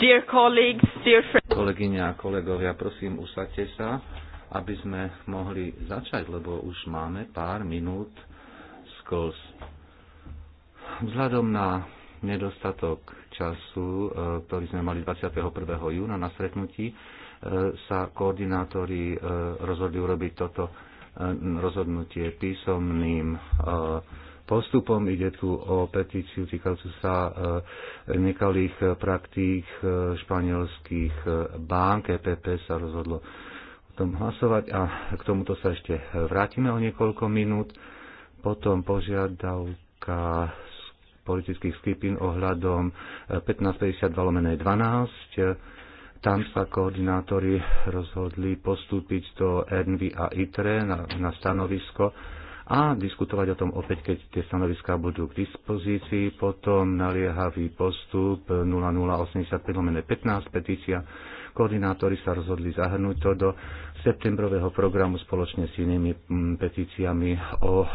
Dear colleagues, dear friends. Kolegyne a kolegovia, prosím, usadte sa, aby sme mohli začať, lebo už máme pár minút skos. Vzhľadom na nedostatok času, eh, ktorý sme mali 21. júna na stretnutí, eh, sa koordinátori eh, rozhodli urobiť toto rozhodnutie písomným postupom. Ide tu o petíciu týkajúcu sa e, nekalých praktík e, španielských e, bank. EPP sa rozhodlo o tom hlasovať a k tomuto sa ešte vrátime o niekoľko minút. Potom požiadavka politických skupín ohľadom 1552 12. Tam sa koordinátori rozhodli postúpiť do NV a ITRE na, na stanovisko a diskutovať o tom opäť, keď tie stanoviská budú k dispozícii. Potom naliehavý postup 0085-15 petícia. Koordinátori sa rozhodli zahrnúť to do septembrového programu spoločne s inými mm, petíciami o e,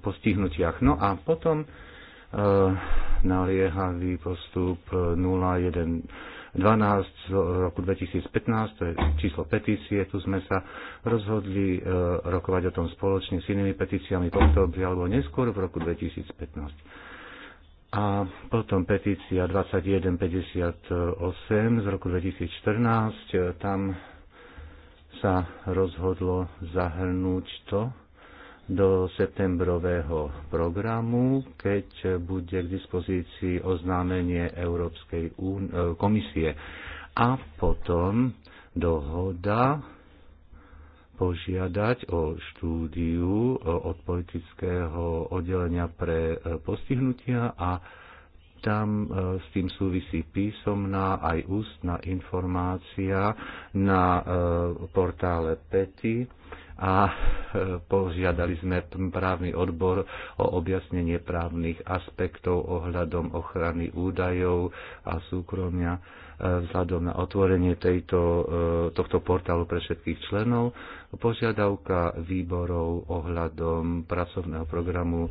postihnutiach. No a potom e, naliehavý postup 01 12 z roku 2015, to je číslo petície, tu sme sa rozhodli e, rokovať o tom spoločne s inými petíciami v októbri alebo neskôr v roku 2015. A potom petícia 2158 z roku 2014, e, tam sa rozhodlo zahrnúť to, do septembrového programu, keď bude k dispozícii oznámenie Európskej e, komisie. A potom dohoda požiadať o štúdiu e, od politického oddelenia pre e, postihnutia a tam s tým súvisí písomná aj ústna informácia na portále PETI a e, požiadali sme právny odbor o objasnenie právnych aspektov ohľadom ochrany údajov a súkromia e, vzhľadom na otvorenie tejto, e, tohto portálu pre všetkých členov, požiadavka výborov ohľadom pracovného programu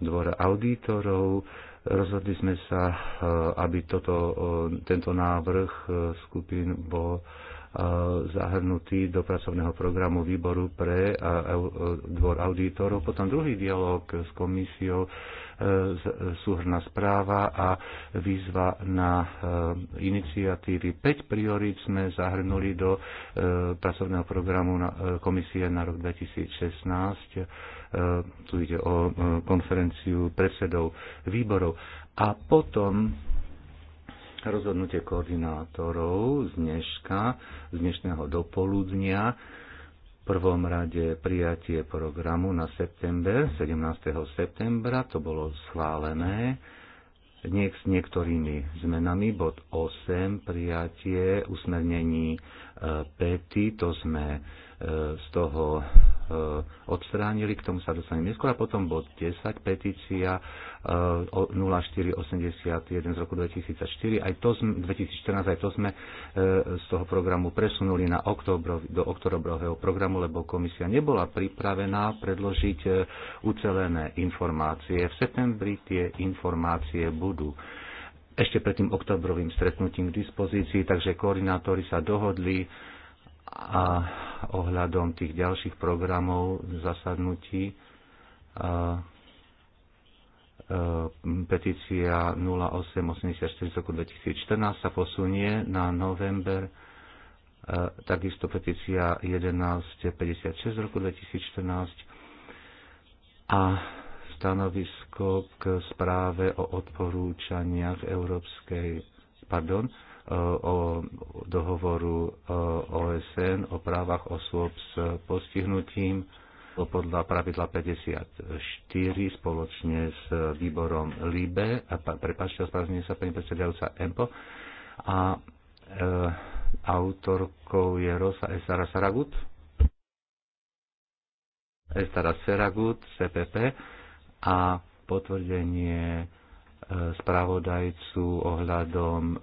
Dvora auditorov. Rozhodli sme sa, aby toto, tento návrh skupín bol zahrnutý do pracovného programu výboru pre e, dvor auditorov. Potom druhý dialog s komisiou, e, súhrná správa a výzva na e, iniciatívy. 5 priorít sme zahrnuli do pracovného programu komisie na rok 2016. Tu ide o konferenciu predsedov výborov. A potom rozhodnutie koordinátorov z, dneška, z dnešného dopoludnia. V prvom rade prijatie programu na september, 17. septembra, to bolo schválené. Niek s niektorými zmenami, bod 8, prijatie usmernení e, to sme e, z toho E, odstránili, k tomu sa dostaneme neskôr. A potom bod 10, petícia 0481 e, z roku 2004, aj to sme, 2014, aj to sme e, z toho programu presunuli na oktobrov, do oktobrového programu, lebo komisia nebola pripravená predložiť ucelené informácie. V septembri tie informácie budú ešte pred tým oktobrovým stretnutím k dispozícii, takže koordinátori sa dohodli, a ohľadom tých ďalších programov zasadnutí e, petícia 0884 z roku 2014 sa posunie na november, e, takisto petícia 1156 z roku 2014 a stanovisko k správe o odporúčaniach Európskej, pardon, o dohovoru e, OSN o právach osôb s postihnutím podľa pravidla 54 spoločne s výborom LIBE, a prepáčte, ospravedlňujem sa pani predsedajúca EMPO, a e, autorkou je Rosa Esara Saragut, Esara Saragut CPP, a potvrdenie spravodajcu ohľadom e,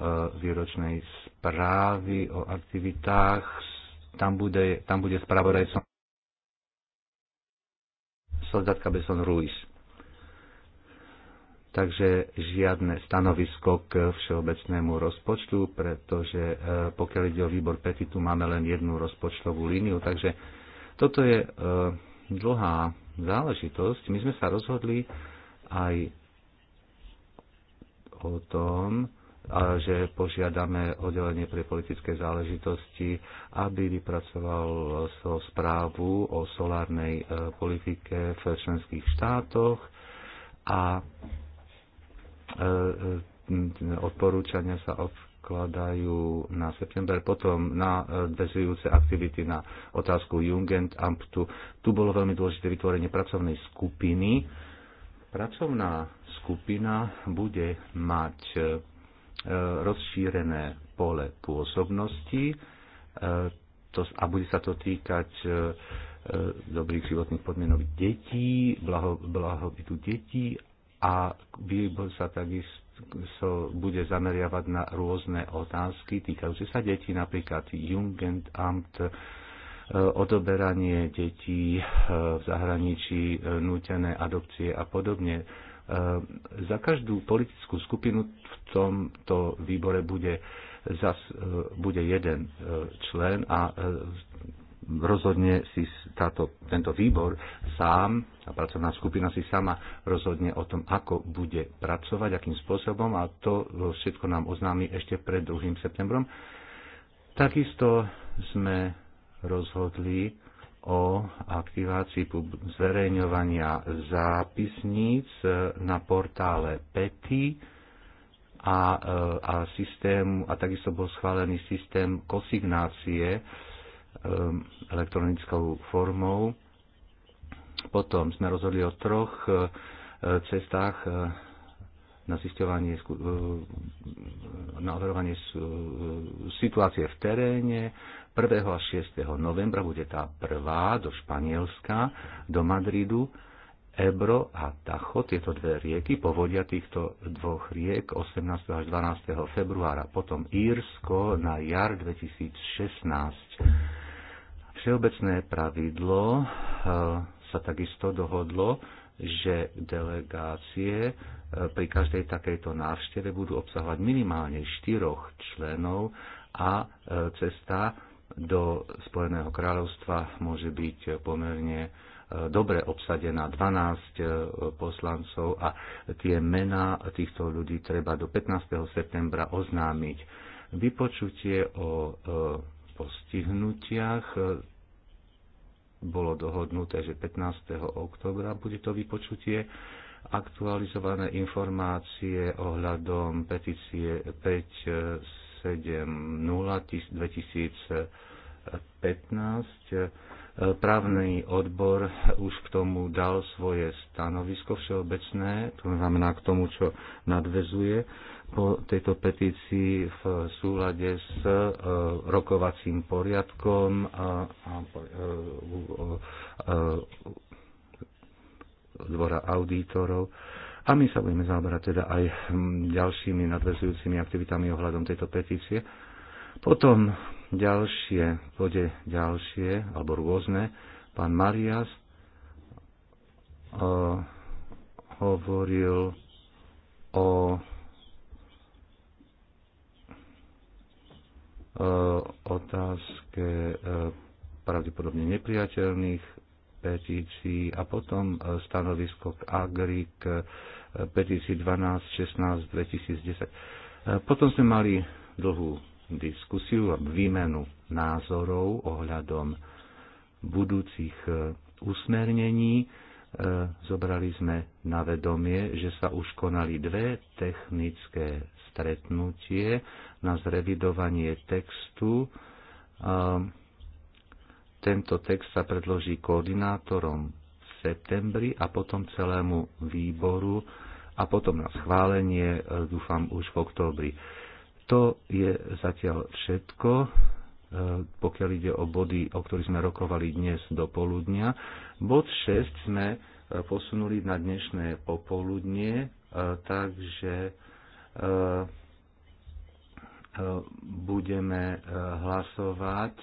výročnej správy o aktivitách. Tam bude, tam bude spravodajcom Soldatka Beson Ruiz. Takže žiadne stanovisko k všeobecnému rozpočtu, pretože e, pokiaľ ide o výbor Petitu, tu máme len jednu rozpočtovú líniu. Takže toto je e, dlhá záležitosť. My sme sa rozhodli aj o tom, že požiadame oddelenie pre politické záležitosti, aby vypracoval so správu o solárnej e, politike v členských štátoch a e, e, odporúčania sa odkladajú na september, potom na dezujúce aktivity na otázku Amptu, Tu bolo veľmi dôležité vytvorenie pracovnej skupiny, Pracovná skupina bude mať e, rozšírené pole pôsobnosti e, a bude sa to týkať e, dobrých životných podmienok detí, blaho, blahobytu detí a výbor sa takisto bude zameriavať na rôzne otázky týkajúce sa detí, napríklad Jugendamt, Eh, odoberanie detí eh, v zahraničí, eh, nútené adopcie a podobne. Za každú politickú skupinu v tomto výbore bude, zas, bude jeden člen a rozhodne si táto, tento výbor sám, a pracovná skupina si sama rozhodne o tom, ako bude pracovať, akým spôsobom a to všetko nám oznámi ešte pred 2. septembrom. Takisto sme rozhodli o aktivácii zverejňovania zápisníc e, na portále PETI a, e, a, systém, a takisto bol schválený systém kosignácie e, elektronickou formou. Potom sme rozhodli o troch cestách na zisťovanie, e, na overovanie e, situácie v teréne. 1. a 6. novembra bude tá prvá do Španielska, do Madridu. Ebro a Tacho, tieto dve rieky, povodia týchto dvoch riek 18. až 12. februára, potom Írsko na jar 2016. Všeobecné pravidlo e, sa takisto dohodlo, že delegácie pri každej takejto návšteve budú obsahovať minimálne štyroch členov a e, cesta do Spojeného kráľovstva môže byť pomerne e, dobre obsadená 12 e, poslancov a tie mená týchto ľudí treba do 15. septembra oznámiť. Vypočutie o postihnutiach bolo dohodnuté, že 15. oktobra bude to vypočutie aktualizované informácie ohľadom petície 570 2015 právny odbor už k tomu dal svoje stanovisko všeobecné, to znamená k tomu, čo nadvezuje po tejto petícii v súlade s e, rokovacím poriadkom a e, e, dvora auditorov. A my sa budeme zaoberať teda aj hm, ďalšími nadvezujúcimi aktivitami ohľadom tejto petície. Potom ďalšie, pôjde ďalšie, alebo rôzne. Pán Marias uh, hovoril o uh, otázke uh, pravdepodobne nepriateľných petícií a potom e, stanovisko k Agri k e, petícii 16, 2010. E, potom sme mali dlhú diskusiu a výmenu názorov ohľadom budúcich usmernení. Zobrali sme na vedomie, že sa už konali dve technické stretnutie na zrevidovanie textu tento text sa predloží koordinátorom v septembri a potom celému výboru a potom na schválenie, e, dúfam, už v októbri. To je zatiaľ všetko, e, pokiaľ ide o body, o ktorých sme rokovali dnes do poludnia. Bod 6 sme e, posunuli na dnešné popoludnie, takže budeme hlasovať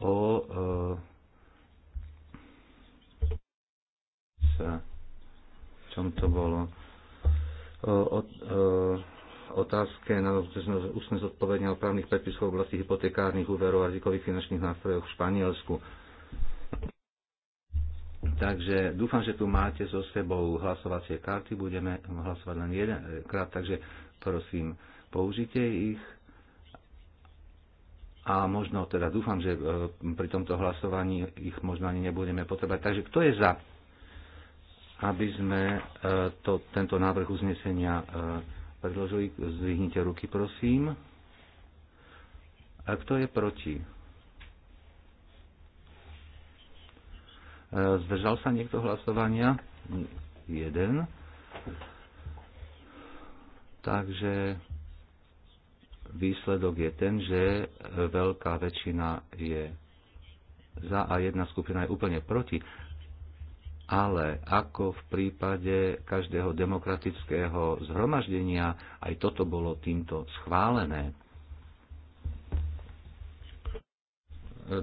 o sa, e, čom to bolo, o, o, o e, otázke na ústne zodpovedňa o právnych predpisov v oblasti hypotekárnych úverov a rizikových finančných nástrojov v Španielsku. Takže dúfam, že tu máte so sebou hlasovacie karty. Budeme hlasovať len jedenkrát, takže prosím, použite ich a možno teda dúfam, že e, pri tomto hlasovaní ich možno ani nebudeme potrebať. Takže kto je za, aby sme e, to, tento návrh uznesenia e, predložili? Zvihnite ruky, prosím. A kto je proti? Zdržal sa niekto hlasovania? Jeden. Takže výsledok je ten, že e, veľká väčšina je za a jedna skupina je úplne proti. Ale ako v prípade každého demokratického zhromaždenia, aj toto bolo týmto schválené. E,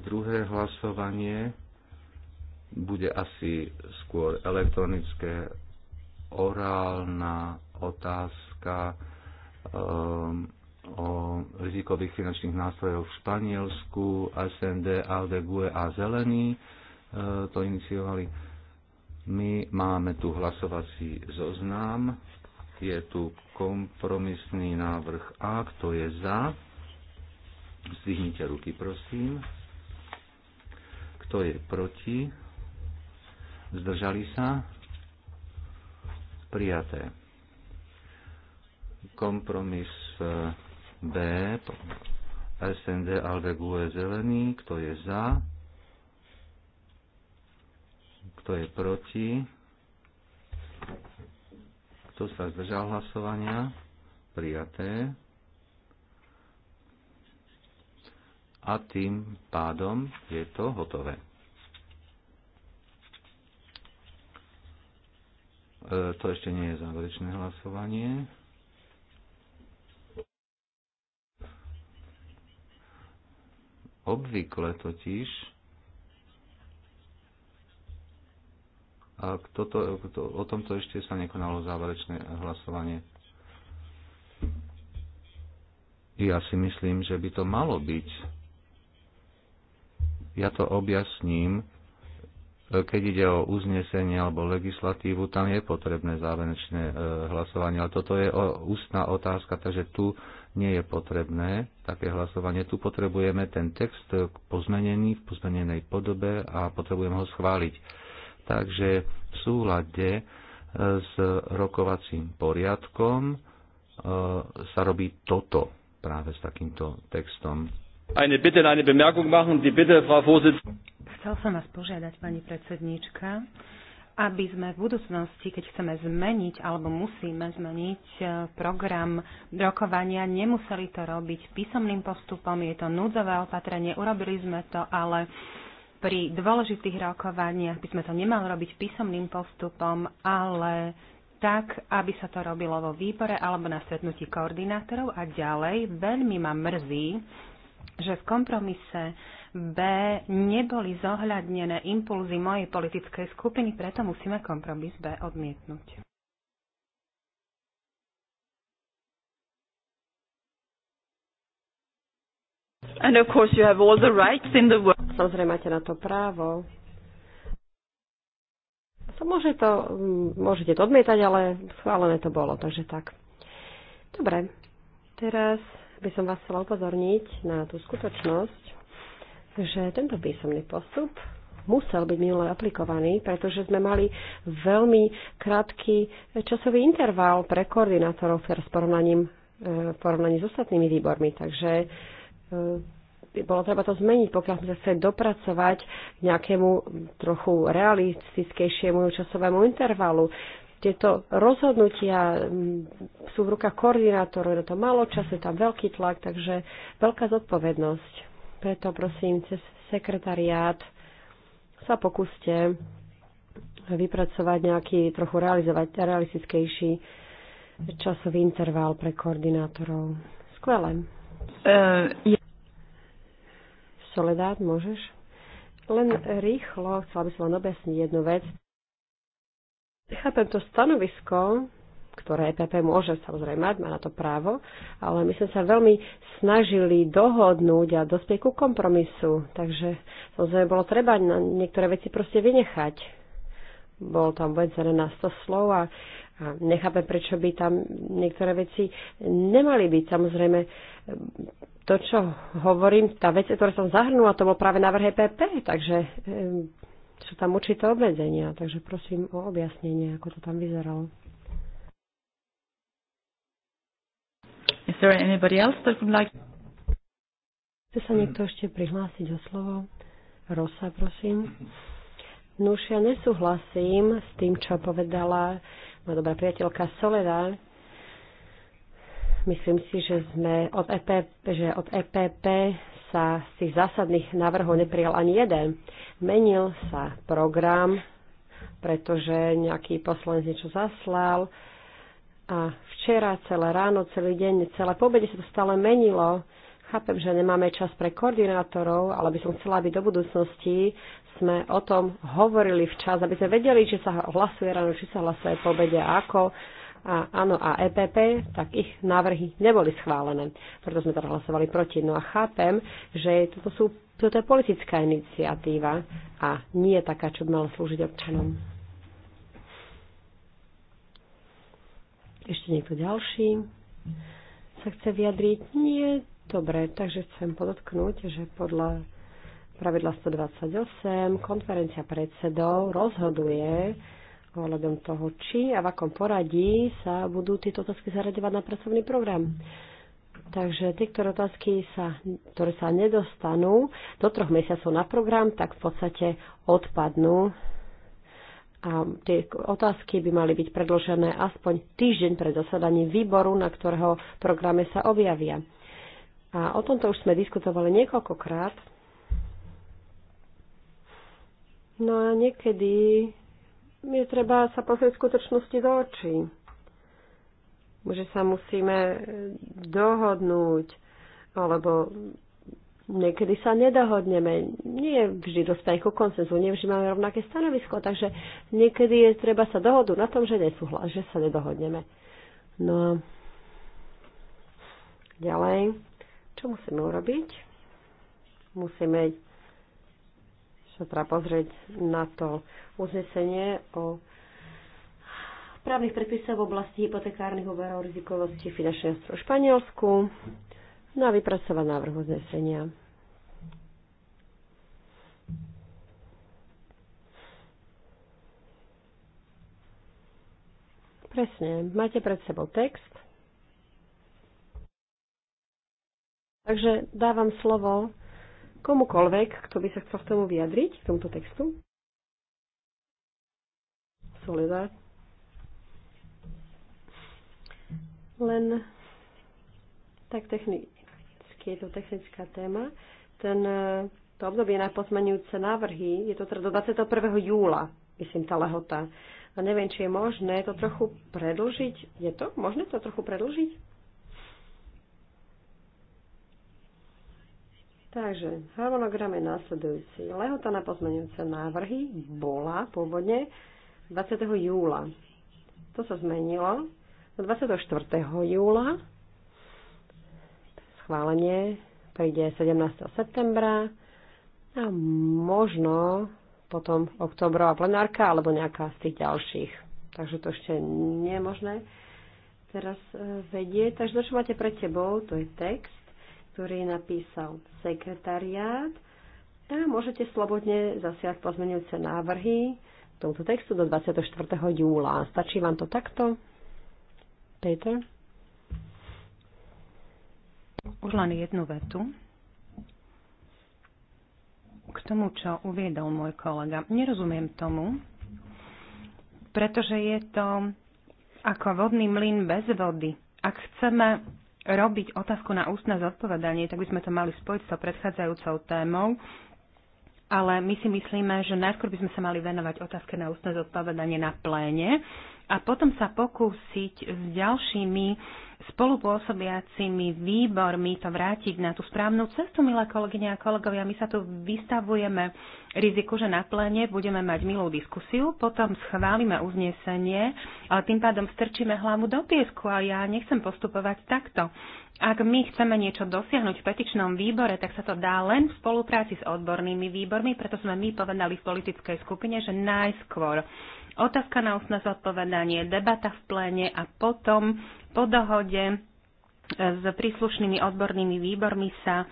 druhé hlasovanie bude asi skôr elektronické, orálna otázka. Um, o rizikových finančných nástrojoch v Španielsku, SND, ALDE, a Zelení e, to iniciovali. My máme tu hlasovací zoznam, je tu kompromisný návrh A, kto je za, zdvihnite ruky prosím, kto je proti, zdržali sa, prijaté. Kompromis e, B, SND Alve GUE zelený, kto je za, kto je proti, kto sa zdržal hlasovania, prijaté. A tým pádom je to hotové. E, to ešte nie je záverečné hlasovanie. Obvykle totiž, a toto, to, o tomto ešte sa nekonalo záverečné hlasovanie. Ja si myslím, že by to malo byť. Ja to objasním, keď ide o uznesenie alebo legislatívu, tam je potrebné záverečné e, hlasovanie, ale toto je ústna otázka, takže tu nie je potrebné také hlasovanie. Tu potrebujeme ten text pozmenený v pozmenenej podobe a potrebujeme ho schváliť. Takže v súlade e, s rokovacím poriadkom e, sa robí toto práve s takýmto textom. Eine Bitte, eine Bemerkung machen. Die Bitte, Frau Chcel som vás požiadať, pani predsedníčka, aby sme v budúcnosti, keď chceme zmeniť alebo musíme zmeniť e, program rokovania, nemuseli to robiť písomným postupom, je to núdzové opatrenie, urobili sme to, ale pri dôležitých rokovaniach by sme to nemali robiť písomným postupom, ale tak, aby sa to robilo vo výbore alebo na stretnutí koordinátorov a ďalej. Veľmi ma mrzí, že v kompromise B neboli zohľadnené impulzy mojej politickej skupiny, preto musíme kompromis B odmietnúť. And of course you have all the rights in the world. Samozrejme máte na to právo. To môže to, mm, môžete to odmietať, ale schválené to bolo, takže tak. Dobre, teraz by som vás chcela upozorniť na tú skutočnosť, že tento písomný postup musel byť minule aplikovaný, pretože sme mali veľmi krátky časový interval pre koordinátorov s porovnaním, e, porovnaní s ostatnými výbormi. Takže e, bolo treba to zmeniť, pokiaľ sme chceli dopracovať k nejakému trochu realistickejšiemu časovému intervalu. Tieto rozhodnutia sú v rukách koordinátorov, je to málo času, je tam veľký tlak, takže veľká zodpovednosť. Preto prosím cez sekretariát sa pokúste vypracovať nejaký trochu realizovať, realistickejší časový interval pre koordinátorov. Skvelé. Uh, eh, ja... Soledát, môžeš? Len rýchlo, chcela by som vám objasniť jednu vec. Chápem to stanovisko, ktoré EPP môže samozrejme mať, má na to právo, ale my sme sa veľmi snažili dohodnúť a dospieť ku kompromisu, takže samozrejme bolo treba na niektoré veci proste vynechať. Bol tam obmedzené na 100 slov a, a nechápem, prečo by tam niektoré veci nemali byť. Samozrejme, to, čo hovorím, tá vec, ktorú som zahrnula, to bol práve návrh EPP, takže e, sú tam určité obmedzenia, takže prosím o objasnenie, ako to tam vyzeralo. there anybody else that would like? Chce sa niekto ešte prihlásiť o slovo? Rosa, prosím. Nuž, ja nesúhlasím s tým, čo povedala moja dobrá priateľka Soledad. Myslím si, že sme od EPP, že od EPP sa z tých zásadných návrhov neprijal ani jeden. Menil sa program, pretože nejaký poslanec niečo zaslal a včera, celé ráno, celý deň, celé pobede sa to stále menilo. Chápem, že nemáme čas pre koordinátorov, ale by som chcela, aby do budúcnosti sme o tom hovorili včas, aby sme vedeli, či sa hlasuje ráno, či sa hlasuje pobede a ako. A áno, a EPP, tak ich návrhy neboli schválené, preto sme teda hlasovali proti. No a chápem, že toto, sú, toto je politická iniciatíva a nie taká, čo by mala slúžiť občanom. Ešte niekto ďalší sa chce vyjadriť? Nie. Dobre, takže chcem podotknúť, že podľa pravidla 128 konferencia predsedov rozhoduje ohľadom toho, či a v akom poradí sa budú tieto otázky zaradovať na pracovný program. Takže tie, ktoré otázky, sa, ktoré sa nedostanú do troch mesiacov na program, tak v podstate odpadnú a tie otázky by mali byť predložené aspoň týždeň pred zasadaním výboru, na ktorého programe sa objavia. A o tomto už sme diskutovali niekoľkokrát. No a niekedy je treba sa pozrieť skutočnosti do očí. Že sa musíme dohodnúť, alebo niekedy sa nedohodneme, nie vždy dostaneme ku konsenzu, nie vždy máme rovnaké stanovisko, takže niekedy je treba sa dohodu na tom, že nesúhlas, že sa nedohodneme. No a ďalej, čo musíme urobiť? Musíme sa teda pozrieť na to uznesenie o právnych predpisov v oblasti hypotekárnych úverov rizikovosti finančného v Španielsku. No a vypracovať návrh uznesenia. Presne, máte pred sebou text. Takže dávam slovo komukolvek, kto by sa chcel k tomu vyjadriť, k tomuto textu. Soledad. Len tak technicky je to technická téma. Ten, to obdobie na pozmenujúce návrhy je to teda do 21. júla, myslím, tá lehota. A neviem, či je možné to trochu predlžiť. Je to možné to trochu predlžiť? Takže harmonogram je následujúci. Lehota na pozmenujúce návrhy bola pôvodne 20. júla. To sa zmenilo 24. júla schválenie príde 17. septembra a možno potom oktobrová plenárka alebo nejaká z tých ďalších. Takže to ešte nie je možné teraz e, vedieť. Takže to, čo máte pred tebou, to je text, ktorý napísal sekretariát a môžete slobodne zasiať pozmenujúce návrhy k tomuto textu do 24. júla. Stačí vám to takto? Peter? Už len jednu vetu k tomu, čo uviedol môj kolega. Nerozumiem tomu, pretože je to ako vodný mlyn bez vody. Ak chceme robiť otázku na ústne zodpovedanie, tak by sme to mali spojiť s tou predchádzajúcou témou, ale my si myslíme, že najskôr by sme sa mali venovať otázke na ústne zodpovedanie na pléne a potom sa pokúsiť s ďalšími spolupôsobiacimi výbormi to vrátiť na tú správnu cestu, milé kolegyne a kolegovia. My sa tu vystavujeme riziku, že na plene budeme mať milú diskusiu, potom schválime uznesenie, ale tým pádom strčíme hlavu do piesku a ja nechcem postupovať takto. Ak my chceme niečo dosiahnuť v petičnom výbore, tak sa to dá len v spolupráci s odbornými výbormi, preto sme my povedali v politickej skupine, že najskôr otázka na ústne zodpovedanie, debata v pléne a potom po dohode e, s príslušnými odbornými výbormi sa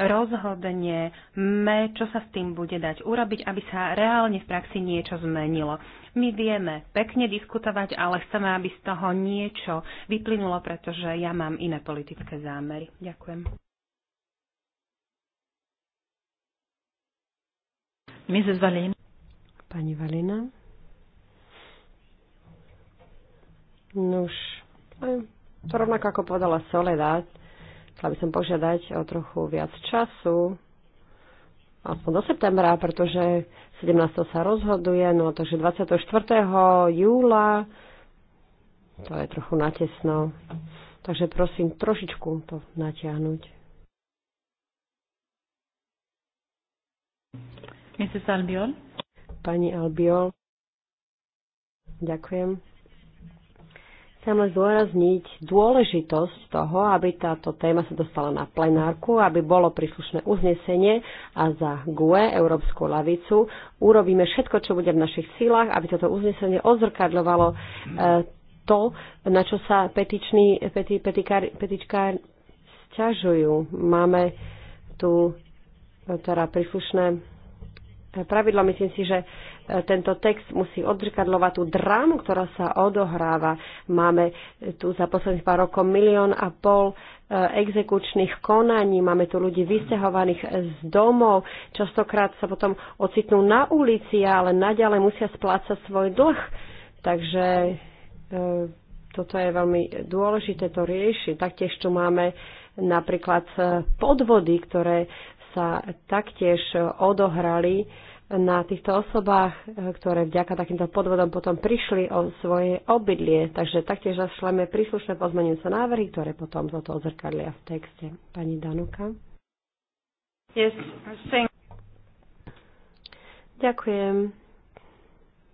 rozhodne me, čo sa s tým bude dať urobiť, aby sa reálne v praxi niečo zmenilo. My vieme pekne diskutovať, ale chceme, aby z toho niečo vyplynulo, pretože ja mám iné politické zámery. Ďakujem. Mrs. Valina. Pani Valina. Nuž, to rovnako ako povedala Soledad, chcela by som požiadať o trochu viac času, aspoň do septembra, pretože 17. sa rozhoduje, no takže 24. júla, to je trochu natesno, takže prosím trošičku to natiahnuť. Mrs. Albiol. Pani Albiol. Ďakujem. Chcem len zdôrazniť dôležitosť toho, aby táto téma sa dostala na plenárku, aby bolo príslušné uznesenie a za GUE, Európsku lavicu, urobíme všetko, čo bude v našich sílach, aby toto uznesenie odzrkadľovalo e, to, na čo sa petiční, peti, petikár, petičkár sťažujú. Máme tu e, teda príslušné e, pravidlo. Myslím si, že tento text musí odzrkadlovať tú drámu, ktorá sa odohráva. Máme tu za posledných pár rokov milión a pol e, exekučných konaní, máme tu ľudí vysťahovaných z domov, častokrát sa potom ocitnú na ulici, ale naďalej musia splácať svoj dlh. Takže e, toto je veľmi dôležité to riešiť. Taktiež tu máme napríklad e, podvody, ktoré sa taktiež odohrali na týchto osobách, e, ktoré vďaka takýmto podvodom potom prišli o svoje obydlie. Takže taktiež zašleme príslušné pozmenujúce návrhy, ktoré potom toto odzrkadlia v texte. Pani Danuka. Yes, Ďakujem.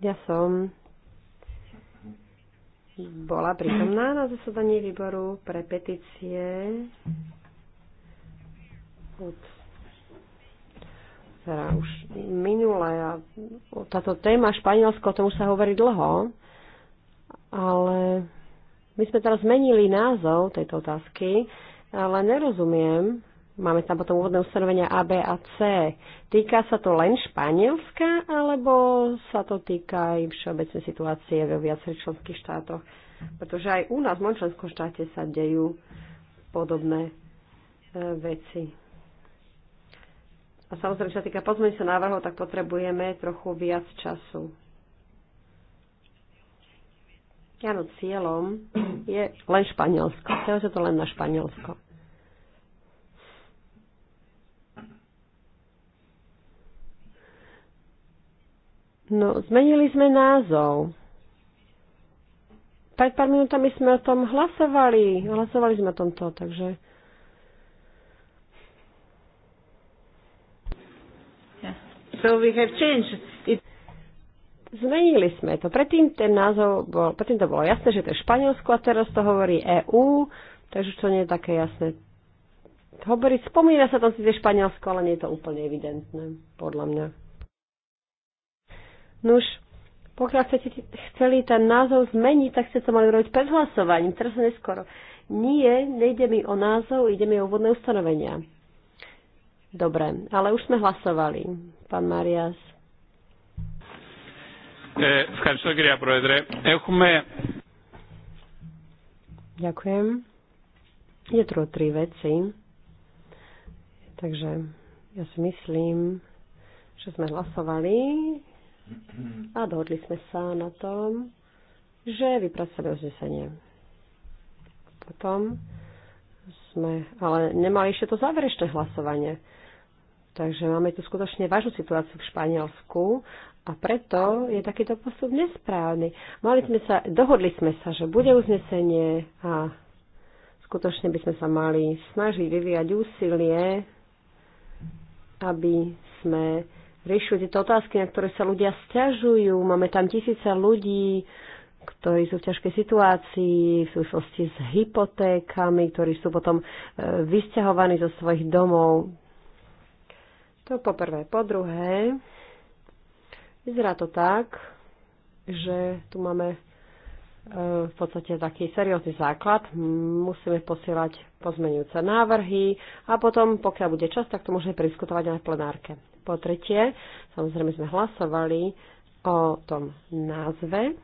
Ja som bola prítomná na zasadaní výboru pre petície od teda už minule a táto téma Španielsko, o tom už sa hovorí dlho, ale my sme teraz zmenili názov tejto otázky, ale nerozumiem, máme tam potom úvodné ustanovenia A, B a C. Týka sa to len Španielska, alebo sa to týka aj všeobecnej situácie vo viacerých členských štátoch? Pretože aj u nás v mojom členskom štáte sa dejú podobné e, veci. A samozrejme, čo sa týka pozmeňujúceho návrhu, tak potrebujeme trochu viac času. Áno, cieľom je len Španielsko. Chcelo sa to len na Španielsko. No, zmenili sme názov. Pred pár minútami sme o tom hlasovali. Hlasovali sme o tomto, takže So we have changed it. Zmenili sme to. Predtým ten názov bol, predtým to bolo jasné, že to je Španielsko a teraz to hovorí EU, takže to nie je také jasné. Hovorí, spomína sa tam síce Španielsko, ale nie je to úplne evidentné, podľa mňa. Nuž, pokiaľ chcete, chceli ten názov zmeniť, tak ste to mali robiť pred hlasovaním, teraz neskoro. Nie, nejde mi o názov, ide mi o úvodné ustanovenia. Dobre, ale už sme hlasovali, pán Marias. Eh, eh, Ďakujem. Je tu tri veci. Takže ja si myslím, že sme hlasovali a dohodli sme sa na tom, že vypracovali uznesenie. Potom sme ale nemali ešte to záverečné hlasovanie. Takže máme tu skutočne vážnu situáciu v Španielsku a preto je takýto postup nesprávny. Mali sme sa, dohodli sme sa, že bude uznesenie a skutočne by sme sa mali snažiť vyvíjať úsilie, aby sme riešili tieto otázky, na ktoré sa ľudia stiažujú. Máme tam tisíce ľudí, ktorí sú v ťažkej situácii v súvislosti s hypotékami, ktorí sú potom e, vysťahovaní zo svojich domov to poprvé. Po druhé, vyzerá to tak, že tu máme e, v podstate taký seriózny základ. Musíme posielať pozmenujúce návrhy a potom, pokiaľ bude čas, tak to môžeme prediskutovať aj v plenárke. Po tretie, samozrejme sme hlasovali o tom názve.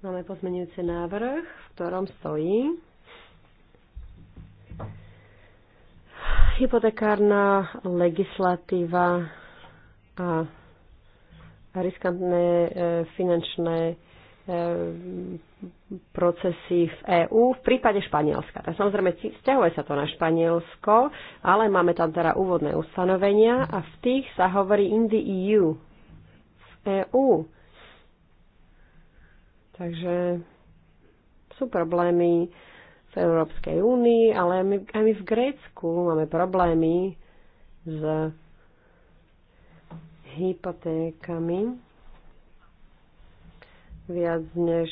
Máme pozmenujúci návrh, v ktorom stojí, hypotekárna legislatíva a riskantné e, finančné e, procesy v EÚ v prípade Španielska. Tak samozrejme, stiahuje sa to na Španielsko, ale máme tam teda úvodné ustanovenia a v tých sa hovorí in the EU, v EÚ. Takže sú problémy v Európskej únii, ale aj my, aj my v Grécku máme problémy s hypotékami. Viac než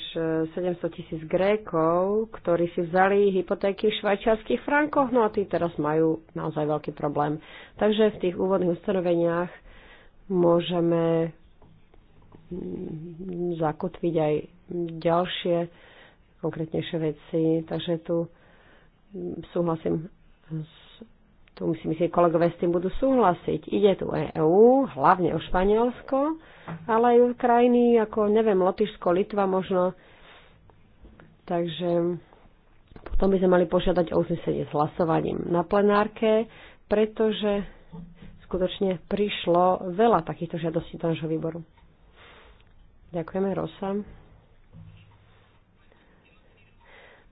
700 eh, tisíc Grékov, ktorí si vzali hypotéky v švajčiarských frankoch, no a tí teraz majú naozaj veľký problém. Takže v tých úvodných ustanoveniach môžeme zakotviť aj ďalšie konkrétnejšie veci. Takže tu súhlasím s tu si kolegové s tým budú súhlasiť. Ide tu EÚ, hlavne o Španielsko, ale aj o krajiny ako, neviem, Lotyšsko, Litva možno. Takže potom by sme mali požiadať o uznesenie s hlasovaním na plenárke, pretože skutočne prišlo veľa takýchto žiadostí do nášho výboru. Ďakujeme, Rosa.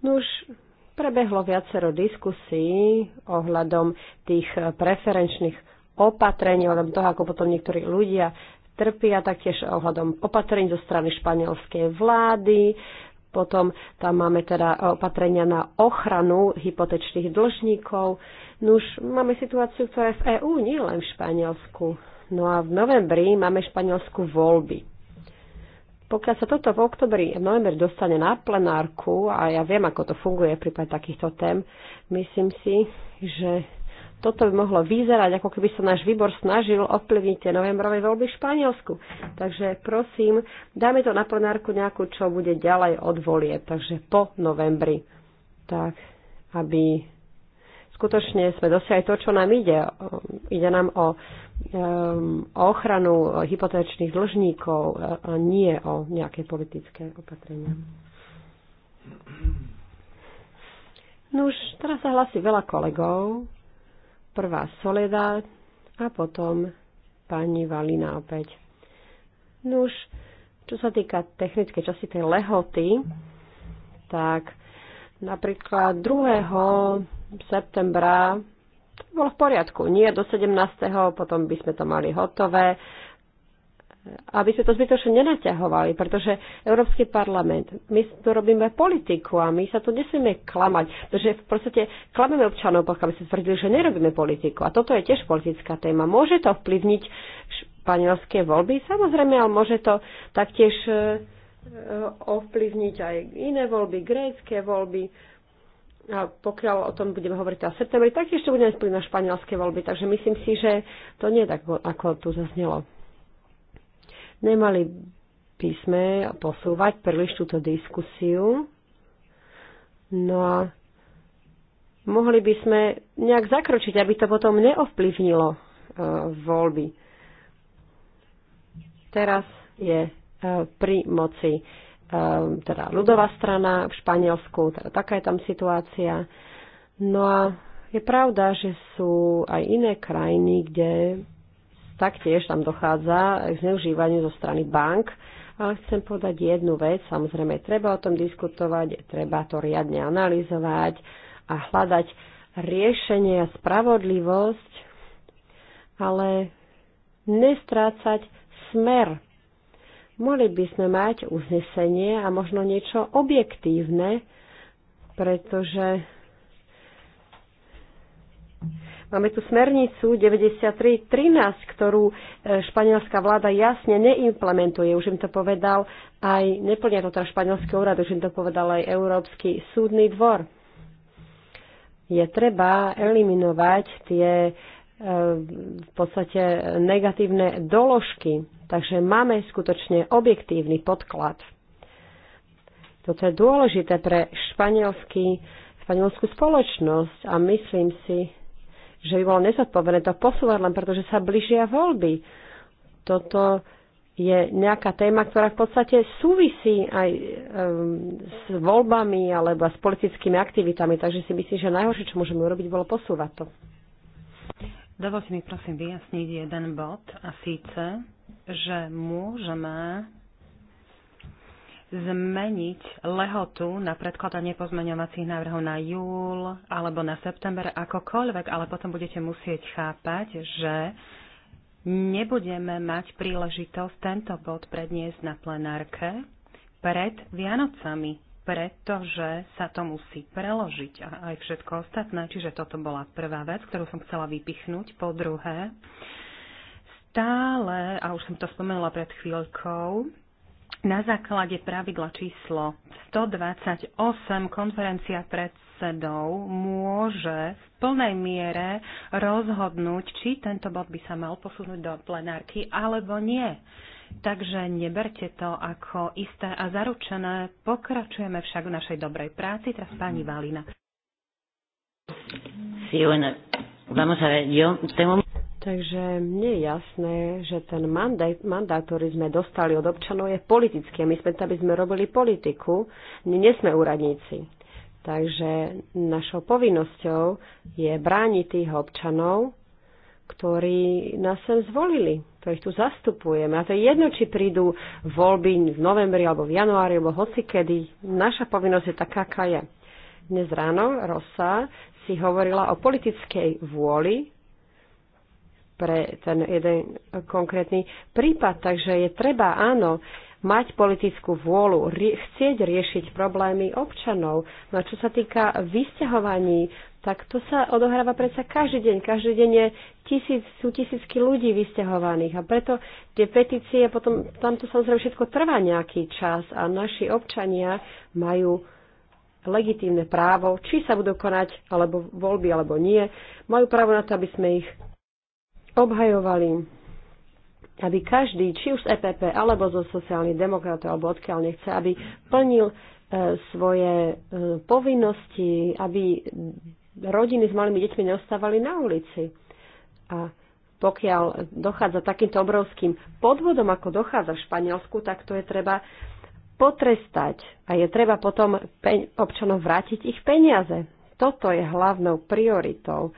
Nuž, už prebehlo viacero diskusí ohľadom tých preferenčných opatrení, ohľadom toho, ako potom niektorí ľudia trpia, taktiež ohľadom opatrení zo strany španielskej vlády. Potom tam máme teda opatrenia na ochranu hypotečných dlžníkov. Nuž, už máme situáciu, ktorá je v EÚ, nie len v Španielsku. No a v novembri máme španielsku voľby. Pokiaľ sa toto v oktobri a novembri dostane na plenárku, a ja viem, ako to funguje v prípade takýchto tém, myslím si, že toto by mohlo vyzerať, ako keby sa náš výbor snažil ovplyvniť tie novembrové voľby v Španielsku. Takže prosím, dajme to na plenárku nejakú, čo bude ďalej od volie, takže po novembri. Tak, aby skutočne sme dosiahli to, čo nám ide. Ide nám o Ehm, o ochranu hypotečných dlžníkov a nie o nejaké politické opatrenia. No už teraz sa hlasí veľa kolegov. Prvá soleda a potom pani Valina opäť. No už, čo sa týka technické časy tej lehoty, tak napríklad 2. septembra bolo v poriadku. Nie do 17. potom by sme to mali hotové aby sme to zbytočne nenaťahovali, pretože Európsky parlament, my tu robíme politiku a my sa tu nesmieme klamať, pretože v podstate klameme občanov, pokiaľ by sme tvrdili, že nerobíme politiku. A toto je tiež politická téma. Môže to vplyvniť španielské voľby? Samozrejme, ale môže to taktiež e, e, ovplyvniť aj iné voľby, grécké voľby a pokiaľ o tom budeme hovoriť v septembri, tak ešte budeme spomínať na španielské voľby. Takže myslím si, že to nie je tak, ako tu zaznelo. Nemali by sme posúvať príliš túto diskusiu. No a mohli by sme nejak zakročiť, aby to potom neovplyvnilo uh, voľby. Teraz je uh, pri moci Ehm, teda ľudová strana v Španielsku, teda taká je tam situácia. No a je pravda, že sú aj iné krajiny, kde taktiež tam dochádza k zneužívaniu zo strany bank, ale chcem povedať jednu vec, samozrejme treba o tom diskutovať, treba to riadne analyzovať a hľadať riešenie a spravodlivosť, ale nestrácať smer Mohli by sme mať uznesenie a možno niečo objektívne, pretože Máme tu smernicu 93.13, ktorú e, španielská vláda jasne neimplementuje. Už im to povedal aj, neplnia to teda španielský úrad, už im to povedal aj Európsky súdny dvor. Je treba eliminovať tie v podstate negatívne doložky. Takže máme skutočne objektívny podklad. Toto je dôležité pre španielský, španielskú spoločnosť a myslím si, že by bolo nezodpovedné to posúvať len preto, že sa blížia voľby. Toto je nejaká téma, ktorá v podstate súvisí aj um, s voľbami alebo s politickými aktivitami, takže si myslím, že najhoršie, čo môžeme urobiť, bolo posúvať to. Dovolte mi prosím vyjasniť jeden bod a síce, že môžeme zmeniť lehotu na predkladanie pozmeňovacích návrhov na júl alebo na september akokoľvek, ale potom budete musieť chápať, že nebudeme mať príležitosť tento bod predniesť na plenárke pred Vianocami pretože sa to musí preložiť a aj všetko ostatné. Čiže toto bola prvá vec, ktorú som chcela vypichnúť. Po druhé, stále, a už som to spomenula pred chvíľkou, na základe pravidla číslo 128 konferencia predsedov môže v plnej miere rozhodnúť, či tento bod by sa mal posunúť do plenárky alebo nie. Takže neberte to ako isté a zaručené. Pokračujeme však v našej dobrej práci. Teraz pani Valina. Sí, bueno. Vamos a ver, yo tengo... Takže mne je jasné, že ten mandát, mandát, ktorý sme dostali od občanov, je politický. My sme tam, aby sme robili politiku. My nesme úradníci. Takže našou povinnosťou je brániť tých občanov ktorí nás sem zvolili, ktorých tu zastupujeme. A to je jedno, či prídu voľby v novembri, alebo v januári, alebo hocikedy. Naša povinnosť je taká, aká je. Dnes ráno Rosa si hovorila o politickej vôli pre ten jeden konkrétny prípad. Takže je treba, áno, mať politickú vôľu, rie- chcieť riešiť problémy občanov. No a čo sa týka vysťahovaní tak to sa odohráva predsa každý deň. Každý deň je tisíc, sú tisícky ľudí vysťahovaných a preto tie petície, potom tamto samozrejme všetko trvá nejaký čas a naši občania majú legitímne právo, či sa budú konať alebo voľby alebo nie, majú právo na to, aby sme ich obhajovali, aby každý, či už z EPP alebo zo sociálnych demokratov alebo odkiaľ nechce, aby plnil e, svoje e, povinnosti, aby rodiny s malými deťmi neostávali na ulici. A pokiaľ dochádza takýmto obrovským podvodom, ako dochádza v Španielsku, tak to je treba potrestať a je treba potom občanom vrátiť ich peniaze. Toto je hlavnou prioritou.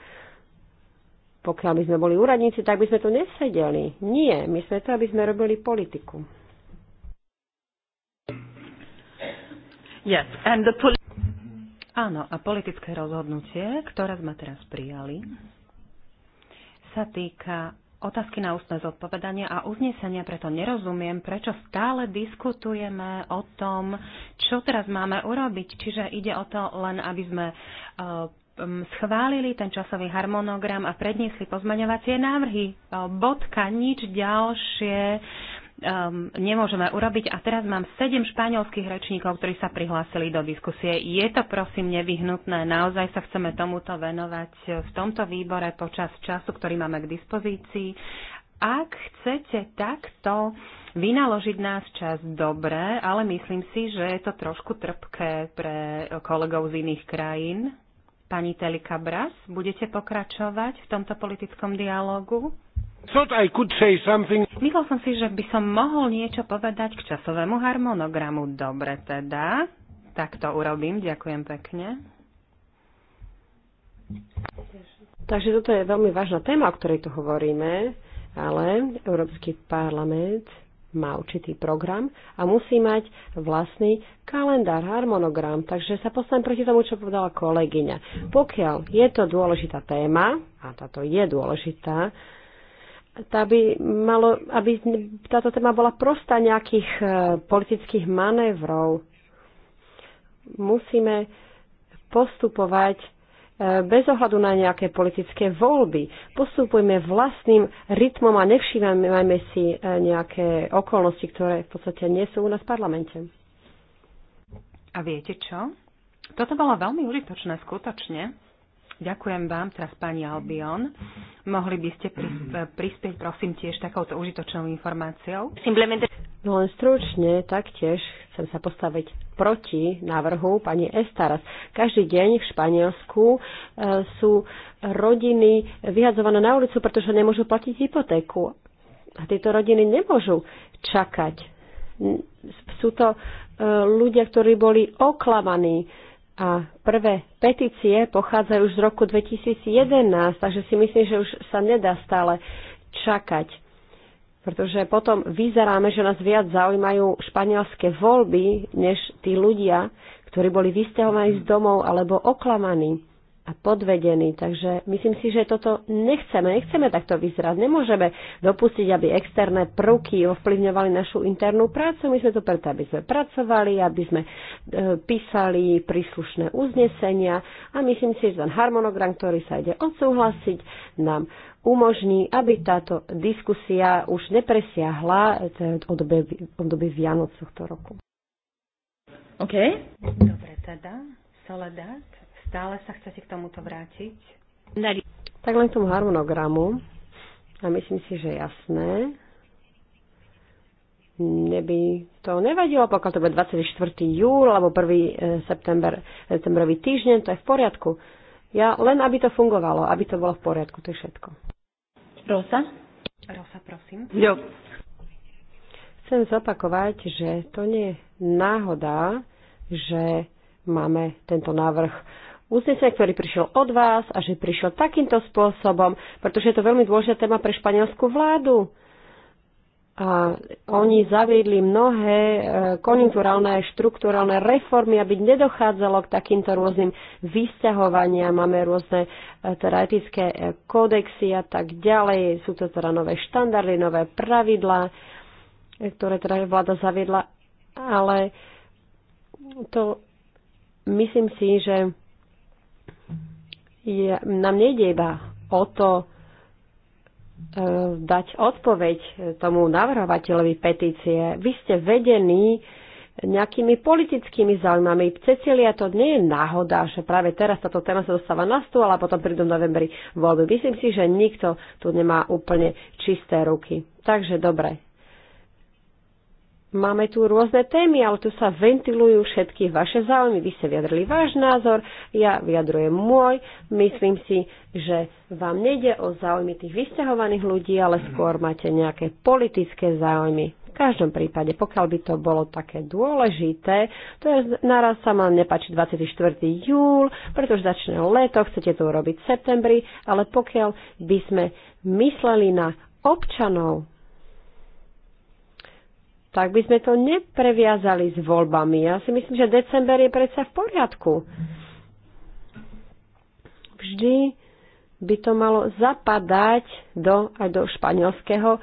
Pokiaľ by sme boli úradníci, tak by sme tu nesedeli. Nie, my sme to, aby sme robili politiku. Yes, and the poli- Áno, a politické rozhodnutie, ktoré sme teraz prijali, sa týka otázky na ústne zodpovedanie a uznesenia, preto nerozumiem, prečo stále diskutujeme o tom, čo teraz máme urobiť. Čiže ide o to len, aby sme eh, schválili ten časový harmonogram a predniesli pozmaňovacie návrhy. Eh, bodka, nič ďalšie um, nemôžeme urobiť. A teraz mám sedem španielských rečníkov, ktorí sa prihlásili do diskusie. Je to prosím nevyhnutné, naozaj sa chceme tomuto venovať v tomto výbore počas času, ktorý máme k dispozícii. Ak chcete takto vynaložiť nás čas dobre, ale myslím si, že je to trošku trpké pre kolegov z iných krajín. Pani Telika Bras, budete pokračovať v tomto politickom dialogu? Myslel som si, že by som mohol niečo povedať k časovému harmonogramu. Dobre teda, tak to urobím. Ďakujem pekne. Takže toto je veľmi vážna téma, o ktorej tu hovoríme, ale Európsky parlament má určitý program a musí mať vlastný kalendár, harmonogram. Takže sa postavím proti tomu, čo povedala kolegyňa. Pokiaľ je to dôležitá téma, a táto je dôležitá, tá by malo, aby táto téma bola prosta nejakých e, politických manévrov. Musíme postupovať e, bez ohľadu na nejaké politické voľby. Postupujme vlastným rytmom a nevšímajme si e, nejaké okolnosti, ktoré v podstate nie sú u nás v parlamente. A viete čo? Toto bolo veľmi užitočné skutočne. Ďakujem vám, teraz pani Albion. Mohli by ste prispieť, prosím, tiež takouto užitočnou informáciou? No len stručne, taktiež chcem sa postaviť proti návrhu pani Estaras. Každý deň v Španielsku e, sú rodiny vyhadzované na ulicu, pretože nemôžu platiť hypotéku. A tieto rodiny nemôžu čakať. Sú to e, ľudia, ktorí boli oklamaní a prvé petície pochádzajú už z roku 2011, takže si myslím, že už sa nedá stále čakať. Pretože potom vyzeráme, že nás viac zaujímajú španielské voľby, než tí ľudia, ktorí boli vysťahovaní z domov alebo oklamaní a podvedení. Takže myslím si, že toto nechceme, nechceme takto vyzerať. Nemôžeme dopustiť, aby externé prvky ovplyvňovali našu internú prácu. My sme tu preto, aby sme pracovali, aby sme e, písali príslušné uznesenia a myslím si, že ten harmonogram, ktorý sa ide odsúhlasiť, nám umožní, aby táto diskusia už nepresiahla e, obdobie, obdobie Vianoc tohto roku. OK. Dobre, teda Soledad stále sa chcete k tomuto vrátiť? Tak len k tomu harmonogramu. A myslím si, že jasné. Mne by to nevadilo, pokiaľ to bude 24. júl alebo 1. E, september, septembrový týždeň, to je v poriadku. Ja len, aby to fungovalo, aby to bolo v poriadku, to je všetko. Rosa? Rosa, prosím. Jo. Chcem zopakovať, že to nie je náhoda, že máme tento návrh uznesenia, ktorý prišiel od vás a že prišiel takýmto spôsobom, pretože je to veľmi dôležitá téma pre španielskú vládu. A oni zaviedli mnohé e, konjunkturálne a štruktúrálne reformy, aby nedochádzalo k takýmto rôznym vysťahovaniam. Máme rôzne e, teda etické e, kódexy a tak ďalej. Sú to teda nové štandardy, nové pravidlá, ktoré teda vláda zaviedla. Ale to myslím si, že je, nám nejde iba o to, e, dať odpoveď tomu navrhovateľovi petície. Vy ste vedení nejakými politickými záujmami. Cecilia, to nie je náhoda, že práve teraz táto téma sa dostáva na stôl a potom prídu v novembri voľby. Myslím si, že nikto tu nemá úplne čisté ruky. Takže dobre, Máme tu rôzne témy, ale tu sa ventilujú všetky vaše záujmy. Vy ste vyjadrili váš názor, ja vyjadrujem môj. Myslím si, že vám nejde o záujmy tých vysťahovaných ľudí, ale skôr máte nejaké politické záujmy. V každom prípade, pokiaľ by to bolo také dôležité, to je naraz sa vám nepáči 24. júl, pretože začne leto, chcete to urobiť v septembri, ale pokiaľ by sme mysleli na občanov tak by sme to nepreviazali s voľbami. Ja si myslím, že december je predsa v poriadku. Vždy by to malo zapadať do, aj do španielského e,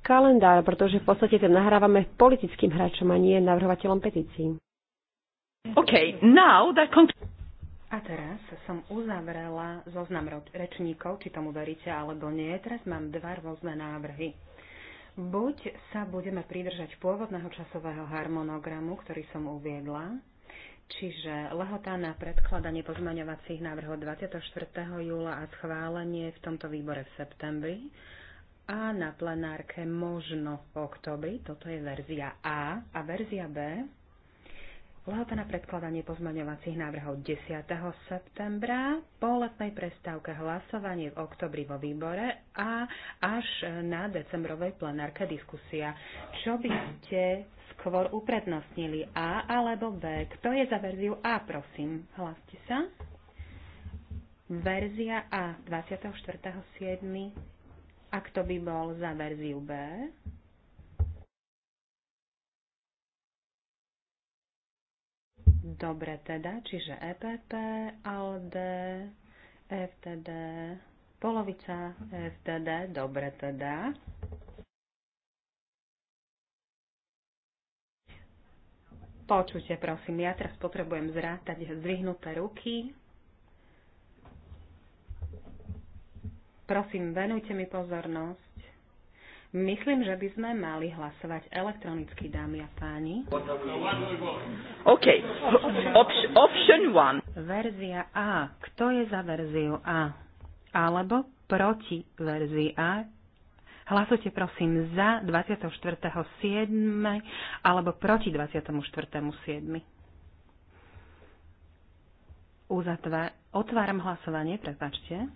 kalendára, pretože v podstate to nahrávame politickým hráčom a nie navrhovateľom petícií. OK, now that a teraz som uzavrela zoznam rečníkov, či tomu veríte alebo nie. Teraz mám dva rôzne návrhy. Buď sa budeme pridržať pôvodného časového harmonogramu, ktorý som uviedla, čiže lehotá na predkladanie pozmaňovacích návrhov 24. júla a schválenie v tomto výbore v septembri a na plenárke možno v oktobri, toto je verzia A a verzia B Lehota na predkladanie pozmaňovacích návrhov 10. septembra, po letnej prestávke hlasovanie v oktobri vo výbore a až na decembrovej plenárke diskusia. Čo by ste skôr uprednostnili A alebo B? Kto je za verziu A, prosím? Hlaste sa. Verzia A 24.7. A kto by bol za verziu B? Dobre teda, čiže EPP, ALDE, FTD, polovica e FTD, dobre teda. Počujte, prosím, ja teraz potrebujem zrátať zdvihnuté ruky. Prosím, venujte mi pozornosť. Myslím, že by sme mali hlasovať elektronicky, dámy a páni. OK. Option 1. Verzia A. Kto je za verziu A? Alebo proti verzii A? Hlasujte prosím za 24.7. alebo proti 24.7. Uzatváram, otváram hlasovanie, prepačte.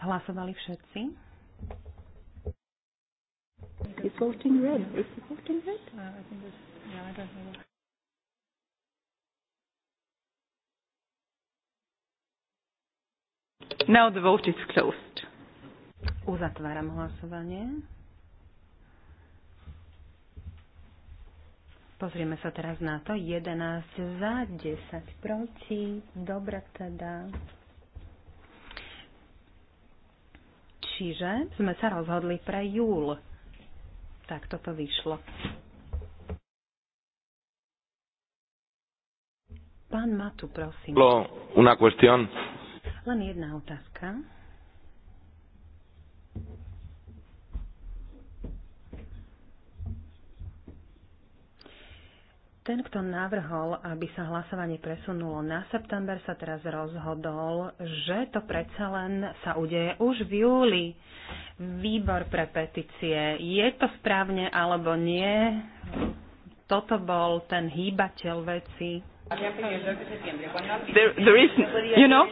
Hlasovali všetci? It's voting red. It's voting red. Uh, I think yeah, I don't know. Now the vote is closed. Uzatváram hlasovanie. Pozrieme sa teraz na to. 11 za, 10 proti. Dobre teda. Čiže sme sa rozhodli pre júl. Tak toto vyšlo. Pán Matu, prosím. Len jedna otázka. Ten, kto navrhol, aby sa hlasovanie presunulo na september, sa teraz rozhodol, že to predsa len sa udeje už v júli. Výbor pre petície. Je to správne alebo nie? Toto bol ten hýbateľ veci. There, there is, no you know,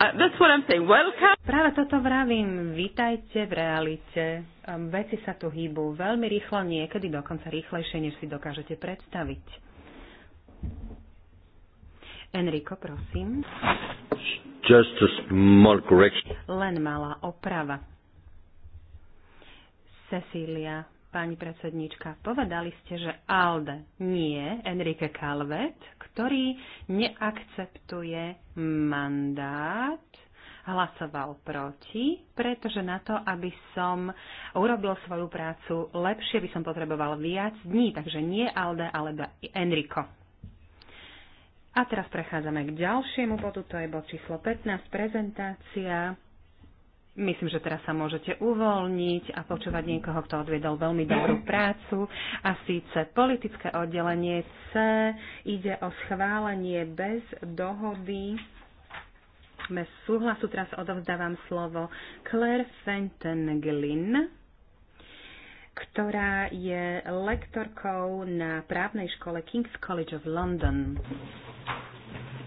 uh, that's what I'm saying. Welcome. Práve toto vravím, vítajte v realite. Um, veci sa tu hýbu veľmi rýchlo, niekedy dokonca rýchlejšie, než si dokážete predstaviť. Enrico, prosím. Just a small correction. Len malá oprava. Cecília pani predsedníčka. Povedali ste, že Alde nie Enrique Calvet, ktorý neakceptuje mandát hlasoval proti, pretože na to, aby som urobil svoju prácu lepšie, by som potreboval viac dní, takže nie Alde, ale Enrico. A teraz prechádzame k ďalšiemu bodu, to je bod číslo 15, prezentácia Myslím, že teraz sa môžete uvoľniť a počúvať niekoho, kto odviedol veľmi dobrú prácu. A síce politické oddelenie C ide o schválenie bez dohody bez súhlasu. Teraz odovzdávam slovo Claire Fenton-Glynn ktorá je lektorkou na právnej škole King's College of London.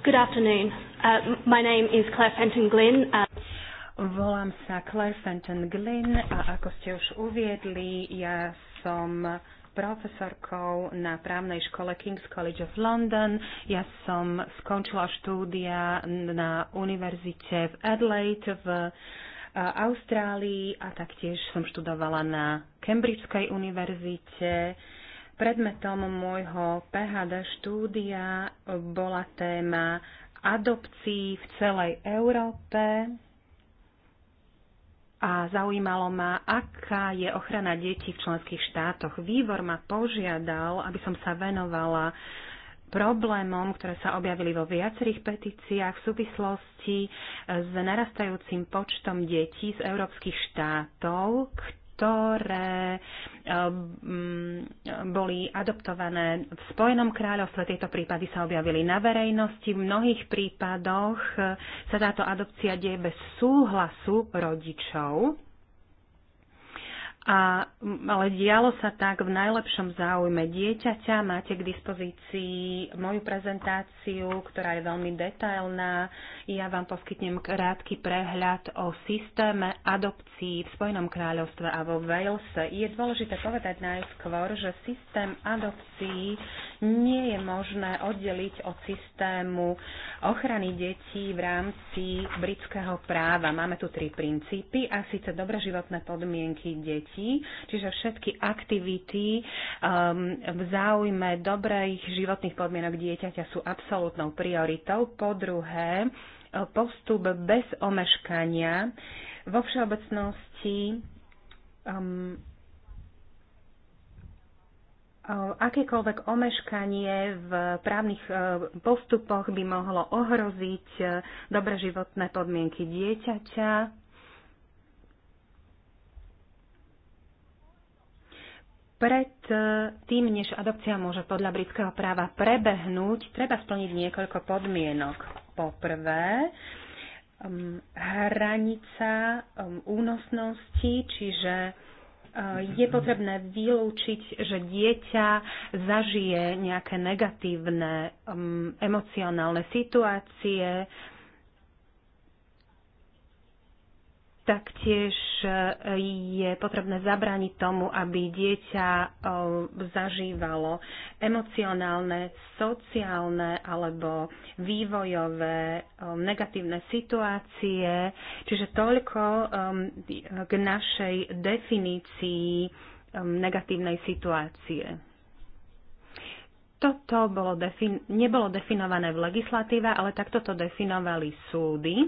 Good afternoon. Uh, my name is Claire Fenton Glynn. Uh... Volám sa Claire Fenton Glynn a ako ste už uviedli, ja som profesorkou na právnej škole King's College of London. Ja som skončila štúdia na univerzite v Adelaide v eh, Austrálii a taktiež som študovala na Cambridgeskej univerzite. Predmetom môjho PHD štúdia bola téma adopcií v celej Európe a zaujímalo ma, aká je ochrana detí v členských štátoch. Výbor ma požiadal, aby som sa venovala problémom, ktoré sa objavili vo viacerých petíciách v súvislosti s narastajúcim počtom detí z európskych štátov, ktoré ehm, mm, boli adoptované v Spojenom kráľovstve. Tieto prípady sa objavili na verejnosti. V mnohých prípadoch sa táto adopcia deje bez súhlasu rodičov. A, ale dialo sa tak v najlepšom záujme dieťaťa. Máte k dispozícii moju prezentáciu, ktorá je veľmi detailná. Ja vám poskytnem krátky prehľad o systéme adopcií v Spojenom kráľovstve a vo Wales. Je dôležité povedať najskôr, že systém adopcií nie je možné oddeliť od systému ochrany detí v rámci britského práva. Máme tu tri princípy a síce dobre životné podmienky detí detí, čiže všetky aktivity um, v záujme dobrých životných podmienok dieťaťa sú absolútnou prioritou. Po druhé, postup bez omeškania. Vo všeobecnosti um, akékoľvek omeškanie v právnych e, postupoch by mohlo ohroziť e, dobré životné podmienky dieťaťa Pred e, tým, než adopcia môže podľa britského práva prebehnúť, treba splniť niekoľko podmienok. Po prvé, um, hranica um, únosnosti, čiže e, je potrebné vylúčiť, že dieťa zažije nejaké negatívne um, emocionálne situácie, Taktiež eh, je potrebné zabrániť tomu, aby dieťa eh, zažívalo emocionálne, sociálne alebo vývojové eh, negatívne situácie. Čiže toľko k našej definícii negatívnej situácie. Toto bolo defin- nebolo definované v legislatíve, ale takto to definovali súdy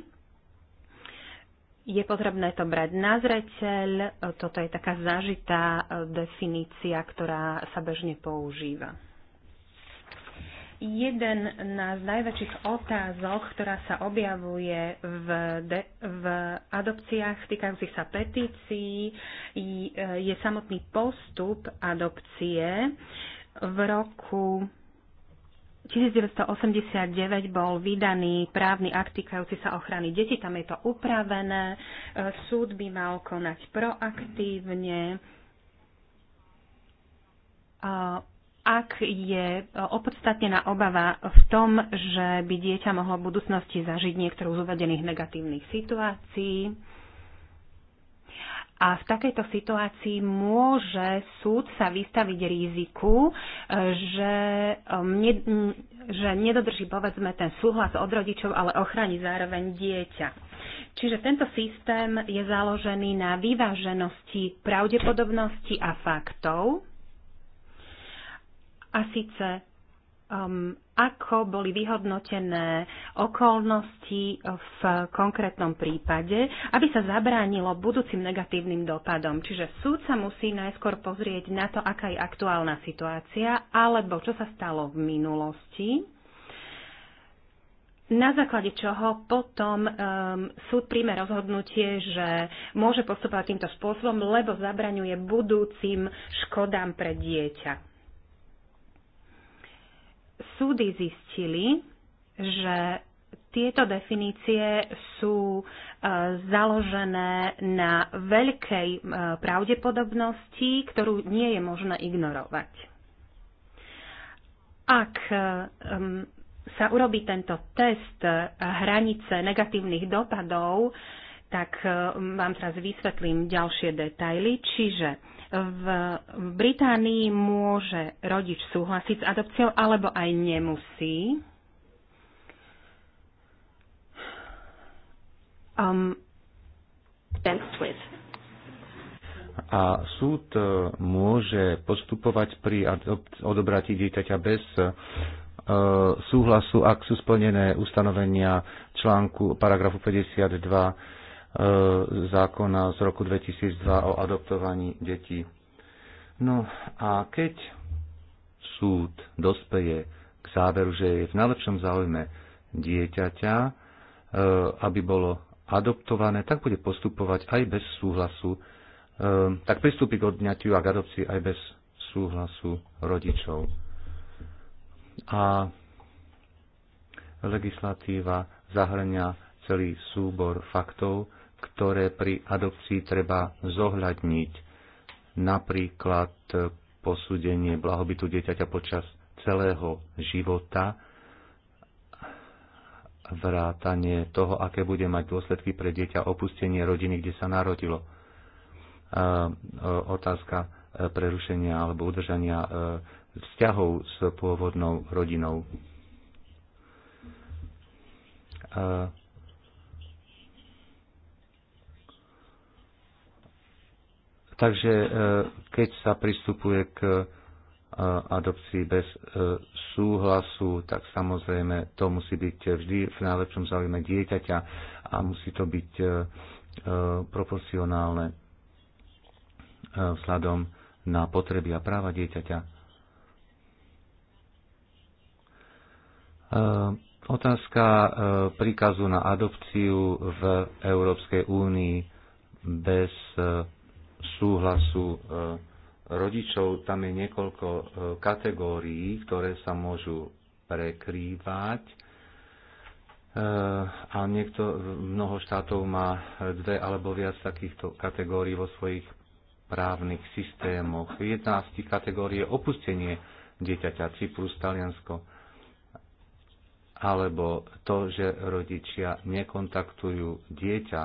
je potrebné to brať na zreteľ. Toto je taká zažitá e, definícia, ktorá sa bežne používa. Jeden z najväčších otázok, ktorá sa objavuje v, de- v adopciách týkajúcich sa petícií, e, je samotný postup adopcie. V roku 1989 bol vydaný právny akt týkajúci sa ochrany detí, tam je to upravené. E, súd by mal konať proaktívne. E, ak je opodstatnená obava v tom, že by dieťa mohlo v budúcnosti zažiť niektorú z uvedených negatívnych situácií, a v takejto situácii môže súd sa vystaviť riziku, e, že, um, ne, že nedodrží povedzme ten súhlas od rodičov, ale ochráni zároveň dieťa. Čiže tento systém je založený na vyváženosti pravdepodobnosti a faktov a síce um, ako boli vyhodnotené okolnosti v konkrétnom prípade, aby sa zabránilo budúcim negatívnym dopadom. Čiže súd sa musí najskôr pozrieť na to, aká je aktuálna situácia, alebo čo sa stalo v minulosti, na základe čoho potom um, súd príjme rozhodnutie, že môže postupovať týmto spôsobom, lebo zabraňuje budúcim škodám pre dieťa súdy zistili, že tieto definície sú e, založené na veľkej e, pravdepodobnosti, ktorú nie je možné ignorovať. Ak e, sa urobí tento test hranice negatívnych dopadov, tak vám teraz vysvetlím ďalšie detaily. Čiže v Británii môže rodič súhlasiť s adopciou alebo aj nemusí. Um, a súd e, môže postupovať pri odobratí dieťaťa bez e, súhlasu, ak sú splnené ustanovenia článku paragrafu 52 E, zákona z roku 2002 o adoptovaní detí. No a keď súd dospeje k záveru, že je v najlepšom záujme dieťaťa, e, aby bolo adoptované, tak bude postupovať aj bez súhlasu, e, tak pristúpi k odňatiu a k adopcii aj bez súhlasu rodičov. A legislatíva zahrania celý súbor faktov, ktoré pri adopcii treba zohľadniť, napríklad posúdenie blahobytu dieťaťa počas celého života, vrátanie toho, aké bude mať dôsledky pre dieťa opustenie rodiny, kde sa narodilo. Otázka e, prerušenia alebo udržania e, vzťahov s pôvodnou rodinou Takže e, keď sa pristupuje k e, adopcii bez e, súhlasu, tak samozrejme to musí byť vždy v najlepšom záujme dieťaťa a musí to byť proporcionálne vzhľadom na potreby a práva dieťaťa. Otázka príkazu na adopciu v Európskej únii bez súhlasu e, rodičov, tam je niekoľko e, kategórií, ktoré sa môžu prekrývať e, a niekto, mnoho štátov má dve alebo viac takýchto kategórií vo svojich právnych systémoch. Jedna z tých kategórií je opustenie dieťaťa, Cyprus, Taliansko, alebo to, že rodičia nekontaktujú dieťa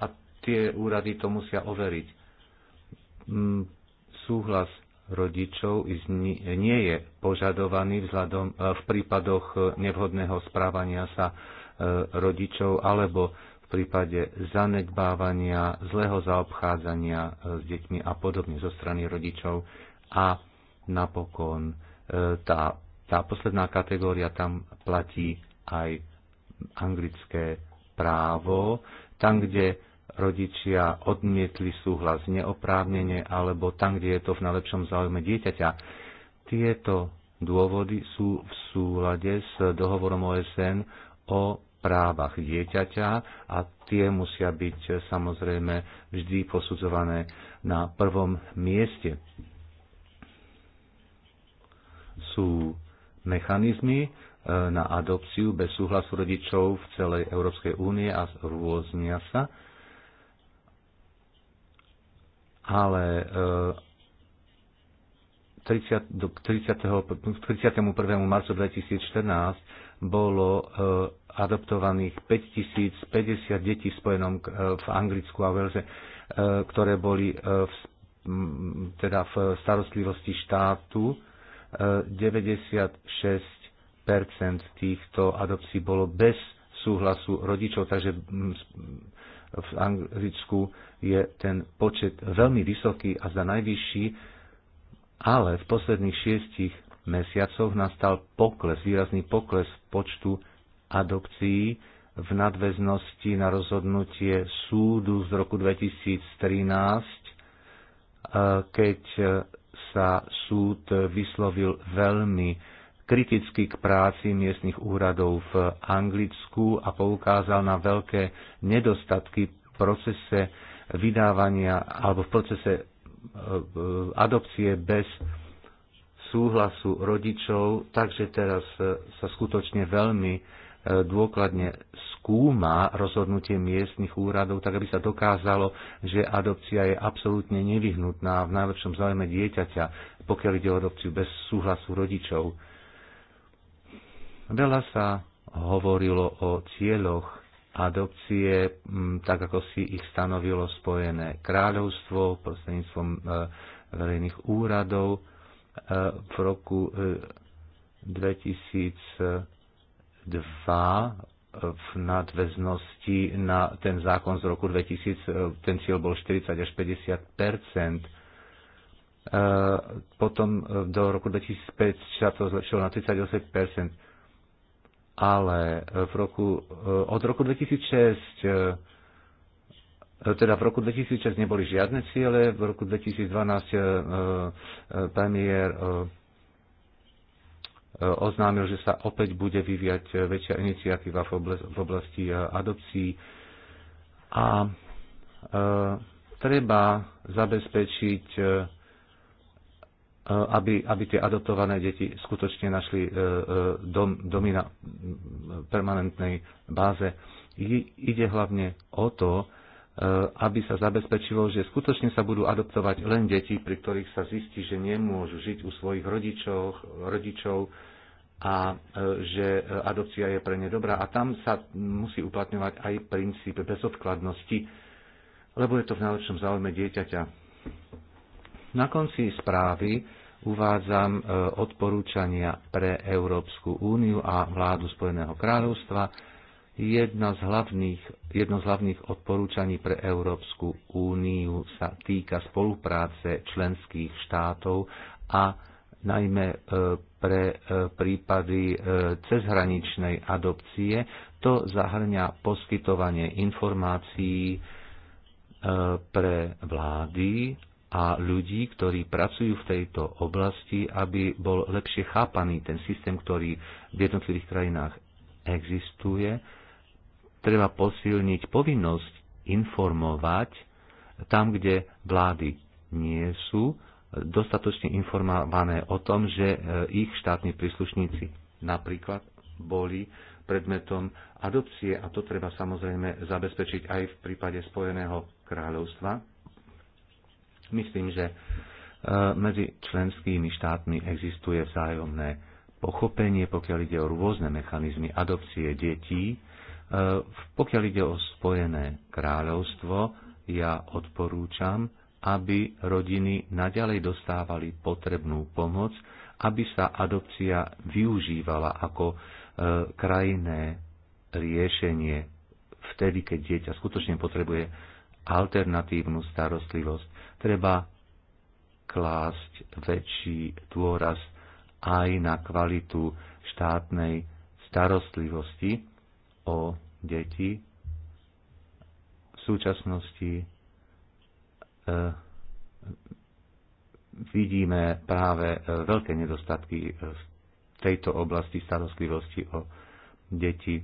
a tie úrady to musia overiť. Mm, súhlas rodičov nie je požadovaný vzhľadom e, v prípadoch e, nevhodného správania sa e, rodičov alebo v prípade zanedbávania, zlého zaobchádzania s deťmi a podobne zo strany rodičov. A napokon tá, tá posledná kategória tam platí aj anglické právo, tam, kde rodičia odmietli súhlas neoprávnene alebo tam, kde je to v najlepšom záujme dieťaťa. Tieto dôvody sú v súlade s dohovorom OSN o právach dieťaťa a tie musia byť samozrejme vždy posudzované na prvom mieste. Sú mechanizmy, e, na adopciu bez súhlasu rodičov v celej Európskej únie a rôznia sa ale 30, eh, do 30, 31. marcu 2014 bolo eh, adoptovaných 5050 detí v spojenom eh, v Anglicku a Velze, ktoré boli v, teda v starostlivosti štátu. 96 týchto adopcií bolo bez súhlasu rodičov, takže v Anglicku je ten počet veľmi vysoký a za najvyšší, ale v posledných šiestich mesiacoch nastal pokles, výrazný pokles počtu adopcií v nadväznosti na rozhodnutie súdu z roku 2013, eh, keď eh, sa súd vyslovil veľmi kriticky k práci miestnych úradov v Anglicku a poukázal na veľké nedostatky v procese vydávania alebo v procese e, e, adopcie bez súhlasu rodičov, takže teraz e, sa skutočne veľmi dôkladne skúma rozhodnutie miestnych úradov, tak aby sa dokázalo, že adopcia je absolútne nevyhnutná v najlepšom záujme dieťaťa, pokiaľ ide o adopciu bez súhlasu rodičov. Veľa sa hovorilo o cieľoch adopcie, mm, tak ako si ich stanovilo Spojené kráľovstvo prostredníctvom e, verejných úradov e, v roku 2002 e, v nadväznosti na ten zákon z roku 2000, ten cieľ bol 40 až 50 Potom do roku 2005 sa to zlepšilo na 38 ale eh, v roku, eh, od roku 2006 eh, teda v roku 2006 neboli žiadne ciele, v roku 2012 premiér oznámil, že sa opäť bude vyviať väčšia iniciatíva v oblasti adopcií a treba zabezpečiť E, aby, aby tie adoptované deti skutočne našli e, e, dom, domy na permanentnej báze. Ide hlavne o to, aby sa zabezpečilo, že skutočne sa budú adoptovať len deti, pri ktorých sa zistí, že nemôžu žiť u svojich rodičov, rodičov a že adopcia je pre ne dobrá. A tam sa musí uplatňovať aj princíp bezodkladnosti, lebo je to v najlepšom záujme dieťaťa. Na konci správy uvádzam e, odporúčania pre Európsku úniu a vládu Spojeného kráľovstva. z hlavných, jedno z hlavných odporúčaní pre Európsku úniu sa týka spolupráce členských štátov a najmä e, pre e, prípady cezhraničnej adopcie. To zahrňa poskytovanie informácií pre vlády a ľudí, ktorí pracujú v tejto oblasti, aby bol lepšie chápaný ten systém, ktorý v jednotlivých krajinách existuje. Treba posilniť povinnosť informovať tam, kde vlády nie sú dostatočne informované o tom, že e, ich štátni príslušníci napríklad boli predmetom adopcie a to treba samozrejme zabezpečiť aj v prípade Spojeného kráľovstva. Myslím, že e, medzi členskými štátmi existuje vzájomné pochopenie, pokiaľ ide o rôzne mechanizmy adopcie detí. E, pokiaľ ide o Spojené kráľovstvo, ja odporúčam, aby rodiny naďalej dostávali potrebnú pomoc, aby sa adopcia využívala ako e, krajné riešenie vtedy, keď dieťa skutočne potrebuje alternatívnu starostlivosť treba klásť väčší dôraz aj na kvalitu štátnej starostlivosti o deti. V súčasnosti e, vidíme práve e, veľké nedostatky e, v tejto oblasti starostlivosti o deti.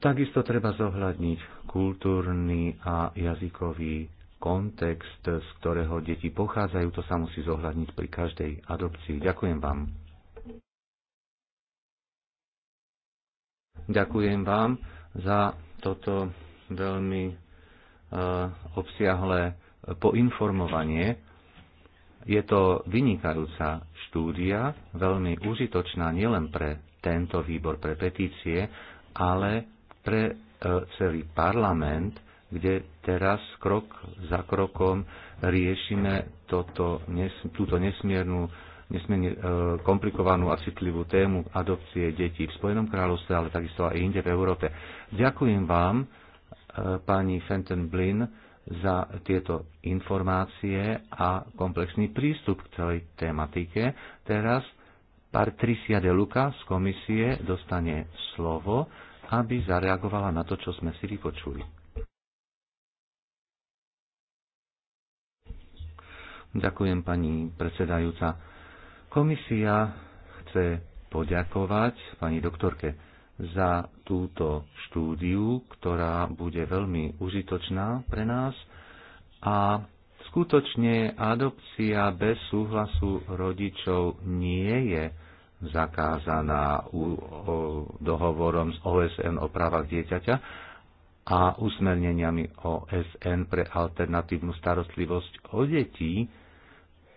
Takisto treba zohľadniť kultúrny a jazykový kontext, z ktorého deti pochádzajú. To sa musí zohľadniť pri každej adopcii. Ďakujem vám. Ďakujem vám za toto veľmi e, obsiahle poinformovanie. Je to vynikajúca štúdia, veľmi užitočná nielen pre tento výbor pre petície, ale pre e, celý parlament, kde teraz krok za krokom riešime toto, túto nesmiernu, nesmierne e, komplikovanú a citlivú tému adopcie detí v Spojenom kráľovstve, ale takisto aj inde v Európe. Ďakujem vám, e, pani Fenton Blin, za tieto informácie a komplexný prístup k celej tematike. Teraz Patricia de Luca z komisie dostane slovo aby zareagovala na to, čo sme si vypočuli. Ďakujem, pani predsedajúca. Komisia chce poďakovať pani doktorke za túto štúdiu, ktorá bude veľmi užitočná pre nás a skutočne adopcia bez súhlasu rodičov nie je zakázaná dohovorom s OSN o právach dieťaťa a usmerneniami OSN pre alternatívnu starostlivosť o detí,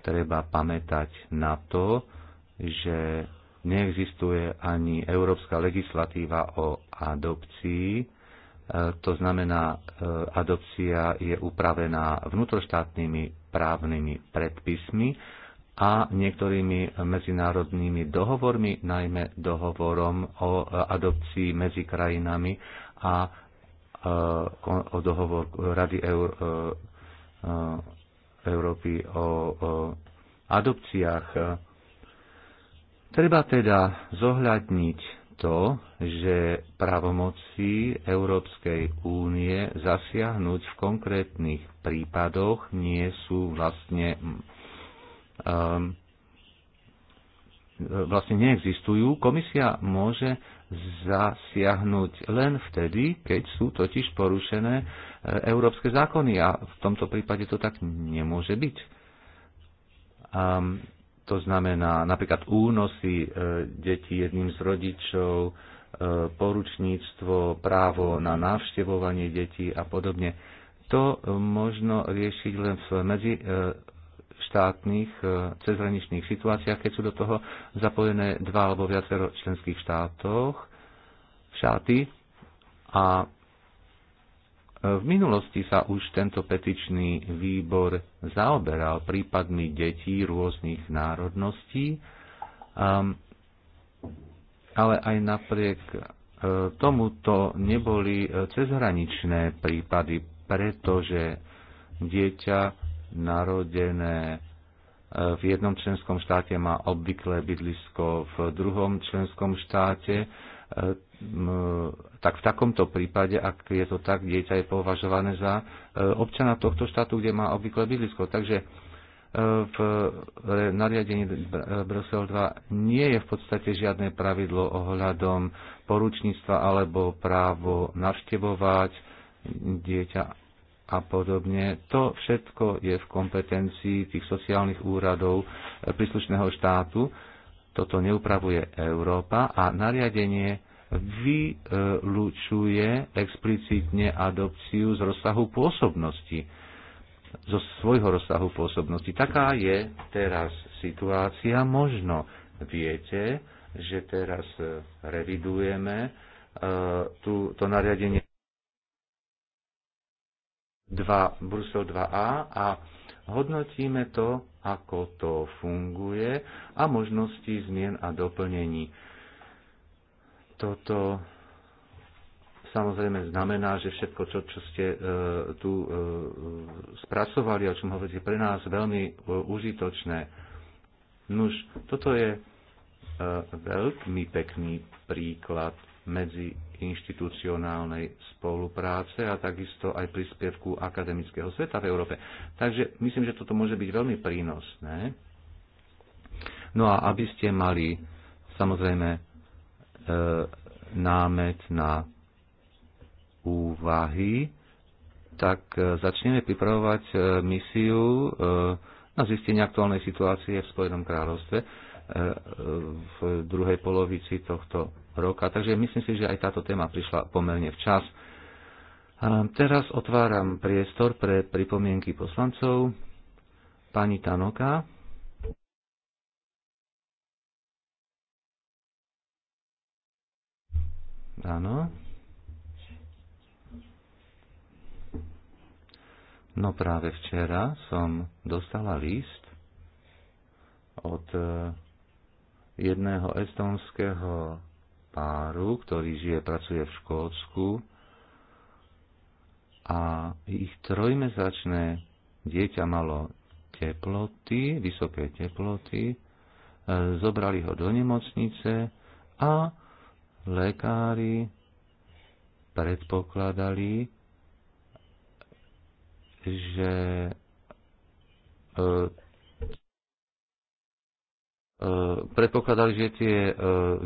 treba pamätať na to, že neexistuje ani európska legislatíva o adopcii. E, to znamená, e, adopcia je upravená vnútroštátnymi právnymi predpismi a niektorými medzinárodnými dohovormi, najmä dohovorom o adopcii medzi krajinami a e, o dohovor Rady e, e, Európy o adopciách. Treba teda zohľadniť to, že právomoci Európskej únie zasiahnuť v konkrétnych prípadoch nie sú vlastne Ehm, vlastne neexistujú. Komisia môže zasiahnuť len vtedy, keď sú totiž porušené e, európske zákony a v tomto prípade to tak nemôže byť. Um, to znamená napríklad únosy e, detí jedným z rodičov, e, poručníctvo, právo na navštevovanie detí a podobne. To možno riešiť len v medzi e, štátnych e, cezhraničných situáciách, keď sú do toho zapojené dva alebo viacero členských štátoch, štáty. A e, v minulosti sa už tento petičný výbor zaoberal prípadmi detí rôznych národností, ale aj napriek e, tomuto neboli cezhraničné prípady, pretože dieťa narodené e, v jednom členskom štáte, má obvyklé bydlisko v druhom členskom štáte, e, tak v takomto prípade, ak je to tak, dieťa je považované za e, občana tohto štátu, kde má obvyklé bydlisko. Takže v nariadení Brusel 2 nie je v podstate žiadne pravidlo ohľadom poručníctva alebo právo navštevovať dieťa a podobne. To všetko je v kompetencii tých sociálnych úradov e, príslušného štátu. Toto neupravuje Európa a nariadenie vylúčuje explicitne adopciu z rozsahu pôsobnosti zo svojho rozsahu pôsobnosti. Taká je teraz situácia. Možno viete, že teraz e, revidujeme e, tú, to nariadenie 2, Brusel 2a a hodnotíme to, ako to funguje a možnosti zmien a doplnení. Toto samozrejme znamená, že všetko, čo, čo ste e, tu e, spracovali, o čom hovoríte, pre nás veľmi e, užitočné. Nuž, toto je e, veľmi pekný príklad medzi inštitucionálnej spolupráce a takisto aj príspevku akademického sveta v Európe. Takže myslím, že toto môže byť veľmi prínosné. No a aby ste mali samozrejme e, námet na úvahy, tak e, začneme pripravovať e, misiu e, na zistenie aktuálnej situácie v Spojenom kráľovstve v druhej polovici tohto roka. Takže myslím si, že aj táto téma prišla pomerne včas. A teraz otváram priestor pre pripomienky poslancov. Pani Tanoka. Áno. No práve včera som dostala list od eh, jedného estonského páru, ktorý žije, pracuje v Škótsku a ich trojmesačné dieťa malo teploty, vysoké teploty, e, zobrali ho do nemocnice a lekári predpokladali, že e, E, predpokladali, že tie, e,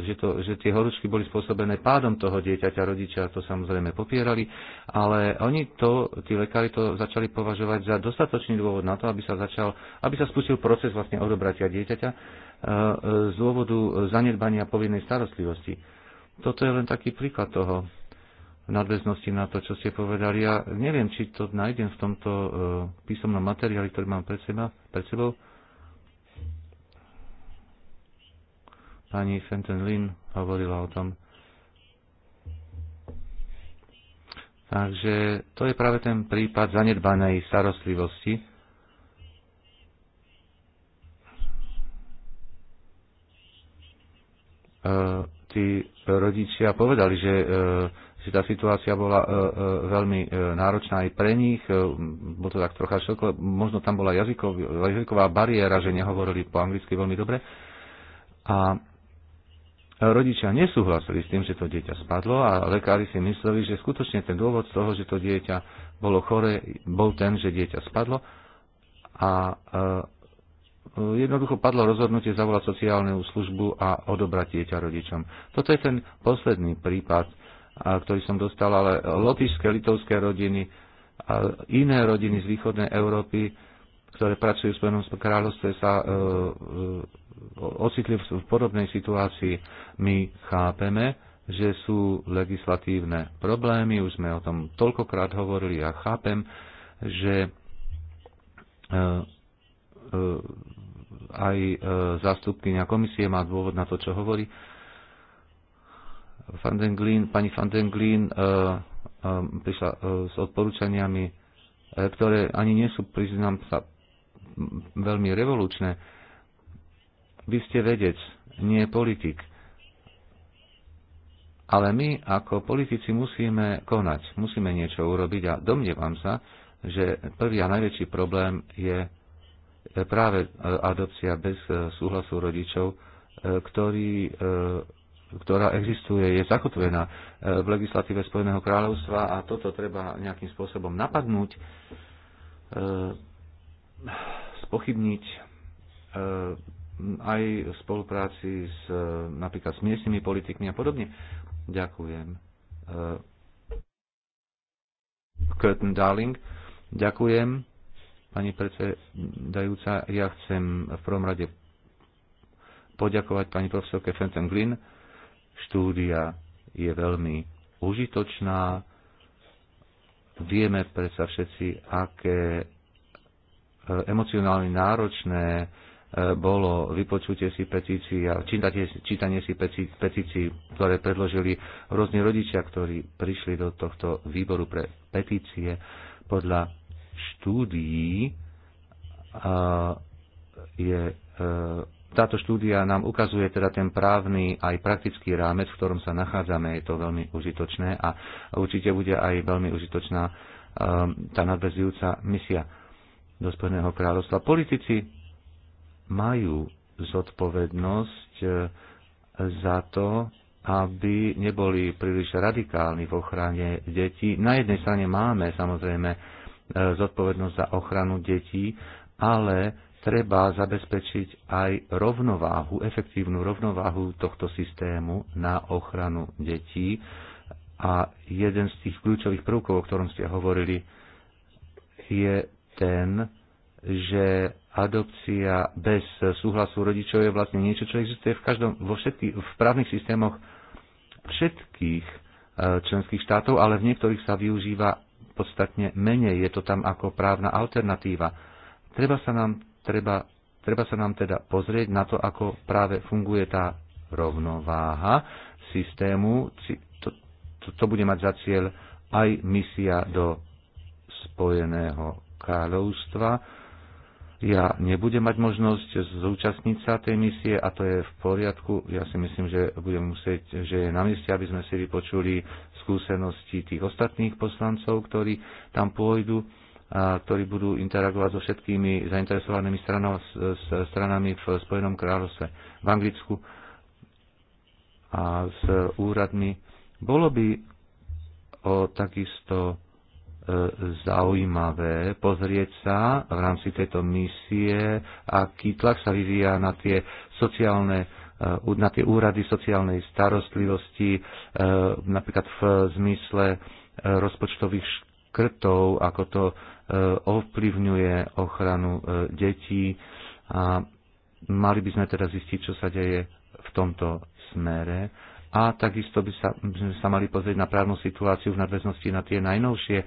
že, to, že tie horúčky boli spôsobené pádom toho dieťaťa, rodičia to samozrejme popierali, ale oni to, tí lekári to začali považovať za dostatočný dôvod na to, aby sa začal, aby sa spustil proces vlastne odobratia dieťaťa e, z dôvodu zanedbania povinnej starostlivosti. Toto je len taký príklad toho v nadväznosti na to, čo ste povedali. Ja neviem, či to nájdem v tomto písomnom materiáli, ktorý mám pred, seba, pred sebou Pani Fenton Lin hovorila o tom. Takže to je práve ten prípad zanedbanej starostlivosti. E, tí rodičia povedali, že e, že tá situácia bola e, veľmi náročná aj pre nich, bol to tak trocha šokové, možno tam bola jazyková bariéra, že nehovorili po anglicky veľmi dobre. A rodičia nesúhlasili s tým, že to dieťa spadlo a lekári si mysleli, že skutočne ten dôvod z toho, že to dieťa bolo chore, bol ten, že dieťa spadlo a e, jednoducho padlo rozhodnutie zavolať sociálnu službu a odobrať dieťa rodičom. Toto je ten posledný prípad, e, ktorý som dostal, ale lotišské, litovské rodiny, a iné rodiny z východnej Európy, ktoré pracujú v Spojenom kráľovstve, sa e, ocitli v podobnej situácii. My chápeme, že sú legislatívne problémy, už sme o tom toľkokrát hovorili a chápem, že e, e, aj e, zástupkynia komisie má dôvod na to, čo hovorí. Van den Glien, pani Van den Glien prišla s odporúčaniami, ktoré ani nie sú, priznám sa, veľmi revolučné vy ste vedec, nie politik. Ale my ako politici musíme konať, musíme niečo urobiť a domnievam sa, že prvý a najväčší problém je e, práve e, adopcia bez e, súhlasu rodičov, ktorý, ktorá existuje, je zakotvená v legislatíve Spojeného kráľovstva a toto treba nejakým spôsobom napadnúť, spochybniť aj v spolupráci s, e, napríklad s miestnymi politikmi a podobne. Ďakujem. E, Curtain Darling, ďakujem. Pani predsedajúca, ja chcem v prvom rade poďakovať pani profesorke Fenton Glynn. Štúdia je veľmi užitočná. Vieme predsa všetci, aké e, emocionálne náročné bolo vypočutie si petícií a čítanie, čítanie si petícií, ktoré predložili rôzni rodičia, ktorí prišli do tohto výboru pre petície. Podľa štúdií je, e, táto štúdia nám ukazuje teda ten právny aj praktický rámec, v ktorom sa nachádzame. Je to veľmi užitočné a určite bude aj veľmi užitočná e, tá nadvezujúca misia do Spojeného kráľovstva. Politici majú zodpovednosť e, za to, aby neboli príliš radikálni v ochrane detí. Na jednej strane máme samozrejme e, zodpovednosť za ochranu detí, ale treba zabezpečiť aj rovnováhu, efektívnu rovnováhu tohto systému na ochranu detí. A jeden z tých kľúčových prvkov, o ktorom ste hovorili, je ten, že adopcia bez súhlasu rodičov je vlastne niečo, čo existuje v každom, vo všetky, v právnych systémoch všetkých e, členských štátov, ale v niektorých sa využíva podstatne menej. Je to tam ako právna alternatíva. Treba sa nám, treba, treba sa nám teda pozrieť na to, ako práve funguje tá rovnováha systému. To, to, to bude mať za cieľ aj misia do Spojeného kráľovstva ja nebudem mať možnosť zúčastniť sa tej misie a to je v poriadku. Ja si myslím, že budem musieť, že je na mieste, aby sme si vypočuli skúsenosti tých ostatných poslancov, ktorí tam pôjdu, a ktorí budú interagovať so všetkými zainteresovanými stranami, stranami v Spojenom kráľovstve, v Anglicku a s úradmi. Bolo by o takisto zaujímavé pozrieť sa v rámci tejto misie, aký tlak sa vyvíja na tie sociálne e, na tie úrady sociálnej starostlivosti, e, napríklad v zmysle e, rozpočtových škrtov, ako to ovplyvňuje ochranu detí. A mali by sme teda zistiť, čo sa deje v tomto smere a takisto by, sa, by sme sa mali pozrieť na právnu situáciu v nadväznosti na tie najnovšie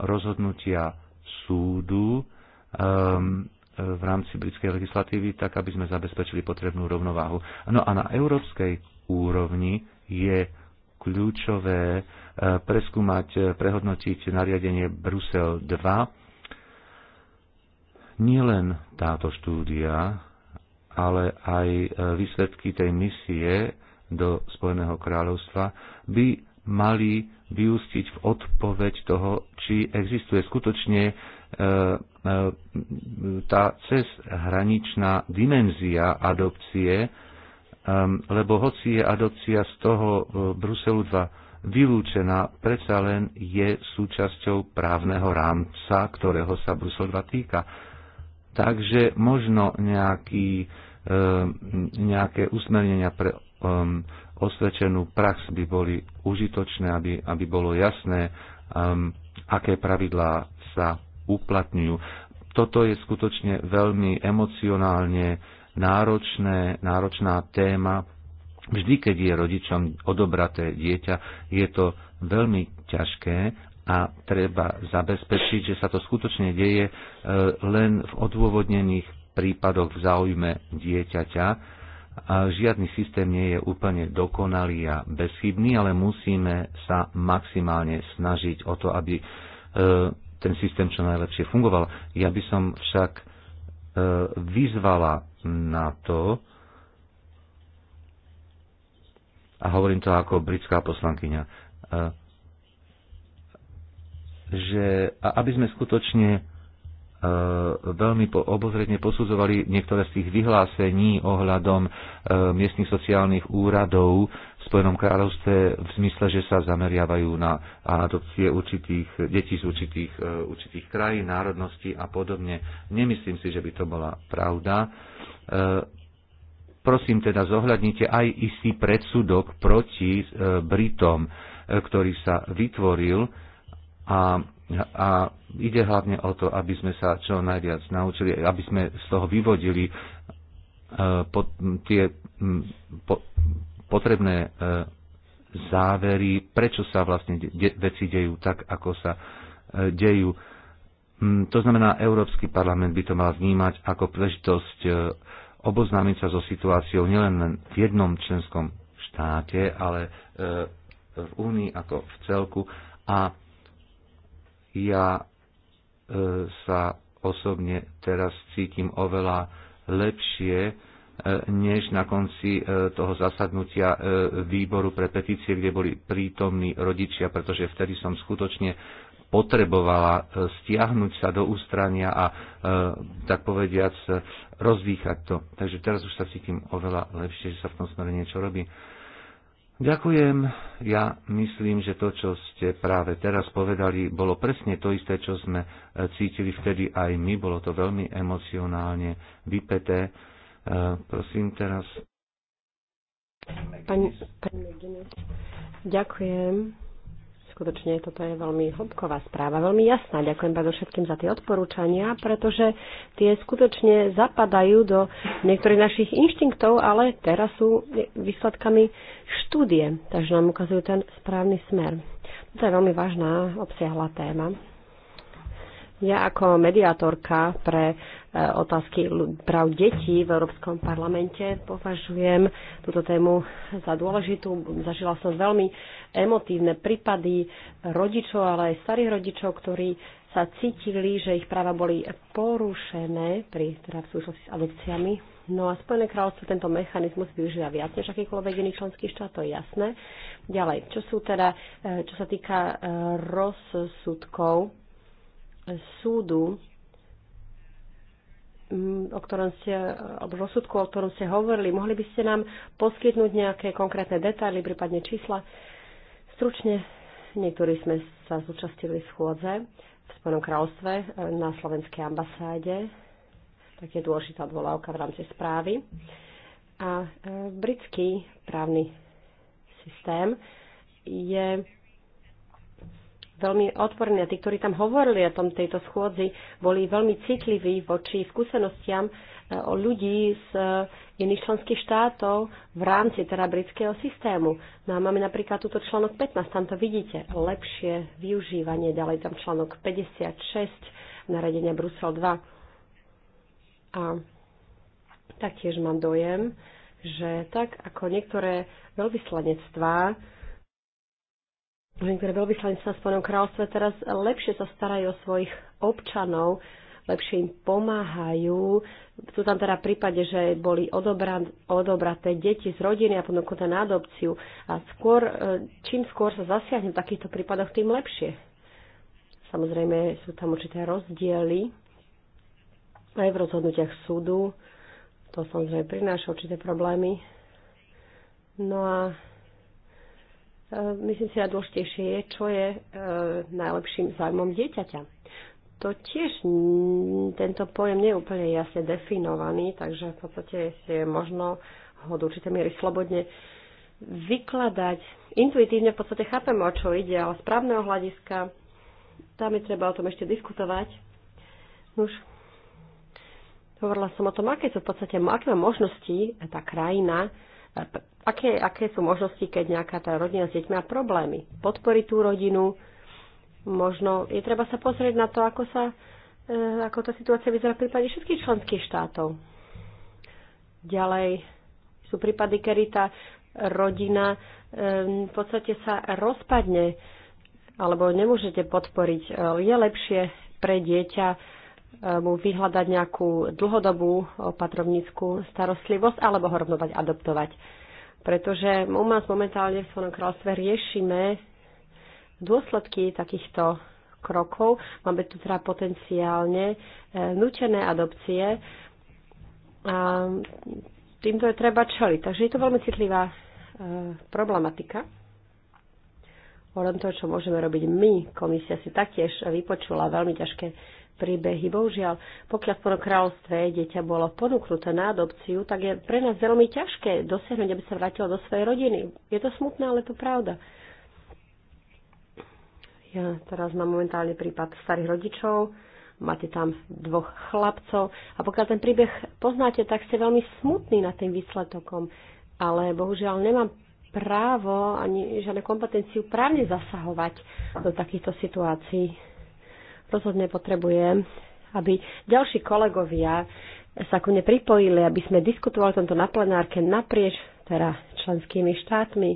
rozhodnutia súdu ehm, v rámci britskej legislatívy, tak aby sme zabezpečili potrebnú rovnováhu. No a na európskej úrovni je kľúčové eh, preskúmať, eh, prehodnotiť nariadenie Brusel 2. Nielen táto štúdia, ale aj eh, výsledky tej misie do Spojeného kráľovstva by mali vyústiť v odpoveď toho, či existuje skutočne e, e, tá cezhraničná dimenzia adopcie, e, lebo hoci je adopcia z toho Bruselu 2 vylúčená, predsa len je súčasťou právneho rámca, ktorého sa Brusel 2 týka. Takže možno nejaký, nejaké usmernenia pre um, osvedčenú prax by boli užitočné, aby, aby bolo jasné, um, aké pravidlá sa uplatňujú. Toto je skutočne veľmi emocionálne náročné, náročná téma. Vždy, keď je rodičom odobraté dieťa, je to veľmi ťažké a treba zabezpečiť, že sa to skutočne deje uh, len v odôvodnených prípadoch v záujme dieťaťa a žiadny systém nie je úplne dokonalý a bezchybný, ale musíme sa maximálne snažiť o to, aby e, ten systém čo najlepšie fungoval. Ja by som však e, vyzvala na to, a hovorím to ako britská poslankyňa, e, že aby sme skutočne E, veľmi obozredne posudzovali niektoré z tých vyhlásení ohľadom e, miestnych sociálnych úradov v Spojenom kráľovstve v zmysle, že sa zameriavajú na adopcie určitých detí z určitých, e, určitých krajín, národností a podobne. Nemyslím si, že by to bola pravda. Prosím teda zohľadnite aj istý predsudok proti Britom, ktorý sa vytvoril a a ide hlavne o to, aby sme sa čo najviac naučili, aby sme z toho vyvodili e, tie potrebné e, závery, prečo sa vlastne veci dejú tak, ako sa e, dejú. To znamená, Európsky parlament by to mal vnímať ako príležitosť oboznámiť sa so situáciou nielen v jednom členskom štáte, ale v Únii ako v celku a ja e, sa osobne teraz cítim oveľa lepšie, e, než na konci e, toho zasadnutia výboru pre petície, kde boli prítomní rodičia, pretože vtedy som skutočne potrebovala stiahnuť sa do ústrania a tak povediac rozdýchať to. Takže teraz už sa cítim oveľa lepšie, že sa v tom smere niečo robí. Ďakujem. Ja myslím, že to, čo ste práve teraz povedali, bolo presne to isté, čo sme e, cítili vtedy aj my. Bolo to veľmi emocionálne vypeté. E, prosím teraz. Pani, pani Ďakujem. Skutočne toto je veľmi hlbková správa, veľmi jasná. Ďakujem všetkým za tie odporúčania, pretože tie skutočne zapadajú do niektorých našich inštinktov, ale teraz sú výsledkami štúdie, takže nám ukazujú ten správny smer. Toto je veľmi vážna, obsiahla téma. Ja ako mediátorka pre E, otázky práv detí v Európskom parlamente. Považujem túto tému za dôležitú. Zažila som veľmi emotívne prípady rodičov, ale aj starých rodičov, ktorí sa cítili, že ich práva boli porušené pri, teda v súvislosti s adopciami. No a Spojené kráľovstvo tento mechanizmus využíva viac než akýkoľvek iný členský štát, to je jasné. Ďalej, čo sú teda, e, čo sa týka e, rozsudkov súdu Mm, o ktorom ste, alebo rozsudku, o ktorom ste hovorili. Mohli by ste nám poskytnúť nejaké konkrétne detaily, prípadne čísla? Stručne, niektorí sme sa zúčastili v schôdze v Spojenom kráľovstve e, na slovenskej ambasáde. Tak je dôležitá odvolávka v rámci správy. A e, britský právny systém je veľmi otvorení a tí, ktorí tam hovorili o tom tejto schôdzi, boli veľmi citliví voči skúsenostiam e, o ľudí z e, iných členských štátov v rámci teda britského systému. No a máme napríklad túto článok 15, tam to vidíte, lepšie využívanie, ďalej tam článok 56 naradenia Brusel 2. A taktiež mám dojem, že tak ako niektoré veľvyslanectvá niektoré sa v Spojenom kráľstve. teraz lepšie sa starajú o svojich občanov, lepšie im pomáhajú. Sú tam teda prípade, že boli odobraté deti z rodiny a ponúknuté na adopciu. A skôr, e, čím skôr sa zasiahne v takýchto prípadoch, tým lepšie. Samozrejme sú tam určité rozdiely aj v rozhodnutiach súdu. To samozrejme prináša určité problémy. No a Eh, myslím si najdôležitejšie je, čo je eh, najlepším zájmom dieťaťa. To tiež tento pojem nie je úplne jasne definovaný, takže v podstate je možno ho do určitej miery slobodne vykladať. Intuitívne v podstate chápeme, o čo ide, ale správneho hľadiska tam je treba o tom ešte diskutovať. Už hovorila som o tom, aké sú v podstate, aké má možnosti tá krajina aké, aké sú možnosti, keď nejaká tá rodina s deťmi má problémy. Podporiť tú rodinu, možno je treba sa pozrieť na to, ako sa e, ako tá situácia vyzerá v prípade všetkých členských štátov. Ďalej sú prípady, kedy tá rodina e, v podstate sa rozpadne alebo nemôžete podporiť. E, je lepšie pre dieťa mu vyhľadať nejakú dlhodobú opatrovnícku starostlivosť alebo ho rovno dať adoptovať. Pretože u nás momentálne v svojom kráľstve riešime dôsledky takýchto krokov. Máme tu teda potenciálne e, nutené adopcie. A týmto je treba čeliť. Takže je to veľmi citlivá e, problematika. Len to, čo môžeme robiť my, komisia si taktiež vypočula veľmi ťažké príbehy. Bohužiaľ, pokiaľ v prvom kráľovstve dieťa bolo ponúknuté na adopciu, tak je pre nás veľmi ťažké dosiahnuť, aby sa vrátilo do svojej rodiny. Je to smutné, ale to pravda. Ja teraz mám momentálne prípad starých rodičov, máte tam dvoch chlapcov a pokiaľ ten príbeh poznáte, tak ste veľmi smutní nad tým výsledokom. Ale bohužiaľ nemám právo ani žiadne kompetenciu právne zasahovať do takýchto situácií rozhodne potrebujem, aby ďalší kolegovia sa ku mne pripojili, aby sme diskutovali tomto na plenárke naprieč teda členskými štátmi,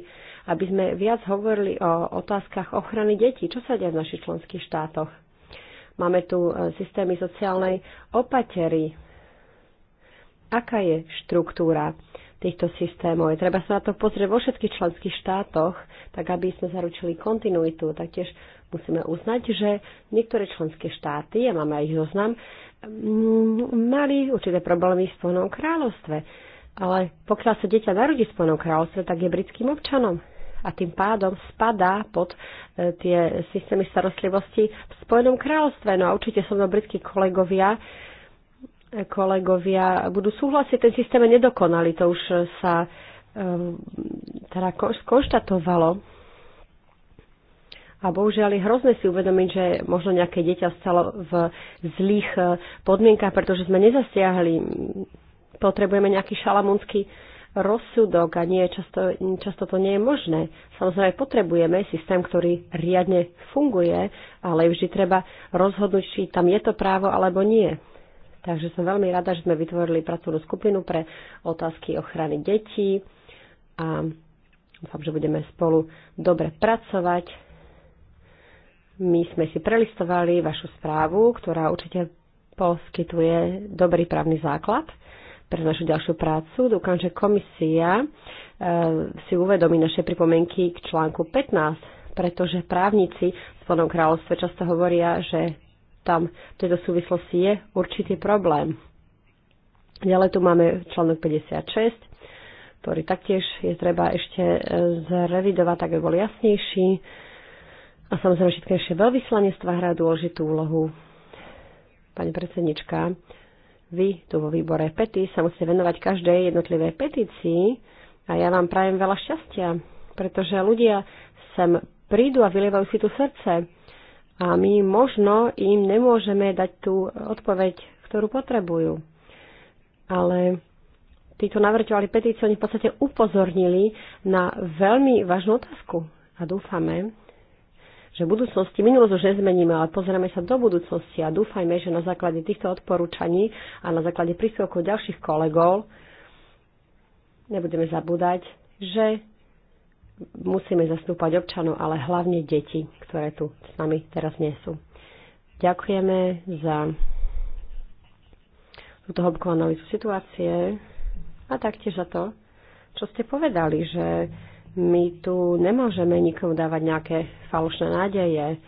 aby sme viac hovorili o otázkach ochrany detí, čo sa deje v našich členských štátoch. Máme tu e, systémy sociálnej opatery. Aká je štruktúra týchto systémov? Je treba sa na to pozrieť vo všetkých členských štátoch, tak aby sme zaručili kontinuitu. Taktiež musíme uznať, že niektoré členské štáty, a máme aj ich zoznam, mm, mali určité problémy v Spojenom kráľovstve. Ale pokiaľ sa dieťa narodí v Spojenom kráľovstve, tak je britským občanom a tým pádom spadá pod e, tie systémy starostlivosti v Spojenom kráľovstve. No a určite som mnou britskí kolegovia, e, kolegovia budú súhlasiť, ten systém je nedokonalý, to už sa e, teda konštatovalo a bohužiaľ je hrozné si uvedomiť, že možno nejaké dieťa stalo v zlých e, podmienkach, pretože sme nezasiahli. Potrebujeme nejaký šalamúnsky rozsudok a nie, často, často to nie je možné. Samozrejme, potrebujeme systém, ktorý riadne funguje, ale vždy treba rozhodnúť, či tam je to právo alebo nie. Takže som veľmi rada, že sme vytvorili pracovnú skupinu pre otázky ochrany detí a dúfam, že budeme spolu dobre pracovať my sme si prelistovali vašu správu, ktorá určite poskytuje dobrý právny základ pre našu ďalšiu prácu. Dúfam, že komisia e, si uvedomí naše pripomienky k článku 15, pretože právnici v Slovnom kráľovstve často hovoria, že tam v tejto súvislosti je určitý problém. Ďalej tu máme článok 56, ktorý taktiež je treba ešte e, zrevidovať, tak aby bol jasnejší. A samozrejme všetky naše veľvyslanectvá hrá dôležitú úlohu. Pani predsednička, vy tu vo výbore pety sa musíte venovať každej jednotlivej petícii a ja vám prajem veľa šťastia, pretože ľudia sem prídu a vylievajú si tu srdce a my možno im nemôžeme dať tú odpoveď, ktorú potrebujú. Ale títo navrťovali petície, oni v podstate upozornili na veľmi vážnu otázku a dúfame, že v budúcnosti minulosť už nezmeníme, ale pozrieme sa do budúcnosti a dúfajme, že na základe týchto odporúčaní a na základe príspevkov ďalších kolegov nebudeme zabúdať, že musíme zastúpať občanov, ale hlavne deti, ktoré tu s nami teraz nie sú. Ďakujeme za túto hĺbkovú analýzu situácie a taktiež za to, čo ste povedali, že my tu nemôžeme nikomu dávať nejaké falošné nádeje.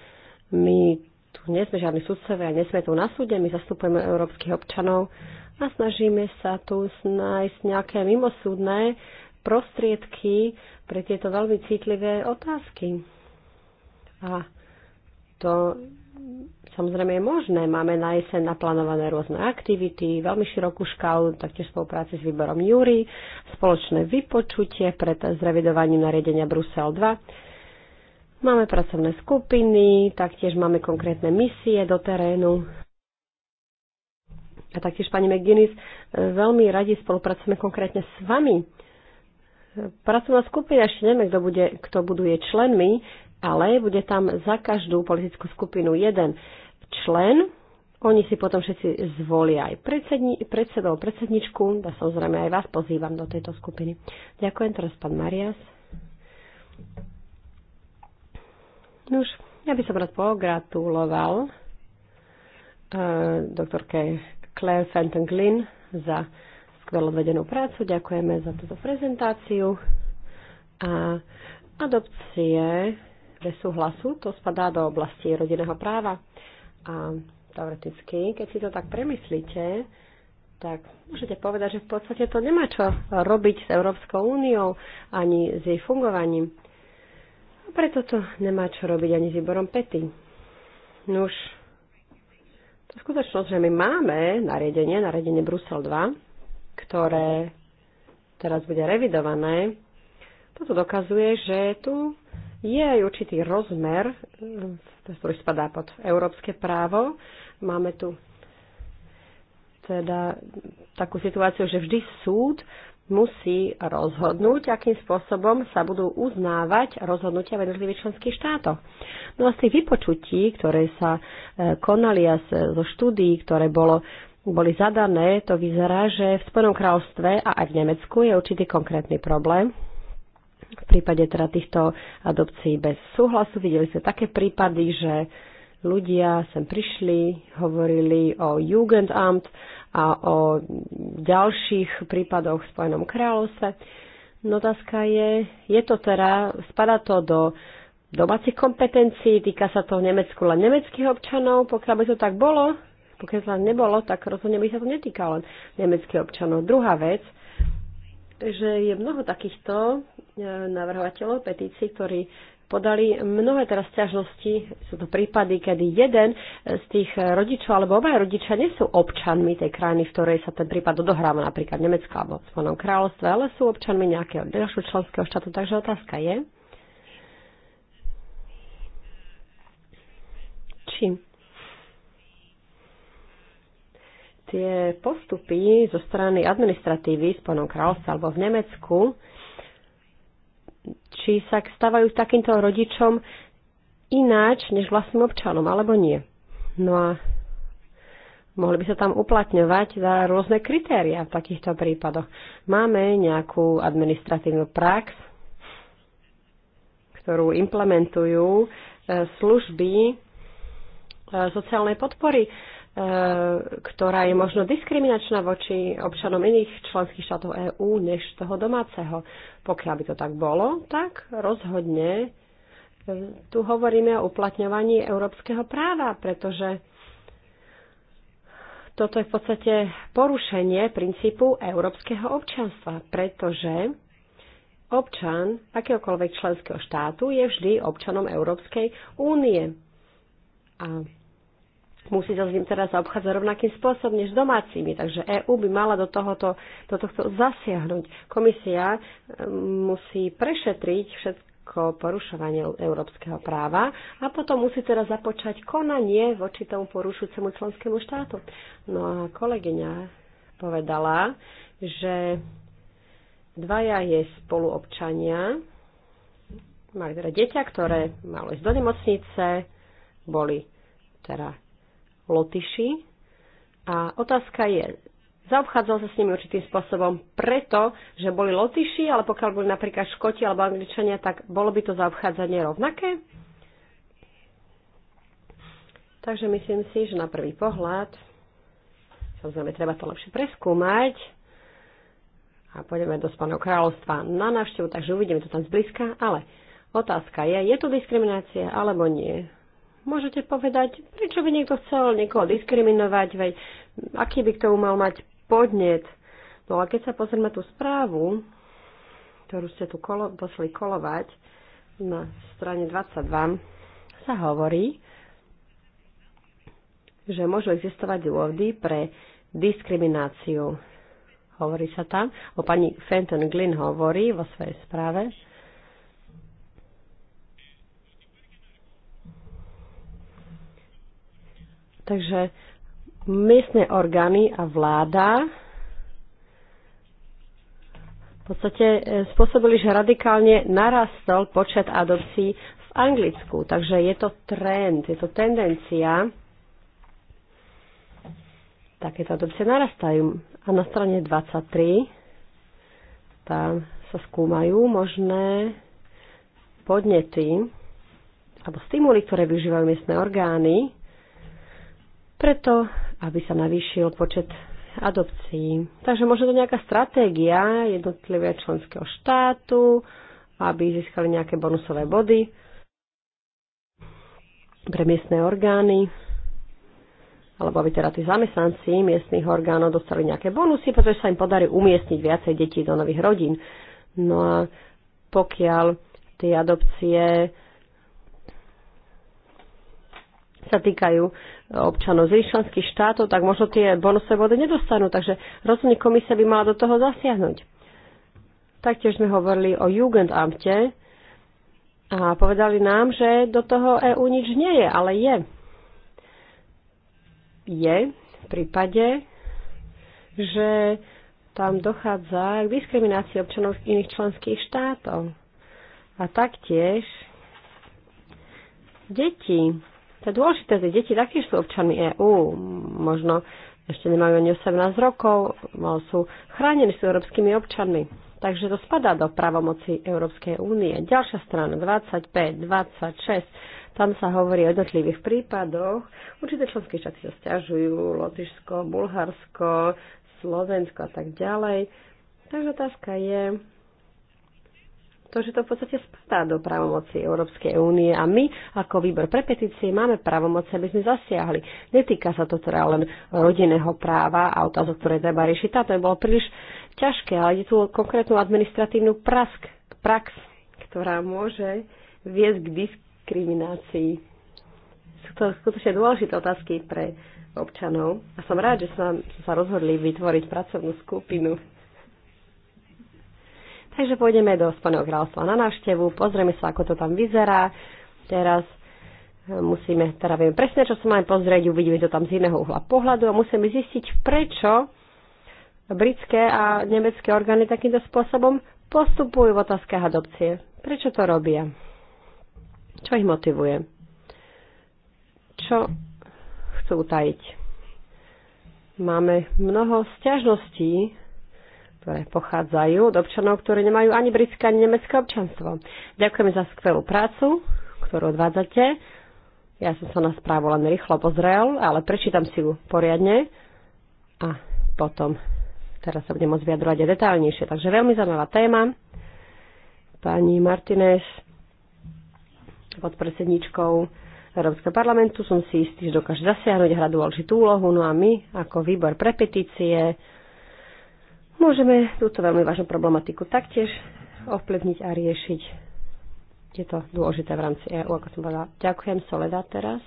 My tu nie sme žiadni sudcovia, nie sme tu na súde, my zastupujeme európskych občanov a snažíme sa tu nájsť nejaké mimosúdne prostriedky pre tieto veľmi citlivé otázky. A to samozrejme je možné. Máme na jeseň naplánované rôzne aktivity, veľmi širokú škálu, taktiež spolupráci s výborom Júri, spoločné vypočutie pred zrevidovaním nariadenia Brusel 2. Máme pracovné skupiny, taktiež máme konkrétne misie do terénu. A taktiež, pani McGuinness, veľmi radi spolupracujeme konkrétne s vami. Pracovná skupina, ešte neviem, kto, bude, kto buduje členmi, ale bude tam za každú politickú skupinu jeden člen. Oni si potom všetci zvolia aj predsedni, predsedov, predsedničku a samozrejme aj vás pozývam do tejto skupiny. Ďakujem teraz pán Marias. Nuž, ja by som rád pogratuloval uh, doktorke Claire Fenton Glynn za skvelo vedenú prácu. Ďakujeme za túto prezentáciu. A adopcie bez súhlasu, to spadá do oblasti rodinného práva. Uh, a teoreticky, keď si to tak premyslíte, tak môžete povedať, že v podstate to nemá čo robiť s Európskou úniou ani s jej fungovaním. A preto to nemá čo robiť ani s výborom pety. Nuž, to skutočnosť, že my máme nariadenie, nariadenie Brusel 2, ktoré teraz bude revidované, toto dokazuje, že tu je aj určitý rozmer, ktorý spadá pod európske právo. Máme tu teda takú situáciu, že vždy súd musí rozhodnúť, akým spôsobom sa budú uznávať rozhodnutia v jednotlivých členských štátoch. No a z tých vypočutí, ktoré sa e, konali a zo štúdií, ktoré bolo, boli zadané, to vyzerá, že v Spojenom kráľovstve a aj v Nemecku je určitý konkrétny problém, v prípade teda týchto adopcií bez súhlasu. Videli ste také prípady, že ľudia sem prišli, hovorili o Jugendamt a o ďalších prípadoch v Spojenom kráľovstve. No otázka je, je to teda, spada to do domácich kompetencií, týka sa to v Nemecku len nemeckých občanov, pokiaľ by to tak bolo, pokiaľ to nebolo, tak rozhodne by sa to netýkalo len nemeckých občanov. Druhá vec, že je mnoho takýchto e, navrhovateľov petícií, ktorí podali mnohé teraz ťažnosti. Sú to prípady, kedy jeden z tých rodičov alebo obaja rodičia nie sú občanmi tej krajiny, v ktorej sa ten prípad odohráva, napríklad Nemecka alebo v Spojenom kráľovstve, ale sú občanmi nejakého ďalšieho členského štátu. Takže otázka je, či tie postupy zo strany administratívy v Spojenom kráľovstve alebo v Nemecku, či sa stávajú takýmto rodičom ináč než vlastným občanom, alebo nie. No a mohli by sa tam uplatňovať za rôzne kritéria v takýchto prípadoch. Máme nejakú administratívnu prax, ktorú implementujú eh, služby eh, sociálnej podpory E, ktorá je možno diskriminačná voči občanom iných členských štátov EÚ než toho domáceho. Pokiaľ by to tak bolo, tak rozhodne e, tu hovoríme o uplatňovaní európskeho práva, pretože toto je v podstate porušenie princípu európskeho občanstva, pretože občan akéhokoľvek členského štátu je vždy občanom Európskej únie. A musí sa s ním teraz obchádzať rovnakým spôsobom než domácimi. Takže EÚ by mala do, tohoto, do tohto zasiahnuť. Komisia e, musí prešetriť všetko porušovanie európskeho práva a potom musí teraz započať konanie voči tomu porušujúcemu členskému štátu. No a kolegyňa povedala, že dvaja je spoluobčania, mali teda dieťa, ktoré malo ísť do nemocnice, boli teda Lotyši. A otázka je, zaobchádzal sa s nimi určitým spôsobom preto, že boli Lotyši, ale pokiaľ boli napríklad Škoti alebo Angličania, tak bolo by to zaobchádzanie rovnaké? Takže myslím si, že na prvý pohľad, samozrejme, treba to lepšie preskúmať, a pôjdeme do Spaného kráľovstva na návštevu, takže uvidíme to tam zblízka, ale otázka je, je tu diskriminácia alebo nie? Môžete povedať, prečo by niekto chcel niekoho diskriminovať, veď aký by k tomu mal mať podnet. No a keď sa pozrieme tú správu, ktorú ste tu kolo, pošli kolovať, na strane 22 sa hovorí, že môžu existovať dôvody pre diskrimináciu. Hovorí sa tam, o pani Fenton Glynn hovorí vo svojej správe, Takže miestne orgány a vláda v podstate e, spôsobili, že radikálne narastol počet adopcií v Anglicku. Takže je to trend, je to tendencia. Takéto adopcie narastajú. A na strane 23 tam sa skúmajú možné podnety alebo stimuly, ktoré využívajú miestne orgány preto, aby sa navýšil počet adopcií. Takže možno to nejaká stratégia jednotlivého členského štátu, aby získali nejaké bonusové body pre miestne orgány, alebo aby teda tí zamestnanci miestnych orgánov dostali nejaké bonusy, pretože sa im podarí umiestniť viacej detí do nových rodín. No a pokiaľ tie adopcie sa týkajú občanov z členských štátov, tak možno tie bonusové body nedostanú. Takže rozhodne komisia by mala do toho zasiahnuť. Taktiež sme hovorili o Jugendamte a povedali nám, že do toho EÚ nič nie je, ale je. Je v prípade, že tam dochádza k diskriminácii občanov z iných členských štátov. A taktiež deti to je dôležité, tie deti taktiež sú občanmi EÚ. Možno ešte nemajú ani 18 rokov, ale sú chránení sú európskymi občanmi. Takže to spadá do pravomoci Európskej únie. Ďalšia strana, 25, 26, tam sa hovorí o jednotlivých prípadoch. Určité členské štáty sa stiažujú, Lotyšsko, Bulharsko, Slovensko a tak ďalej. Takže otázka je, to, že to v podstate spadá do právomoci Európskej únie a my ako výbor pre petície máme právomoci, aby sme zasiahli. Netýka sa to teda len rodinného práva a otázok, ktoré treba riešiť. Táto je bolo príliš ťažké, ale je tu konkrétnu administratívnu prask, prax, ktorá môže viesť k diskriminácii. Sú to skutočne dôležité otázky pre občanov a som rád, že som sa rozhodli vytvoriť pracovnú skupinu Takže pôjdeme do Spaného kráľstva na návštevu, pozrieme sa, ako to tam vyzerá. Teraz e, musíme, teda vieme presne, čo sa máme pozrieť, uvidíme to tam z iného uhla pohľadu a musíme zistiť, prečo britské a nemecké orgány takýmto spôsobom postupujú v otázkach adopcie. Prečo to robia? Čo ich motivuje? Čo chcú utajiť? Máme mnoho sťažností ktoré pochádzajú od občanov, ktorí nemajú ani britské, ani nemecké občanstvo. Ďakujem za skvelú prácu, ktorú odvádzate. Ja som sa na správu len rýchlo pozrel, ale prečítam si ju poriadne a potom teraz sa budem môcť vyjadrovať aj detálnejšie. Takže veľmi zaujímavá téma. Pani Martinez, pod predsedničkou Európskeho parlamentu, som si istý, že dokáže zasiahnuť, hradu dôležitú úlohu. No a my, ako výbor pre petície, môžeme túto veľmi vážnu problematiku taktiež ovplyvniť a riešiť. Je to dôležité v rámci EU, ako som povedala. Ďakujem, Soleda teraz.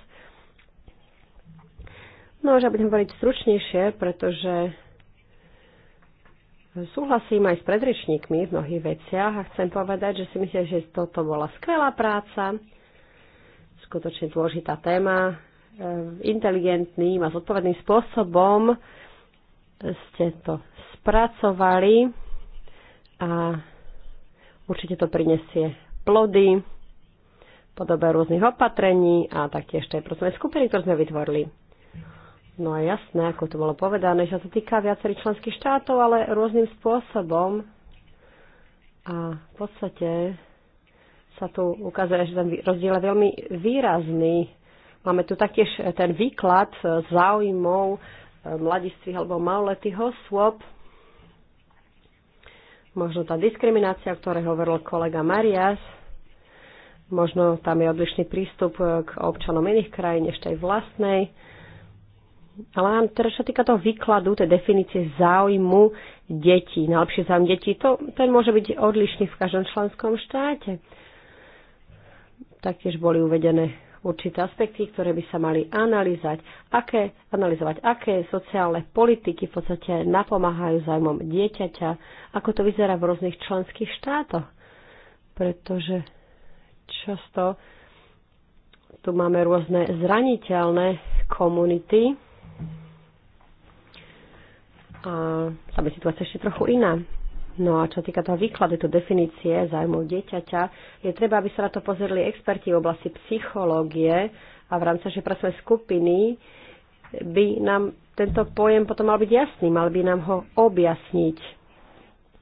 No, že budem hovoriť stručnejšie, pretože súhlasím aj s predrečníkmi v mnohých veciach a chcem povedať, že si myslím, že toto bola skvelá práca, skutočne dôležitá téma, eh, inteligentným a zodpovedným spôsobom ste to spracovali a určite to prinesie plody podobe rôznych opatrení a taktiež tej pracovnej skupiny, ktoré sme vytvorili. No a jasné, ako to bolo povedané, že sa týka viacerých členských štátov, ale rôznym spôsobom. A v podstate sa tu ukazuje, že ten rozdiel je veľmi výrazný. Máme tu taktiež ten výklad záujmov mladistvých alebo maloletých osôb. Možno tá diskriminácia, o ktorej hovoril kolega Marias, možno tam je odlišný prístup k občanom iných krajín než tej vlastnej. Ale teraz, čo týka toho výkladu, tej definície záujmu detí, najlepšie záujem detí, to, ten môže byť odlišný v každom členskom štáte. Taktiež boli uvedené určité aspekty, ktoré by sa mali analyzať, aké, analyzovať, aké sociálne politiky v podstate napomáhajú zájmom dieťaťa, ako to vyzerá v rôznych členských štátoch. Pretože často tu máme rôzne zraniteľné komunity a tam je situácia ešte trochu iná. No a čo týka toho výkladu, tu definície zájmu dieťaťa, je treba, aby sa na to pozerali experti v oblasti psychológie a v rámci pre svoje skupiny by nám tento pojem potom mal byť jasný, mal by nám ho objasniť,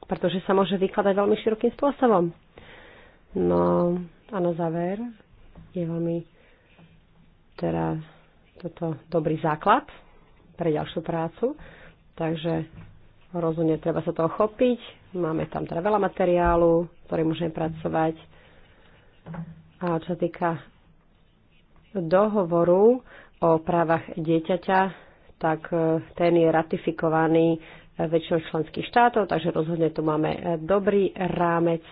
pretože sa môže vykladať veľmi širokým spôsobom. No a na záver je veľmi teda toto dobrý základ pre ďalšiu prácu, takže rozumne treba sa toho chopiť, Máme tam teda veľa materiálu, ktorý môžeme pracovať. A čo sa týka dohovoru o právach dieťaťa, tak e, ten je ratifikovaný väčšinou členských štátov, takže rozhodne tu máme dobrý rámec.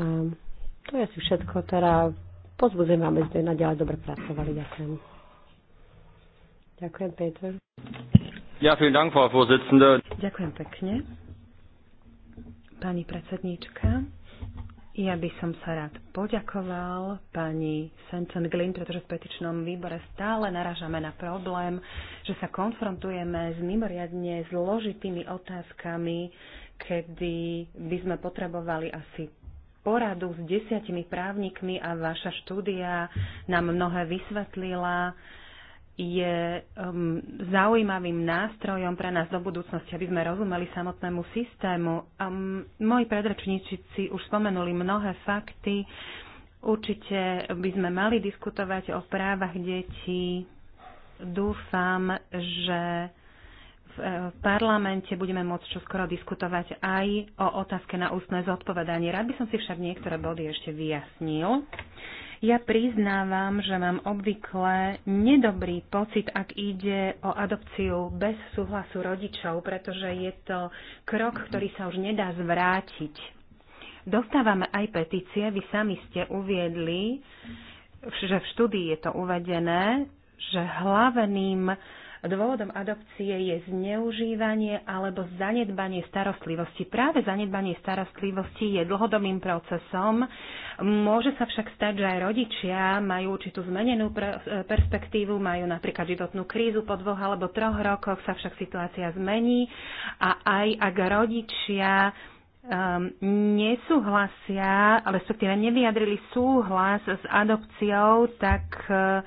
A to je asi všetko. Teda pozbudzujem vám, aby sme naďalej dobre pracovali. Ďakujem. Ďakujem, Peter. Ja, vielen Dank, Frau Vorsitzende. Ďakujem pekne pani predsedníčka. Ja by som sa rád poďakoval pani Senton Glyn, pretože v petičnom výbore stále naražame na problém, že sa konfrontujeme s mimoriadne zložitými otázkami, kedy by sme potrebovali asi poradu s desiatimi právnikmi a vaša štúdia nám mnohé vysvetlila je um, zaujímavým nástrojom pre nás do budúcnosti, aby sme rozumeli samotnému systému. Um, moji predrečníci už spomenuli mnohé fakty. Určite by sme mali diskutovať o právach detí. Dúfam, že v e, parlamente budeme môcť čoskoro diskutovať aj o otázke na ústne zodpovedanie. Rád by som si však niektoré body ešte vyjasnil. Ja priznávam, že mám obvykle nedobrý pocit, ak ide o adopciu bez súhlasu rodičov, pretože je to krok, ktorý sa už nedá zvrátiť. Dostávame aj petície, vy sami ste uviedli, že v štúdii je to uvedené, že hlavným Dôvodom adopcie je zneužívanie alebo zanedbanie starostlivosti. Práve zanedbanie starostlivosti je dlhodobým procesom. Môže sa však stať, že aj rodičia majú určitú zmenenú perspektívu, majú napríklad životnú krízu po dvoch alebo troch rokoch, sa však situácia zmení a aj ak rodičia um, nesúhlasia, respektíve nevyjadrili súhlas s adopciou, tak uh,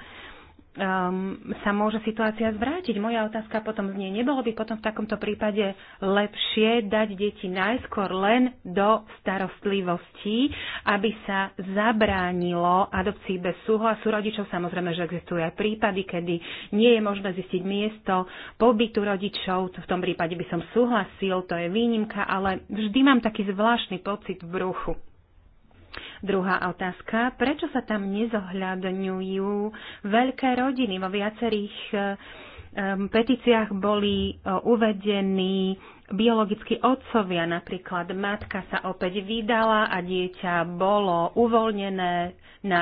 um, sa môže situácia zvrátiť. Moja otázka potom znie, nebolo by potom v takomto prípade lepšie dať deti najskôr len do starostlivosti, aby sa zabránilo adopcii bez súhlasu rodičov. Samozrejme, že existujú aj prípady, kedy nie je možné zistiť miesto pobytu rodičov. V tom prípade by som súhlasil, to je výnimka, ale vždy mám taký zvláštny pocit v bruchu. Druhá otázka. Prečo sa tam nezohľadňujú veľké rodiny? Vo viacerých petíciách boli e, uvedení biologickí otcovia, napríklad matka sa opäť vydala a dieťa bolo uvoľnené na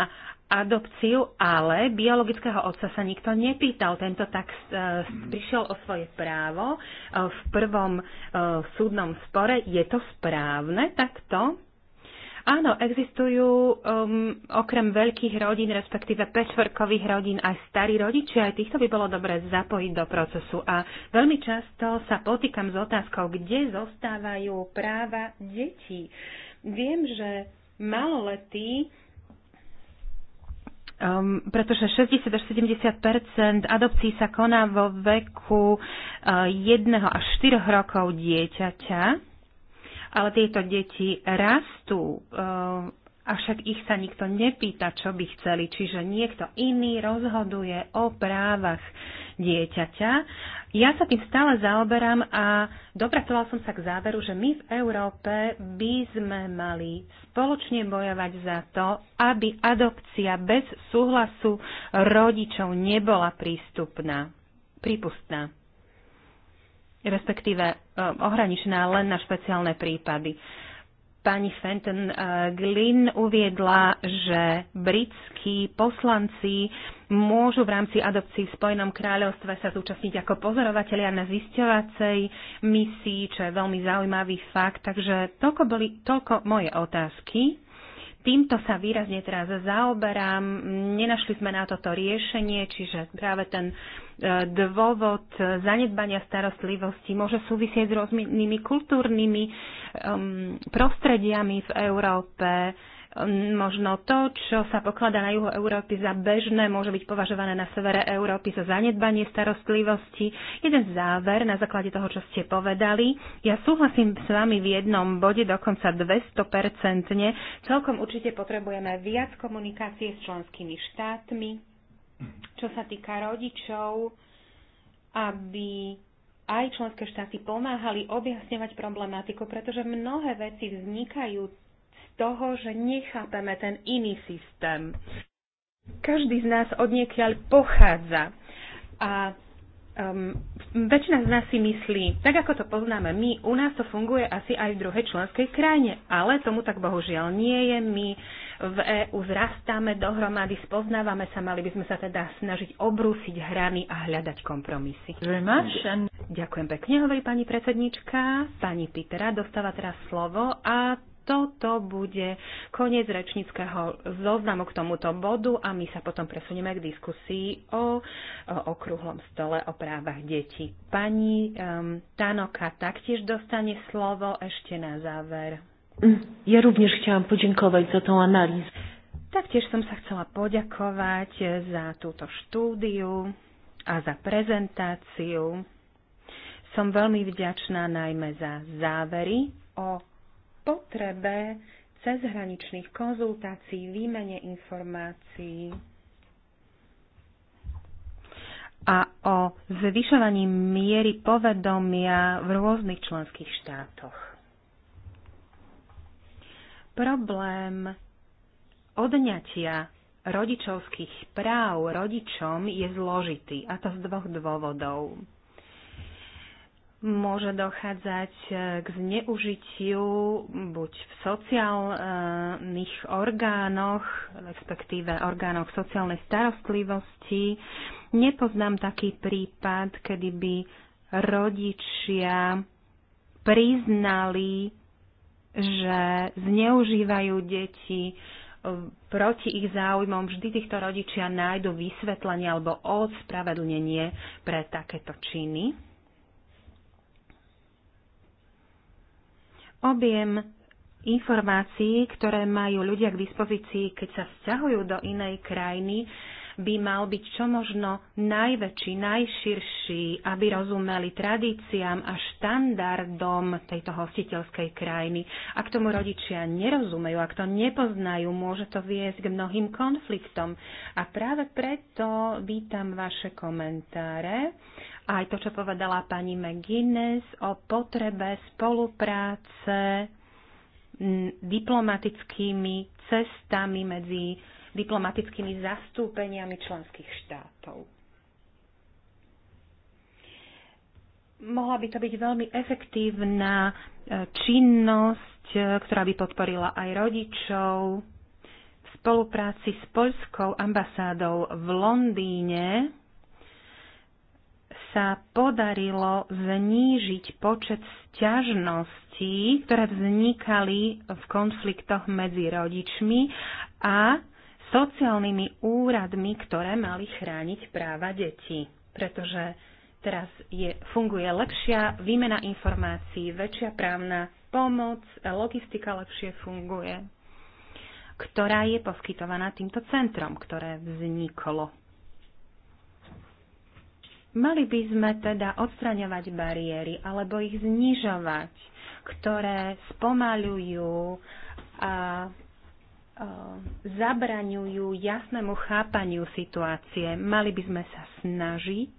adopciu, ale biologického otca sa nikto nepýtal. Tento tak e, prišiel o svoje právo e, v prvom súdnom spore. Je to správne takto? Áno, existujú um, okrem veľkých rodín, respektíve pečvrkových rodín, aj starí rodičia, aj týchto by bolo dobre zapojiť do procesu. A veľmi často sa potýkam s otázkou, kde zostávajú práva detí. Viem, že maloletí Um, pretože 60 až 70 adopcií sa koná vo veku uh, 1 až 4 rokov dieťaťa ale tieto deti rastú, eh, avšak ich sa nikto nepýta, čo by chceli. Čiže niekto iný rozhoduje o právach dieťaťa. Ja sa tým stále zaoberám a dopracoval som sa k záveru, že my v Európe by sme mali spoločne bojovať za to, aby adopcia bez súhlasu rodičov nebola prístupná, prípustná respektíve e, ohraničená len na špeciálne prípady. Pani Fenton e, Glynn uviedla, že britskí poslanci môžu v rámci adopcií v Spojenom kráľovstve sa zúčastniť ako pozorovatelia na zisťovacej misii, čo je veľmi zaujímavý fakt. Takže toľko boli toľko moje otázky. Týmto sa výrazne teraz zaoberám. Nenašli sme na toto riešenie, čiže práve ten e, dôvod zanedbania starostlivosti môže súvisieť s rôznymi kultúrnymi um, prostrediami v Európe, Ehm, možno to, čo sa pokladá na juho Európy za bežné, môže byť považované na severe Európy za zanedbanie starostlivosti. Jeden záver na základe toho, čo ste povedali. Ja súhlasím s vami v jednom bode, dokonca 200%. Celkom určite potrebujeme viac komunikácie s členskými štátmi, čo sa týka rodičov, aby aj členské štáty pomáhali objasňovať problematiku, pretože mnohé veci vznikajú toho, že nechápeme ten iný systém. Každý z nás od niekiaľ pochádza a um, väčšina z nás si myslí, tak ako to poznáme my, u nás to funguje asi aj v druhej členskej krajine, ale tomu tak bohužiaľ nie je. My v EU zrastáme dohromady, spoznávame sa, mali by sme sa teda snažiť obrúsiť hrany a hľadať kompromisy. Ďakujem pekne, hovorí pani predsednička. Pani Pitera dostáva teraz slovo a toto bude koniec rečníckého zoznamu k tomuto bodu a my sa potom presunieme k diskusii o, okrúhlom stole o právach detí. Pani um, Tanoka taktiež dostane slovo ešte na záver. Mm, ja również chcem podziękować za tą analýzu. Taktiež som sa chcela poďakovať za túto štúdiu a za prezentáciu. Som veľmi vďačná najmä za závery o potrebe cezhraničných konzultácií, výmene informácií a o zvyšovaní miery povedomia v rôznych členských štátoch. Problém odňatia rodičovských práv rodičom je zložitý, a to z dvoch dôvodov môže dochádzať e, k zneužitiu buď v sociálnych orgánoch, respektíve orgánoch sociálnej starostlivosti. Nepoznám taký prípad, kedy by rodičia priznali, že zneužívajú deti e, proti ich záujmom vždy týchto rodičia nájdu vysvetlenie alebo odspravedlnenie pre takéto činy. Objem informácií, ktoré majú ľudia k dispozícii, keď sa vzťahujú do inej krajiny, by mal byť čo možno najväčší, najširší, aby rozumeli tradíciám a štandardom tejto hostiteľskej krajiny. Ak tomu rodičia nerozumejú, ak to nepoznajú, môže to viesť k mnohým konfliktom. A práve preto vítam vaše komentáre aj to, čo povedala pani McGuinness o potrebe spolupráce diplomatickými cestami medzi diplomatickými zastúpeniami členských štátov. Mohla by to byť veľmi efektívna e, činnosť, e, ktorá by podporila aj rodičov. V spolupráci s poľskou ambasádou v Londýne sa podarilo znížiť počet sťažností, ktoré vznikali v konfliktoch medzi rodičmi a sociálnymi úradmi, ktoré mali chrániť práva detí. Pretože teraz je, funguje lepšia výmena informácií, väčšia právna pomoc, logistika lepšie funguje, ktorá je poskytovaná týmto centrom, ktoré vzniklo. Mali by sme teda odstraňovať bariéry alebo ich znižovať, ktoré spomaľujú a Eh, zabraňujú jasnému chápaniu situácie. Mali by sme sa snažiť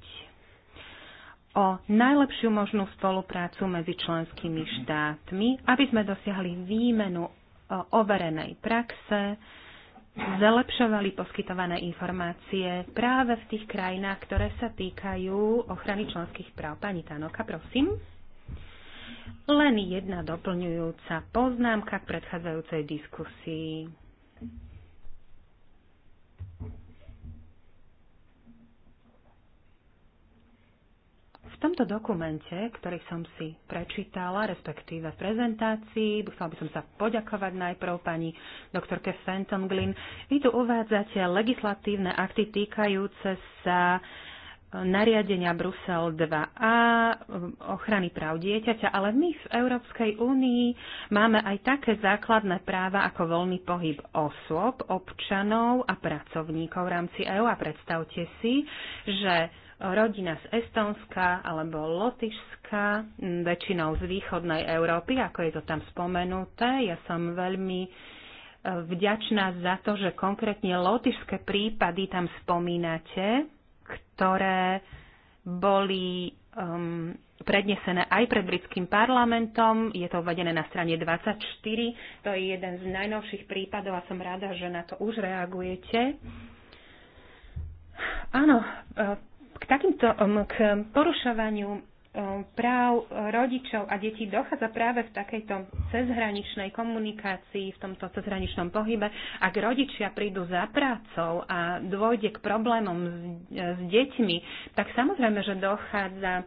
o najlepšiu možnú spoluprácu medzi členskými štátmi, aby sme dosiahli výmenu eh, overenej praxe, zlepšovali poskytované informácie práve v tých krajinách, ktoré sa týkajú ochrany členských práv. Pani Tanoka, prosím. Len jedna doplňujúca poznámka k predchádzajúcej diskusii V tomto dokumente, ktorý som si prečítala, respektíve v prezentácii, chcela by som sa poďakovať najprv pani doktorke Fenton Glynn, vy tu uvádzate legislatívne akty týkajúce sa e, nariadenia Brusel 2a, e, ochrany práv dieťaťa, ale my v Európskej únii máme aj také základné práva ako voľný pohyb osôb, občanov a pracovníkov v rámci EÚ a predstavte si, že rodina z Estónska alebo Lotyšska, väčšinou z východnej Európy, ako je to tam spomenuté. Ja som veľmi e, vďačná za to, že konkrétne lotyšské prípady tam spomínate, ktoré boli um, prednesené aj pred britským parlamentom. Je to uvedené na strane 24. To je jeden z najnovších prípadov a som rada, že na to už reagujete. Áno, e, k takýmto um, k porušovaniu um, práv rodičov a detí dochádza práve v takejto cezhraničnej komunikácii, v tomto cezhraničnom pohybe. Ak rodičia prídu za prácou a dôjde k problémom s, s deťmi, tak samozrejme, že dochádza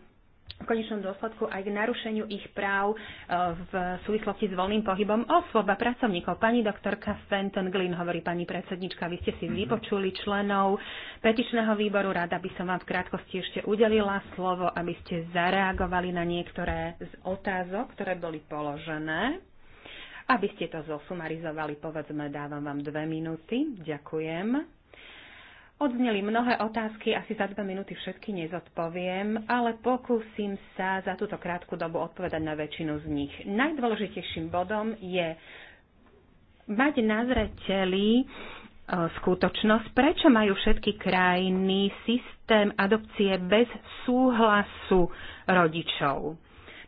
v konečnom dôsledku aj k narušeniu ich práv e, v súvislosti s voľným pohybom osôb a pracovníkov. Pani doktorka Fenton Glyn, hovorí, pani predsednička, vy ste si mhm. vypočuli členov petičného výboru. Rada by som vám v krátkosti ešte udelila slovo, aby ste zareagovali na niektoré z otázok, ktoré boli položené. Aby ste to zosumarizovali, povedzme, dávam vám dve minúty. Ďakujem. Odzneli mnohé otázky, asi za dve minúty všetky nezodpoviem, ale pokúsim sa za túto krátku dobu odpovedať na väčšinu z nich. Najdôležitejším bodom je mať na zreteli e, skutočnosť, prečo majú všetky krajiny systém adopcie bez súhlasu rodičov.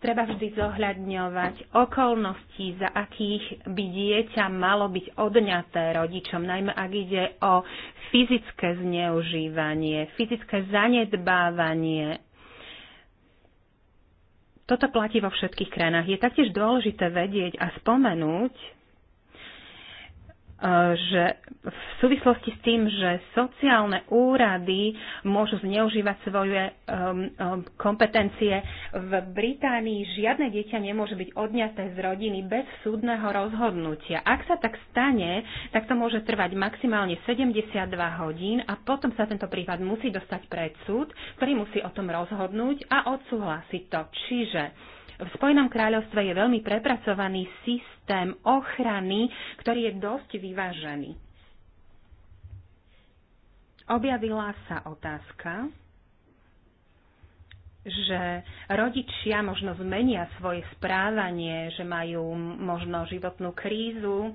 Treba vždy zohľadňovať okolnosti, za akých by dieťa malo byť odňaté rodičom, najmä ak ide o fyzické zneužívanie, fyzické zanedbávanie. Toto platí vo všetkých krajinách. Je taktiež dôležité vedieť a spomenúť, že v súvislosti s tým, že sociálne úrady môžu zneužívať svoje um, um, kompetencie, v Británii žiadne dieťa nemôže byť odňaté z rodiny bez súdneho rozhodnutia. Ak sa tak stane, tak to môže trvať maximálne 72 hodín a potom sa tento prípad musí dostať pred súd, ktorý musí o tom rozhodnúť a odsúhlasiť to. Čiže v Spojenom kráľovstve je veľmi prepracovaný systém ochrany, ktorý je dosť vyvážený. Objavila sa otázka, že rodičia možno zmenia svoje správanie, že majú možno životnú krízu.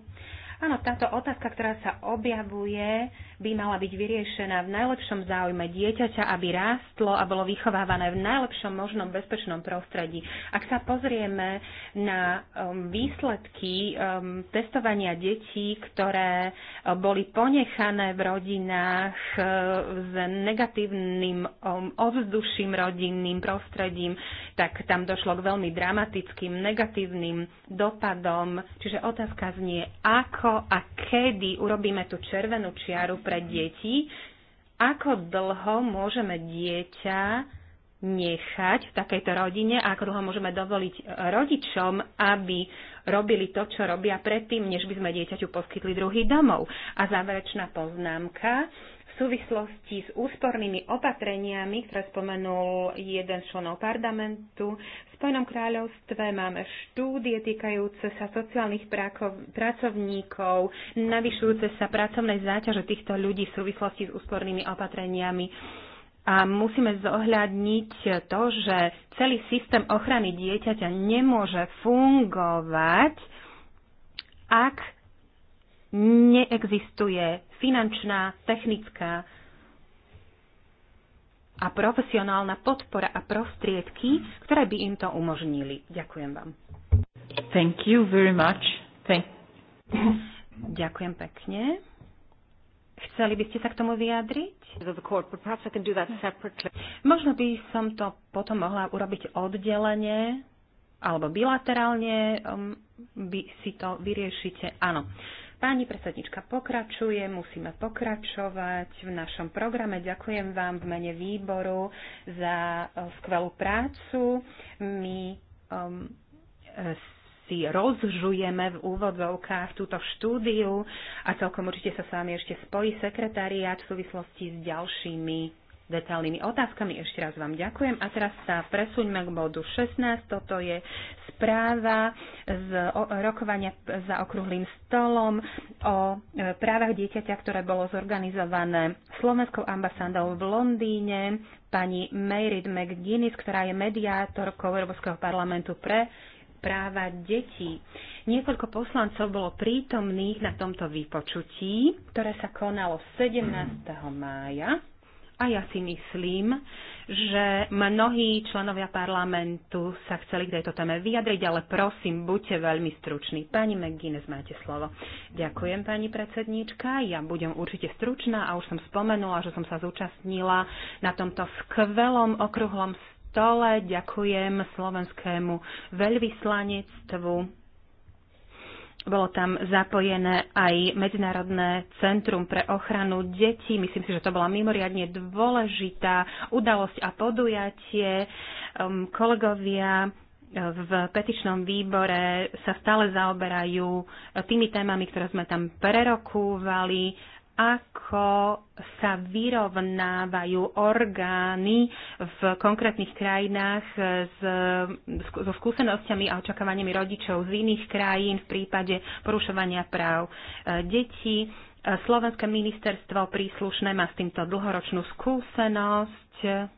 Áno, táto otázka, ktorá sa objavuje, by mala byť vyriešená v najlepšom záujme dieťaťa, aby rástlo a bolo vychovávané v najlepšom možnom bezpečnom prostredí. Ak sa pozrieme na um, výsledky um, testovania detí, ktoré um, boli ponechané v rodinách uh, s negatívnym ovzduším rodinným prostredím, tak tam došlo k veľmi dramatickým negatívnym dopadom. Čiže otázka znie, ako a kedy urobíme tú červenú čiaru pre deti, ako dlho môžeme dieťa nechať v takejto rodine a ako dlho môžeme dovoliť rodičom, aby robili to, čo robia predtým, než by sme dieťaťu poskytli druhý domov. A záverečná poznámka súvislosti s úspornými opatreniami, ktoré spomenul jeden z členov parlamentu, v Spojenom kráľovstve máme štúdie týkajúce sa sociálnych prákov, pracovníkov, navyšujúce sa pracovnej záťaže týchto ľudí v súvislosti s úspornými opatreniami. A musíme zohľadniť to, že celý systém ochrany dieťaťa nemôže fungovať, ak neexistuje finančná, technická a profesionálna podpora a prostriedky, ktoré by im to umožnili. Ďakujem vám. Thank you very much. Thank Ďakujem pekne. Chceli by ste sa k tomu vyjadriť? Možno by som to potom mohla urobiť oddelenie alebo bilaterálne um, by si to vyriešite. Áno. Uh, Páni predsednička pokračuje, musíme pokračovať v našom programe. Ďakujem vám v mene výboru za e, skvelú prácu. My um, e, si rozžujeme v úvodzovkách túto štúdiu a celkom určite sa s vami ešte spojí sekretariat v súvislosti s ďalšími detailnými otázkami. Ešte raz vám ďakujem. A teraz sa presuňme k bodu 16. Toto je správa z rokovania za okrúhlým stolom o e, právach dieťaťa, ktoré bolo zorganizované Slovenskou ambasádou v Londýne pani Mary McGuinness, ktorá je mediátorkou Európskeho parlamentu pre práva detí. Niekoľko poslancov bolo prítomných na tomto vypočutí, ktoré sa konalo 17. mája a ja si myslím, že mnohí členovia parlamentu sa chceli k tejto téme vyjadriť, ale prosím, buďte veľmi struční. Pani McGuinness, máte slovo. Ďakujem, pani predsedníčka. Ja budem určite stručná a už som spomenula, že som sa zúčastnila na tomto skvelom okruhlom stole. Ďakujem slovenskému veľvyslanectvu bolo tam zapojené aj Medzinárodné centrum pre ochranu detí. Myslím si, že to bola mimoriadne dôležitá udalosť a podujatie. Um, kolegovia uh, v petičnom výbore sa stále zaoberajú tými témami, ktoré sme tam prerokúvali ako sa vyrovnávajú orgány v konkrétnych krajinách s, so skúsenosťami a očakávaniami rodičov z iných krajín v prípade porušovania práv detí. Slovenské ministerstvo príslušné má s týmto dlhoročnú skúsenosť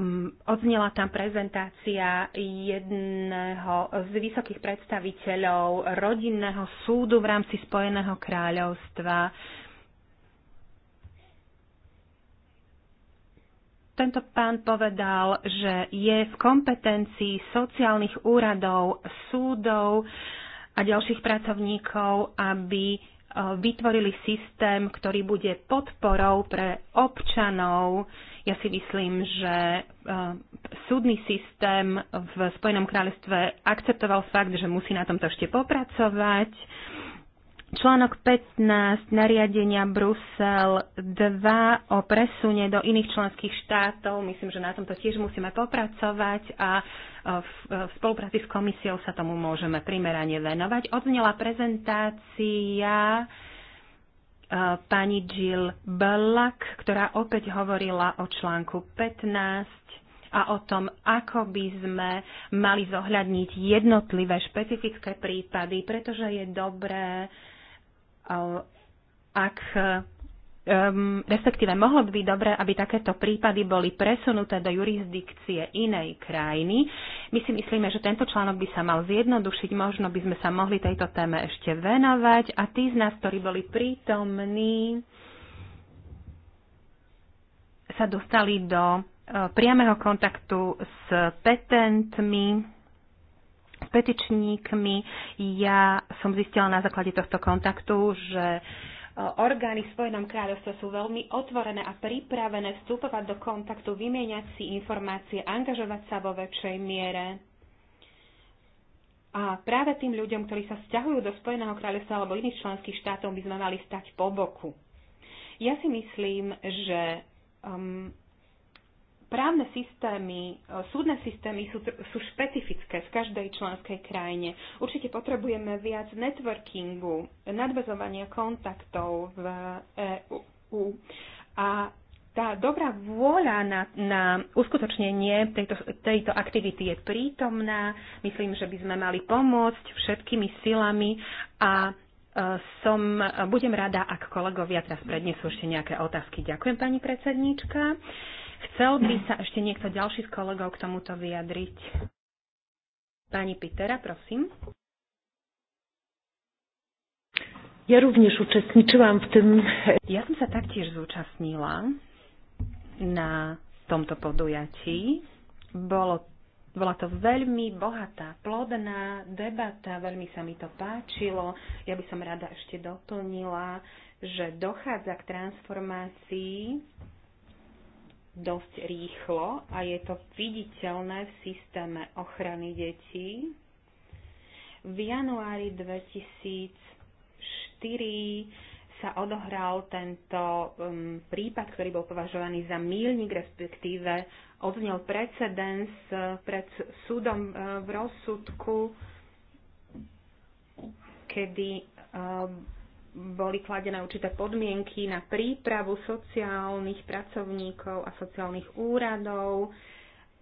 Mm, odznela tam prezentácia jedného z vysokých predstaviteľov rodinného súdu v rámci Spojeného kráľovstva. Tento pán povedal, že je v kompetencii sociálnych úradov, súdov a ďalších pracovníkov, aby e, vytvorili systém, ktorý bude podporou pre občanov, ja si myslím, že e, súdny systém v Spojenom kráľovstve akceptoval fakt, že musí na tomto ešte popracovať. Článok 15 nariadenia Brusel 2 o presune do iných členských štátov. Myslím, že na tomto tiež musíme popracovať a e, v, e, v spolupráci s komisiou sa tomu môžeme primerane venovať. Odznela prezentácia E, pani Jill Black, ktorá opäť hovorila o článku 15 a o tom, ako by sme mali zohľadniť jednotlivé špecifické prípady, pretože je dobré, e, ak um, respektíve mohlo by byť dobre, aby takéto prípady boli presunuté do jurisdikcie inej krajiny. My si myslíme, že tento článok by sa mal zjednodušiť, možno by sme sa mohli tejto téme ešte venovať a tí z nás, ktorí boli prítomní, sa dostali do eh, priameho kontaktu s petentmi, s petičníkmi. Ja som zistila na základe tohto kontaktu, že uh, orgány v Spojenom kráľovstve sú veľmi otvorené a pripravené vstupovať do kontaktu, vymieňať si informácie, angažovať sa vo väčšej miere. A práve tým ľuďom, ktorí sa stiahujú do Spojeného kráľovstva alebo iných členských štátov, by sme mali stať po boku. Ja si myslím, že um, právne systémy, e, súdne systémy sú, sú špecifické v každej členskej krajine. Určite potrebujeme viac networkingu, nadvezovania kontaktov v EU. A tá dobrá vôľa na, na uskutočnenie tejto, tejto aktivity je prítomná. Myslím, že by sme mali pomôcť všetkými silami a e, som, budem rada, ak kolegovia teraz prednesú ešte nejaké otázky. Ďakujem, pani predsedníčka. Chcel by sa ešte niekto ďalší z kolegov k tomuto vyjadriť? Pani Pitera, prosím. Ja rovnež uczestniczyłam v tom. Ja som sa taktiež zúčastnila na tomto podujatí. Bolo, bola to veľmi bohatá, plodná debata, veľmi sa mi to páčilo. Ja by som rada ešte doplnila, že dochádza k transformácii dosť rýchlo a je to viditeľné v systéme ochrany detí. V januári 2004 sa odohral tento um, prípad, ktorý bol považovaný za mílnik, respektíve odznel precedens uh, pred súdom uh, v rozsudku, kedy uh, boli kladené určité podmienky na prípravu sociálnych pracovníkov a sociálnych úradov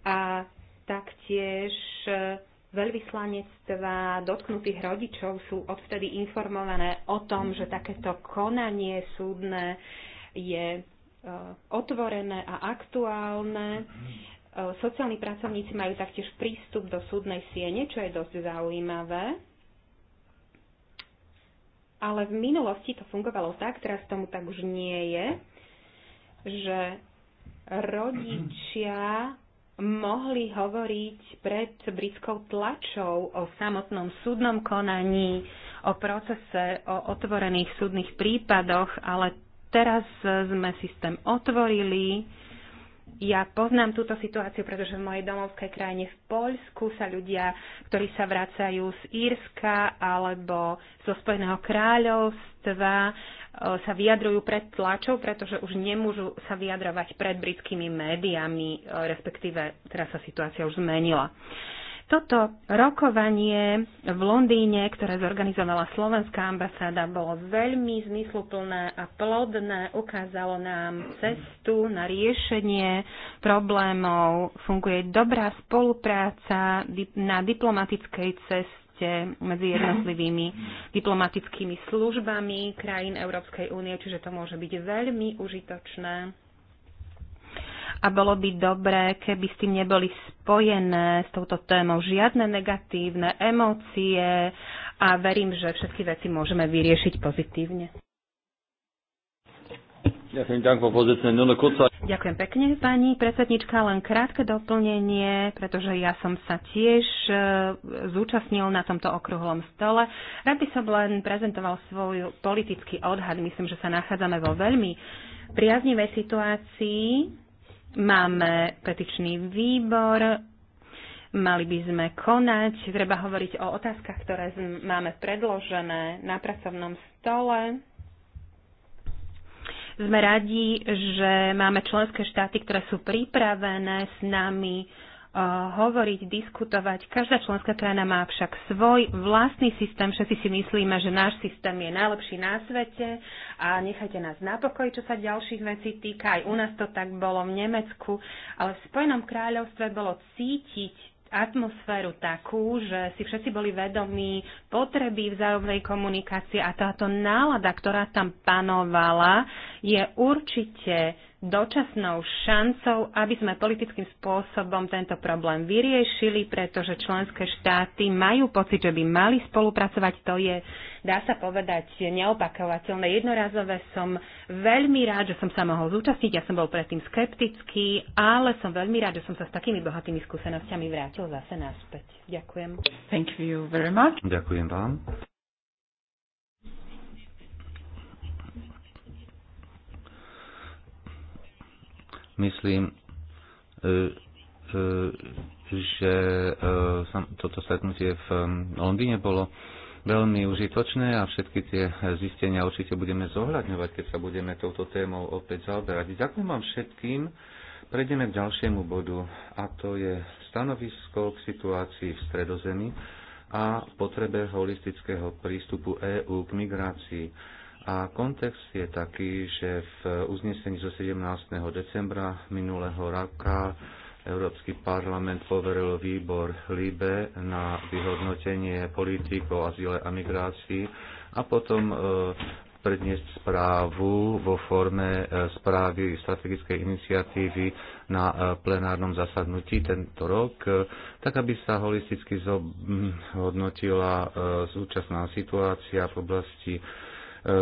a taktiež e, veľvyslanectva dotknutých rodičov sú odvtedy informované o tom, že takéto konanie súdne je e, otvorené a aktuálne. E, sociálni pracovníci majú taktiež prístup do súdnej siene, čo je dosť zaujímavé ale v minulosti to fungovalo tak, teraz tomu tak už nie je, že rodičia mohli hovoriť pred britskou tlačou o samotnom súdnom konaní, o procese, o otvorených súdnych prípadoch, ale teraz sme systém otvorili ja poznám túto situáciu, pretože v mojej domovskej krajine v Poľsku sa ľudia, ktorí sa vracajú z Írska alebo zo Spojeného kráľovstva, e, sa vyjadrujú pred tlačou, pretože už nemôžu sa vyjadrovať pred britskými médiami, e, respektíve teraz sa situácia už zmenila. Uh, toto rokovanie v Londýne, ktoré zorganizovala Slovenská ambasáda, bolo veľmi zmysluplné a plodné. Ukázalo nám cestu na riešenie problémov. Funguje dobrá spolupráca na diplomatickej ceste medzi jednotlivými diplomatickými službami krajín Európskej únie, čiže to môže byť veľmi užitočné a bolo by dobré, keby s tým neboli spojené s touto témou žiadne negatívne emócie a verím, že všetky veci môžeme vyriešiť pozitívne. No, ďakujem pekne, pani predsednička. Len krátke doplnenie, pretože ja som sa tiež e, zúčastnil na tomto okrúhlom stole. Rád by som len prezentoval svoj politický odhad. Myslím, že sa nachádzame vo veľmi priaznivej situácii Máme petičný výbor, mali by sme konať, treba hovoriť o otázkach, ktoré máme predložené na pracovnom stole. Sme radi, že máme členské štáty, ktoré sú pripravené s nami hovoriť, diskutovať. Každá členská krajina má však svoj vlastný systém. Všetci si myslíme, že náš systém je najlepší na svete a nechajte nás na pokoji, čo sa ďalších vecí týka. Aj u nás to tak bolo v Nemecku, ale v Spojenom kráľovstve bolo cítiť atmosféru takú, že si všetci boli vedomí potreby vzájomnej komunikácie a táto nálada, ktorá tam panovala, je určite dočasnou šancou, aby sme politickým spôsobom tento problém vyriešili, pretože členské štáty majú pocit, že by mali spolupracovať. To je, dá sa povedať, neopakovateľné. Jednorazové som veľmi rád, že som sa mohol zúčastniť. Ja som bol predtým skeptický, ale som veľmi rád, že som sa s takými bohatými skúsenostiami vrátil zase naspäť. Ďakujem. Thank you very much. Ďakujem vám. Myslím, e, e, že e, toto stretnutie v Londýne bolo veľmi užitočné a všetky tie zistenia určite budeme zohľadňovať, keď sa budeme touto témou opäť zaoberať. Ďakujem vám všetkým. Prejdeme k ďalšiemu bodu a to je stanovisko k situácii v stredozemi a potrebe holistického prístupu EÚ k migrácii. A kontext je taký, že v uznesení zo 17. decembra minulého roka Európsky parlament poveril výbor LIBE na vyhodnotenie politik o azile a migrácii a potom e, predniesť správu vo forme e, správy strategickej iniciatívy na e, plenárnom zasadnutí tento rok, tak aby sa holisticky hm, hodnotila súčasná situácia v oblasti E,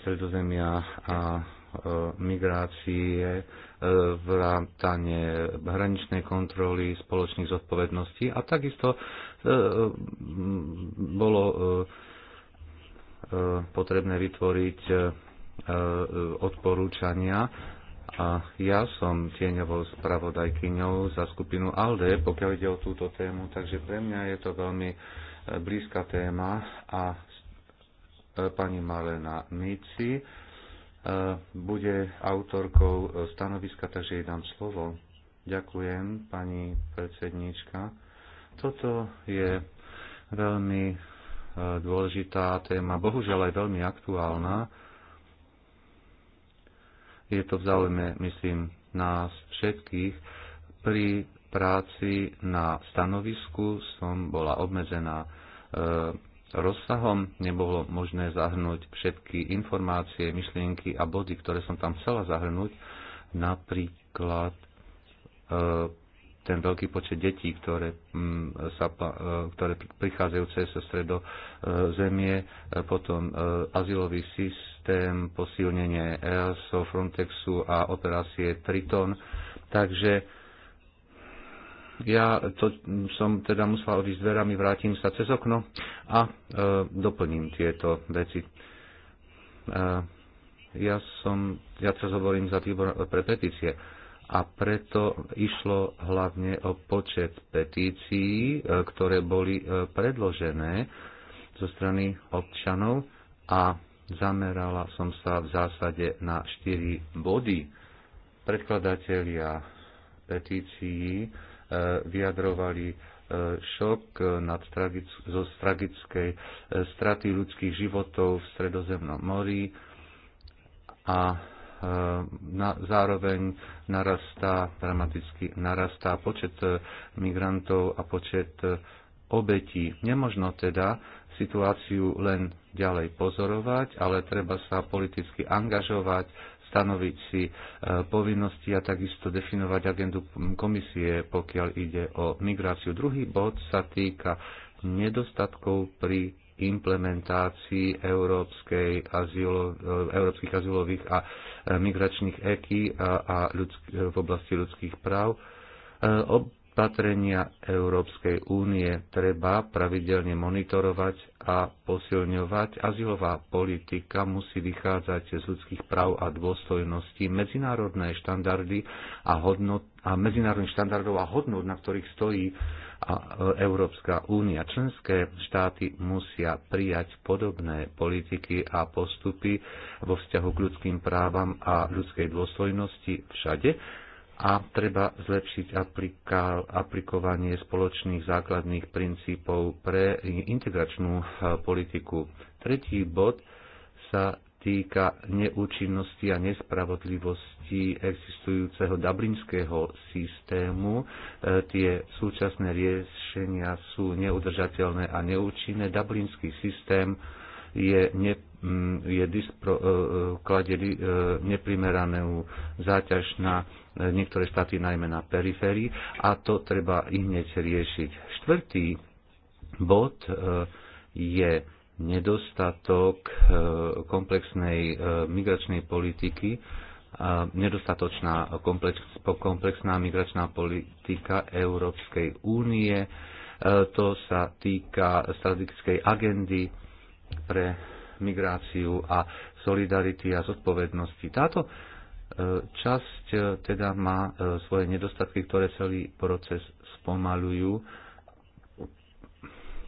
stredozemia a e, migrácie, e, vrátanie hraničnej kontroly, spoločných zodpovedností a takisto bolo potrebné vytvoriť odporúčania a ja som tieňovou spravodajkyňou za skupinu ALDE, pokiaľ ide o túto tému, takže pre mňa je to veľmi blízka téma a pani Malena Mici. E, bude autorkou stanoviska, takže jej dám slovo. Ďakujem, pani predsedníčka. Toto je veľmi e, dôležitá téma, bohužiaľ aj veľmi aktuálna. Je to v záujme, myslím, nás všetkých. Pri práci na stanovisku som bola obmedzená e, rozsahom nebolo možné zahrnúť všetky informácie, myšlienky a body, ktoré som tam chcela zahrnúť, napríklad e, ten veľký počet detí, ktoré, mm, sa, e, ktoré prichádzajú cez stredo e, zemie, potom azylový systém, posilnenie EASO, Frontexu a operácie Triton. Takže ja to som teda musela odísť dverami, vrátim sa cez okno a e, doplním tieto veci. E, ja som, ja teraz hovorím za výbor e, pre petície a preto išlo hlavne o počet petícií, e, ktoré boli e, predložené zo strany občanov a zamerala som sa v zásade na štyri body. Predkladatelia petícií E, vyjadrovali e, šok nad tragic- zo tragickej e, straty ľudských životov v Stredozemnom mori a na, zároveň narastá, dramaticky narastá počet migrantov a počet obetí. Nemožno teda situáciu len ďalej pozorovať, ale treba sa politicky angažovať stanoviť si e, povinnosti a takisto definovať agendu komisie, pokiaľ ide o migráciu. Druhý bod sa týka nedostatkov pri implementácii európskej azylo, e, európskych azylových a e, migračných eky a, a ľudsk, v oblasti ľudských práv. Patrenia Európskej únie treba pravidelne monitorovať a posilňovať. Azylová politika musí vychádzať z ľudských práv a dôstojností, medzinárodné štandardy a, hodnot, a medzinárodných štandardov a hodnot, na ktorých stojí e, Európska únia. Členské štáty musia prijať podobné politiky a postupy vo vzťahu k ľudským právam a ľudskej dôstojnosti všade a treba zlepšiť aplika- aplikovanie spoločných základných princípov pre integračnú e, politiku. Tretí bod sa týka neúčinnosti a nespravodlivosti existujúceho dublinského systému. E, tie súčasné riešenia sú neudržateľné a neúčinné. Dublinský systém je, ne, mm, je dispro, e, e, kladie neprimeranú záťaž na e, niektoré štáty, najmä na periférii, a to treba i hneď riešiť. Štvrtý bod je nedostatok komplexnej migračnej politiky, nedostatočná komplex, komplexná migračná politika Európskej únie. To sa týka strategickej agendy pre migráciu a solidarity a zodpovednosti. Táto e, časť e, teda má e, svoje nedostatky, ktoré celý proces spomalujú.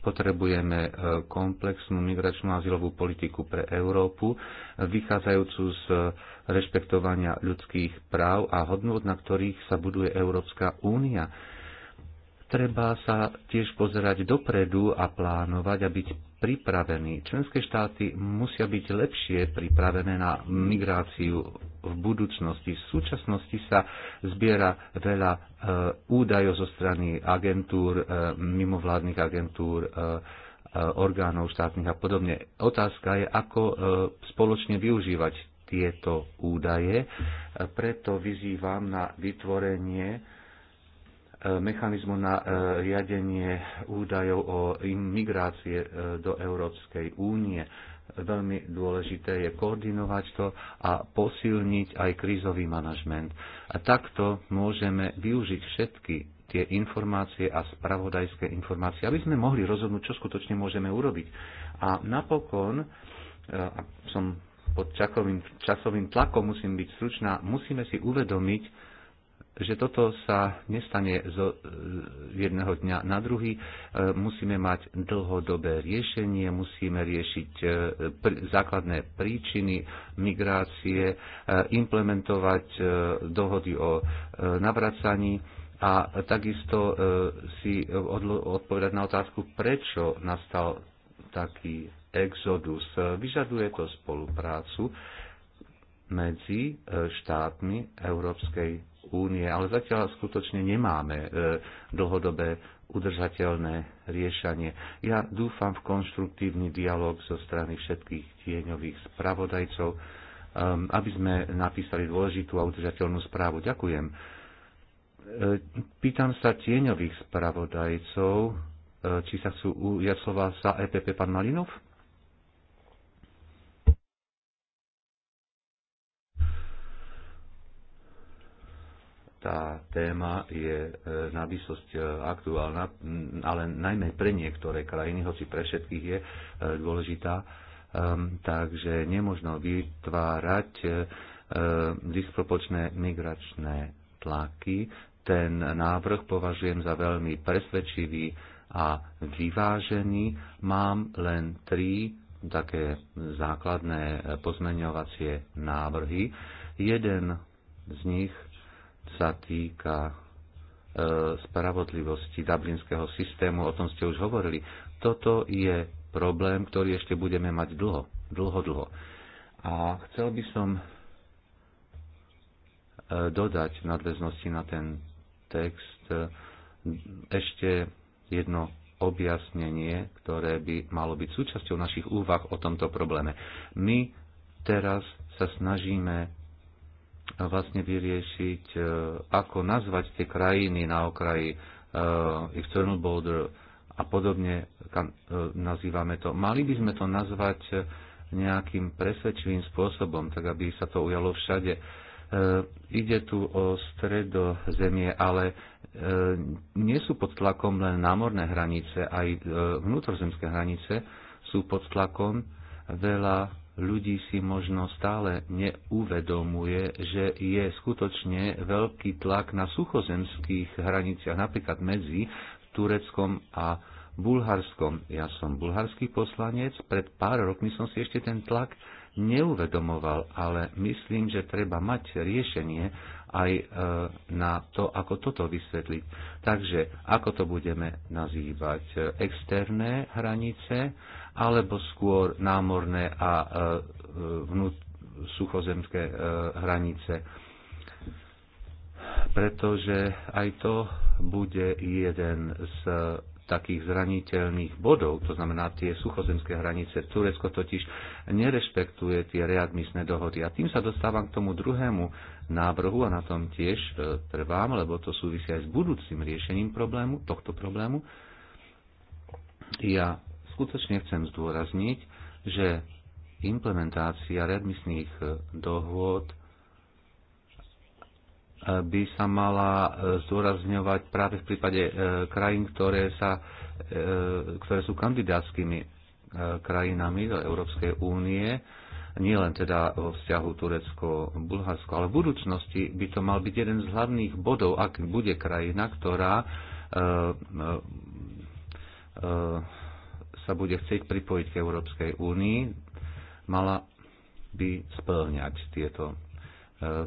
Potrebujeme komplexnú migračnú azylovú politiku pre Európu, vychádzajúcu z rešpektovania ľudských práv a hodnot, na ktorých sa buduje Európska únia treba sa tiež pozerať dopredu a plánovať a byť pripravení. Členské štáty musia byť lepšie pripravené na migráciu v budúcnosti. V súčasnosti sa zbiera veľa e, údajov zo strany agentúr, e, mimovládnych agentúr, e, e orgánov štátnych a podobne. Otázka je, ako e, spoločne využívať tieto údaje. E, preto vyzývam na vytvorenie mechanizmu na e, riadenie údajov o imigrácie e, do Európskej únie. Veľmi dôležité je koordinovať to a posilniť aj krízový manažment. A takto môžeme využiť všetky tie informácie a spravodajské informácie, aby sme mohli rozhodnúť, čo skutočne môžeme urobiť. A napokon, e, som pod čakovým, časovým tlakom, musím byť stručná, musíme si uvedomiť, že toto sa nestane z jedného dňa na druhý. E, musíme mať dlhodobé riešenie, musíme riešiť e, základné príčiny migrácie, e, implementovať dohody o navracaní a takisto si odpovedať na otázku, prečo nastal taký exodus. Vyžaduje to spoluprácu medzi štátmi Európskej únie, ale zatiaľ skutočne nemáme e, dlhodobé udržateľné riešanie. Ja dúfam v konštruktívny dialog zo strany všetkých tieňových spravodajcov, e, aby sme napísali dôležitú a udržateľnú správu. Ďakujem. E, pýtam sa tieňových spravodajcov, či sa chcú ujať slova sa EPP pán Malinov? tá téma je e, na výsosť e, aktuálna, ale najmä pre niektoré krajiny, hoci pre všetkých je e, dôležitá. Takže nemožno vytvárať dispropočné migračné tlaky. Ten návrh považujem za veľmi presvedčivý a vyvážený. Mám len tri také základné pozmeňovacie návrhy. Jeden z nich sa týka e, spravodlivosti dublinského systému, o tom ste už hovorili. Toto je problém, ktorý ešte budeme mať dlho, dlho, dlho. A chcel by som e, dodať v nadväznosti na ten text e, ešte jedno objasnenie, ktoré by malo byť súčasťou našich úvah o tomto probléme. My teraz sa snažíme vlastne vyriešiť, e, ako nazvať tie krajiny na okraji e, external border a podobne e, nazývame to. Mali by sme to nazvať nejakým presvedčivým spôsobom, tak aby sa to ujalo všade. Ide tu o stredozemie, ale nie sú pod tlakom len námorné hranice, aj vnútrozemské hranice sú pod tlakom. Veľa ľudí si možno stále neuvedomuje, že je skutočne veľký tlak na suchozemských hraniciach, napríklad medzi Tureckom a Bulharskom. Ja som bulharský poslanec, pred pár rokmi som si ešte ten tlak neuvedomoval, ale myslím, že treba mať riešenie aj e, na to, ako toto vysvetliť. Takže ako to budeme nazývať? Externé hranice alebo skôr námorné a e, vnút, suchozemské e, hranice. Pretože aj to bude jeden z takých zraniteľných bodov, to znamená tie suchozemské hranice. Turecko totiž nerešpektuje tie readmisné dohody. A tým sa dostávam k tomu druhému návrhu a na tom tiež e, trvám, lebo to súvisia aj s budúcim riešením problému, tohto problému. Ja skutočne chcem zdôrazniť, že implementácia readmisných e, dohôd e, by sa mala e, zdôrazňovať práve v prípade krajín, ktoré, sa, ktoré sú kandidátskymi krajinami do Európskej únie, nielen teda vo vzťahu Turecko-Bulharsko, ale v budúcnosti by to mal byť jeden z hlavných bodov, ak bude krajina, ktorá sa bude chcieť pripojiť k Európskej únii, mala by splňať tieto e,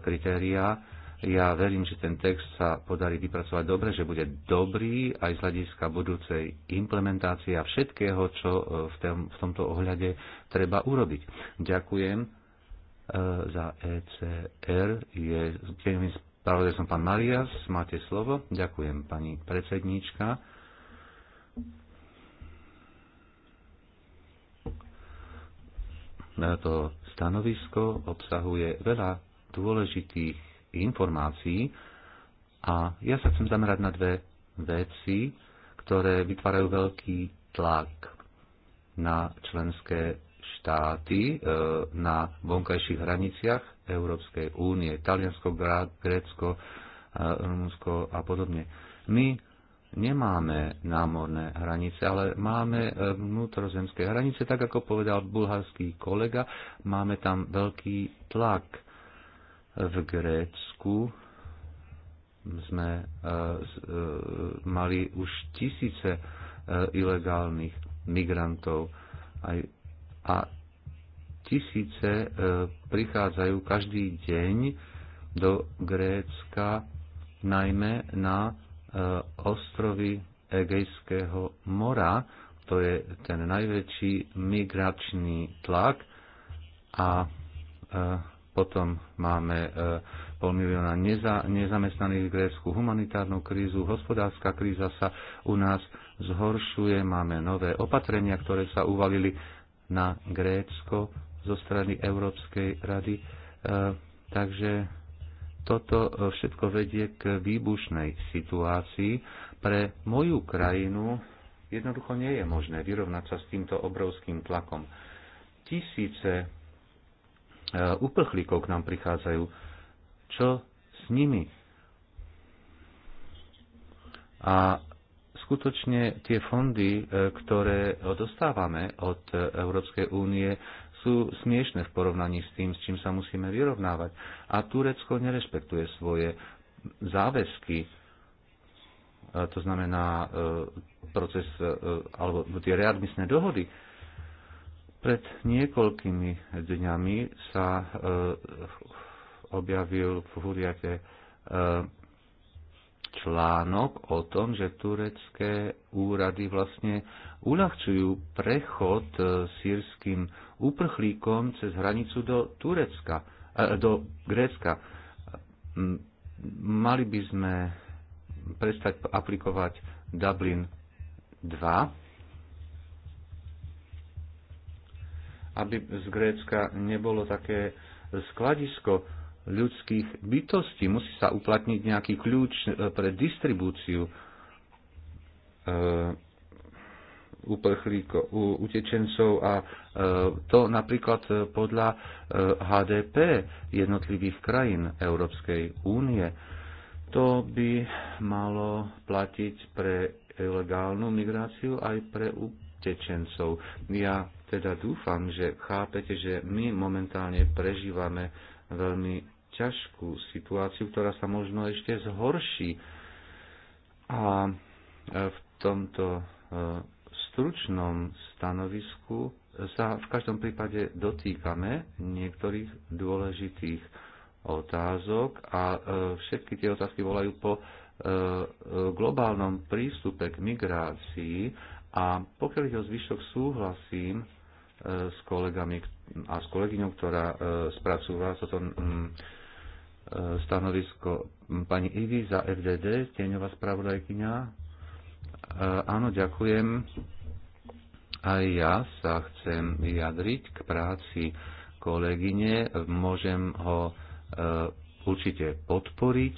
kritériá. Ja verím, že ten text sa podarí vypracovať dobre, že bude dobrý aj z hľadiska budúcej implementácie a všetkého, čo e, v, tém, v tomto ohľade treba urobiť. Ďakujem e, za ECR. Je, spravodaj som pán Marias, máte slovo. Ďakujem, pani predsedníčka. To stanovisko obsahuje veľa dôležitých informácií a ja sa chcem zamerať na dve veci, ktoré vytvárajú veľký tlak na členské štáty e, na vonkajších hraniciach Európskej únie, Taliansko, Grécko, e, Rumunsko a podobne. My nemáme námorné hranice, ale máme e, vnútrozemské hranice, tak ako povedal bulharský kolega, máme tam veľký tlak v Grécku. Sme e, e, mali už tisíce ilegálnych migrantov a tisíce prichádzajú každý deň do Grécka, najmä na Eh, ostrovy Egejského mora. To je ten najväčší migračný tlak a eh, potom máme eh, pol milióna neza, nezamestnaných v Grécku, humanitárnu krízu, hospodárska kríza sa u nás zhoršuje, máme nové opatrenia, ktoré sa uvalili na Grécko zo strany Európskej rady. E, takže toto e, všetko vedie k výbušnej situácii. Pre moju krajinu jednoducho nie je možné vyrovnať sa s týmto obrovským tlakom. Tisíce e, uprchlíkov k nám prichádzajú. Čo s nimi? A skutočne tie fondy, e, ktoré dostávame od Európskej únie, sú smiešne v porovnaní s tým, s čím sa musíme vyrovnávať. A Turecko nerespektuje svoje záväzky, e, to znamená e, proces e, alebo tie readmisné dohody. Pred niekoľkými dňami sa objavil v Huriate článok o tom, že turecké úrady vlastne uľahčujú prechod e, sírským úprchlíkom cez hranicu do Turecka, e, do Grécka. Mali by sme prestať aplikovať Dublin 2, aby z Grécka nebolo také skladisko ľudských bytostí. Musí sa uplatniť nejaký kľúč e, pre distribúciu e, uprchlíkov, utečencov a e, to napríklad podľa HDP jednotlivých krajín Európskej únie. To by malo platiť pre ilegálnu migráciu aj pre utečencov. Ja teda dúfam, že chápete, že my momentálne prežívame veľmi ťažkú situáciu, ktorá sa možno ešte zhorší. A e, v tomto e, stručnom stanovisku sa v každom prípade dotýkame niektorých dôležitých otázok a e, všetky tie otázky volajú po globálnom prístupe k migrácii a pokiaľ ich o zvyšok súhlasím s kolegami a s kolegyňou, ktorá spracúva toto stanovisko pani Ivy za FDD, tieňová spravodajkyňa. E, áno, ďakujem. Aj ja sa chcem vyjadriť k práci kolegyne. Môžem ho e, určite podporiť.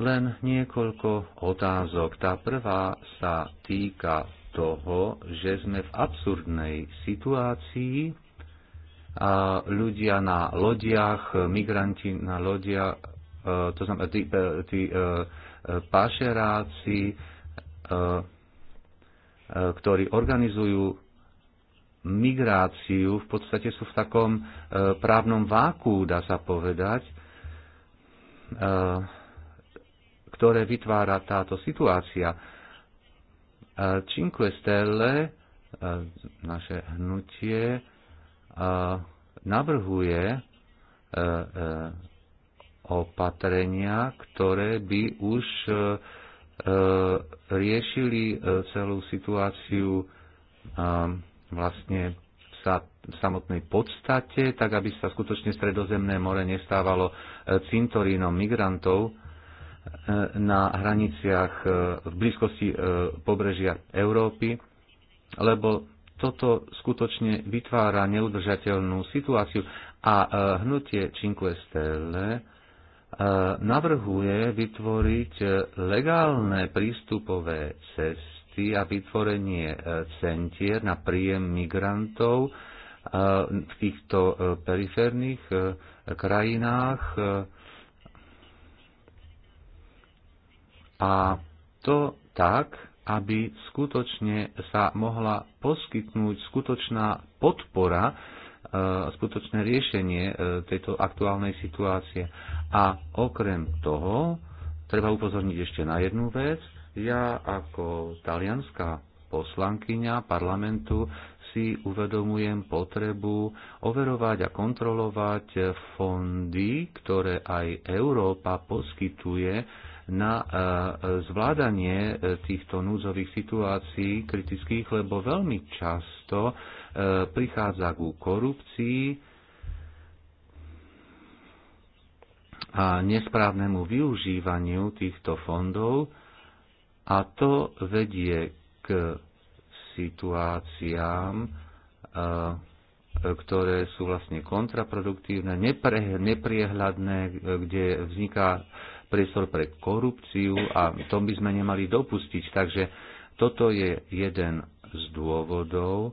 Len niekoľko otázok. Tá prvá sa týka toho, že sme v absurdnej situácii, ľudia na lodiach, migranti na lodiach, e, to znamená tí, e, tí e, pašeráci, ktorí organizujú migráciu, v podstate sú v takom právnom váku, dá sa povedať, ktoré vytvára táto situácia. Cinque Stelle, naše hnutie, navrhuje e, e, opatrenia, ktoré by už e, riešili celú situáciu vlastne v samotnej podstate, tak aby sa skutočne Stredozemné more nestávalo cintorínom migrantov na hraniciach v blízkosti pobrežia Európy, lebo toto skutočne vytvára neudržateľnú situáciu a e, hnutie Cinque Stelle e, navrhuje vytvoriť e, legálne prístupové cesty a vytvorenie centier na príjem migrantov v týchto periférnych krajinách a to tak, aby skutočne sa mohla poskytnúť skutočná podpora, e, skutočné riešenie e, tejto aktuálnej situácie. A okrem toho, treba upozorniť ešte na jednu vec. Ja ako talianská poslankyňa parlamentu si uvedomujem potrebu overovať a kontrolovať fondy, ktoré aj Európa poskytuje na e, zvládanie e, týchto núzových situácií kritických, lebo veľmi často e, prichádza ku korupcii a nesprávnemu využívaniu týchto fondov a to vedie k situáciám, ktoré sú vlastne kontraproduktívne, nepriehľadné, kde vzniká priestor pre korupciu a tom by sme nemali dopustiť. Takže toto je jeden z dôvodov,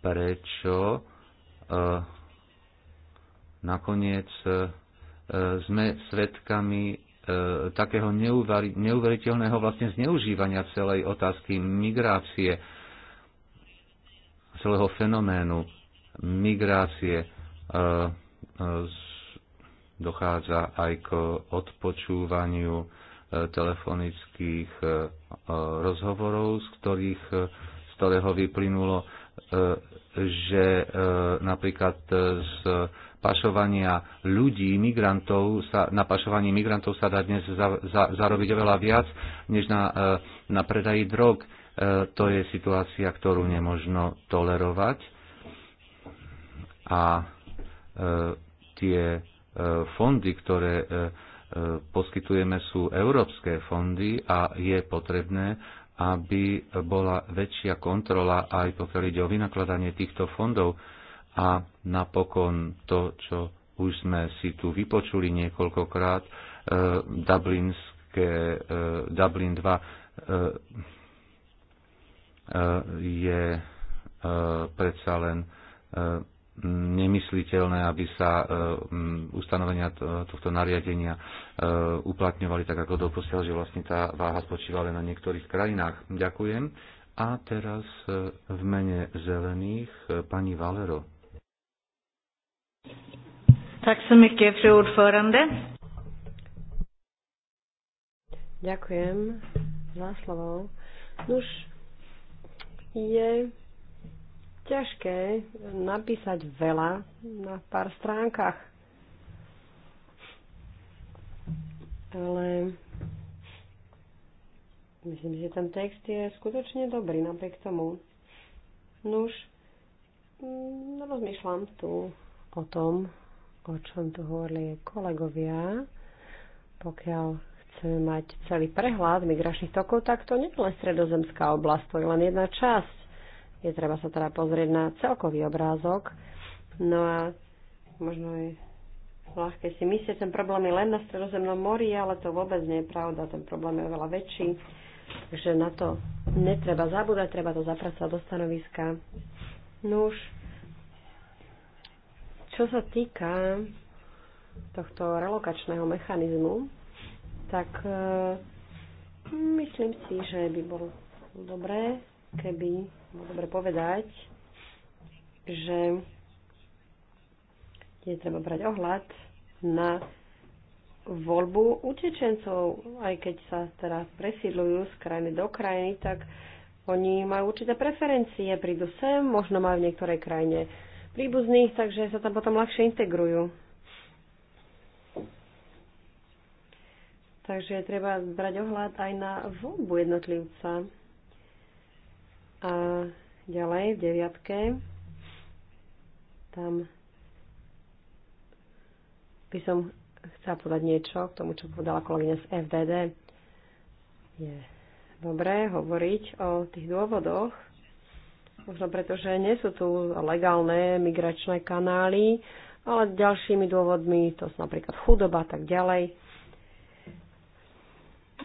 prečo nakoniec sme svedkami e, takého neuveriteľného vlastne zneužívania celej otázky migrácie, celého fenoménu migrácie z dochádza aj k odpočúvaniu e, telefonických e, e, rozhovorov, z, ktorých, z ktorého vyplynulo, že napríklad z pašovania ľudí, migrantov, sa, na pašovaní migrantov sa dá dnes za, za, zarobiť oveľa viac, než na, na predaji drog. To je situácia, ktorú nemožno tolerovať. A tie fondy, ktoré e, e, poskytujeme, sú európske fondy a je potrebné, aby bola väčšia kontrola aj pokiaľ ide o vynakladanie týchto fondov. A napokon to, čo už sme si tu vypočuli niekoľkokrát, e, Dublinské, Dublin 2 je predsa len nemysliteľné, aby sa e, ustanovenia tohto nariadenia e, uplatňovali tak, ako doposiaľ, že vlastne tá váha spočíva len na niektorých krajinách. Ďakujem. A teraz e, v mene zelených pani Valero. Tak som Ďakujem za slovo. Nuž je ťažké napísať veľa na pár stránkach. Ale myslím, že ten text je skutočne dobrý napriek tomu. Nuž, no rozmýšľam tu o tom, o čom tu hovorili kolegovia. Pokiaľ chceme mať celý prehľad migračných tokov, tak to nie je len stredozemská oblasť, to je len jedna časť je treba sa teda pozrieť na celkový obrázok. No a možno je ľahké si myslieť, ten problém je len na Stredozemnom mori, ale to vôbec nie je pravda, ten problém je oveľa väčší. Takže na to netreba zabúdať, treba to zapracovať do stanoviska. No už, čo sa týka tohto relokačného mechanizmu, tak e, myslím si, že by bolo dobré, keby dobre povedať, že je treba brať ohľad na voľbu utečencov, aj keď sa teraz presídľujú z krajiny do krajiny, tak oni majú určité preferencie, prídu sem, možno majú v niektorej krajine príbuzných, takže sa tam potom ľahšie integrujú. Takže treba brať ohľad aj na voľbu jednotlivca. A ďalej v deviatke tam by som chcela povedať niečo k tomu, čo povedala kolegyňa z FDD. Je dobré hovoriť o tých dôvodoch, možno preto, že nie sú tu legálne migračné kanály, ale ďalšími dôvodmi to sú napríklad chudoba a tak ďalej.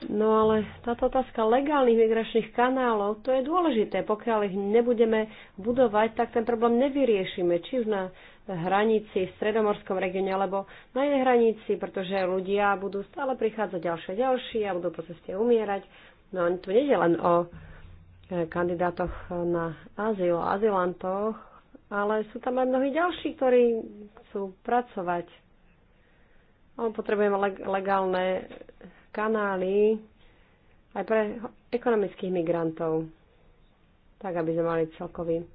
No ale táto otázka legálnych migračných kanálov, to je dôležité. Pokiaľ ich nebudeme budovať, tak ten problém nevyriešime, či už na hranici v stredomorskom regióne alebo na jej hranici, pretože ľudia budú stále prichádzať ďalšie a ďalšie a budú po ceste umierať. No tu nie je len o e, kandidátoch na azyl, azylantoch, ale sú tam aj mnohí ďalší, ktorí chcú pracovať. potrebujeme legálne kanály aj pre ekonomických migrantov, tak aby sme mali celkový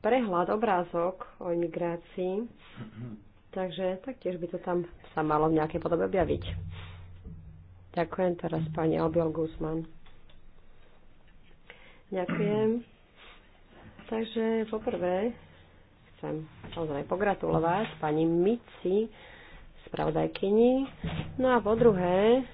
prehľad, obrázok o imigrácii. Takže taktiež by to tam sa malo v nejakej podobe objaviť. Ďakujem teraz pani Albiol Guzman. Ďakujem. Takže poprvé chcem samozrejme pogratulovať pani Mici, spravodajkyni. No a po druhé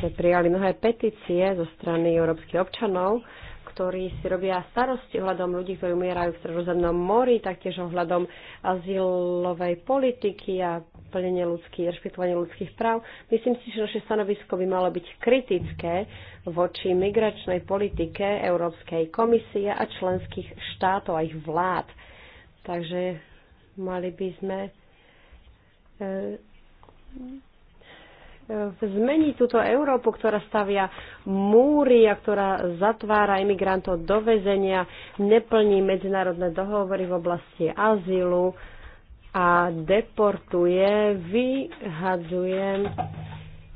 sme prijali mnohé petície zo strany európskych občanov, ktorí si robia starosti ohľadom ľudí, ktorí umierajú v Stredozemnom mori, taktiež ohľadom azylovej politiky a plnenie ľudských, rešpektovanie ľudských práv. Myslím si, že naše stanovisko by malo byť kritické voči migračnej politike Európskej komisie a členských štátov a ich vlád. Takže mali by sme e, E, zmeniť túto Európu, ktorá stavia múry a ktorá zatvára imigrantov do väzenia, neplní medzinárodné dohovory v oblasti azylu a deportuje, vyhadzuje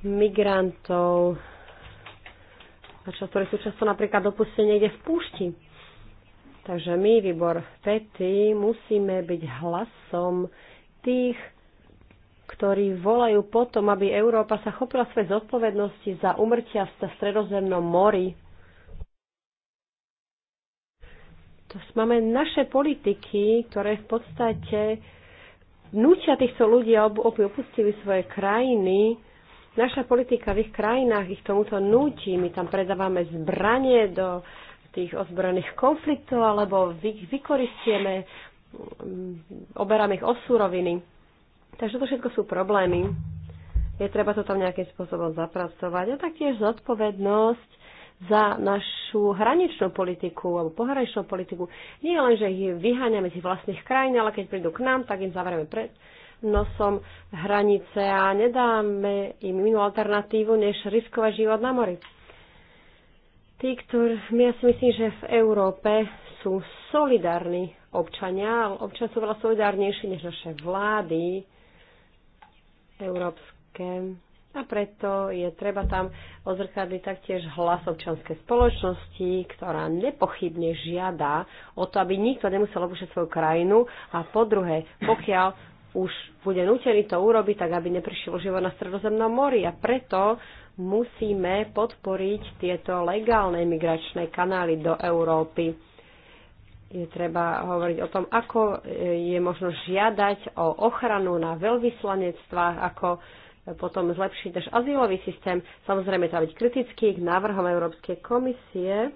migrantov, ktorí sú často napríklad dopustení niekde v púšti. Takže my, výbor PETI, musíme byť hlasom tých, ktorí volajú potom, aby Európa sa chopila svoje zodpovednosti za umrtia v stredozemnom mori. To máme naše politiky, ktoré v podstate nutia týchto ľudí, aby opustili svoje krajiny. Naša politika v ich krajinách ich tomuto nutí. My tam predávame zbranie do tých ozbrojených konfliktov alebo vy, vykoristieme, oberáme ich o súroviny. Takže to všetko sú problémy. Je treba to tam nejakým spôsobom zapracovať. A taktiež zodpovednosť za našu hraničnú politiku alebo pohraničnú politiku. Nie len, že ich vyháňame z vlastných krajín, ale keď prídu k nám, tak im zavrieme pred nosom hranice a nedáme im inú alternatívu, než riskovať život na mori. Tí, ktorí, my ja si myslím, že v Európe sú solidárni občania, občania sú veľa solidárnejší než naše vlády, európske a preto je treba tam ozrkadliť taktiež hlas občanskej spoločnosti, ktorá nepochybne žiada o to, aby nikto nemusel opúšťať svoju krajinu a po druhé, pokiaľ už bude nutený to urobiť, tak aby neprišiel život na Stredozemnom mori a preto musíme podporiť tieto legálne migračné kanály do Európy je treba hovoriť o tom, ako e, je možno žiadať o ochranu na veľvyslanectvách, ako e, potom zlepšiť náš azylový systém. Samozrejme, treba byť kritický k návrhom Európskej komisie,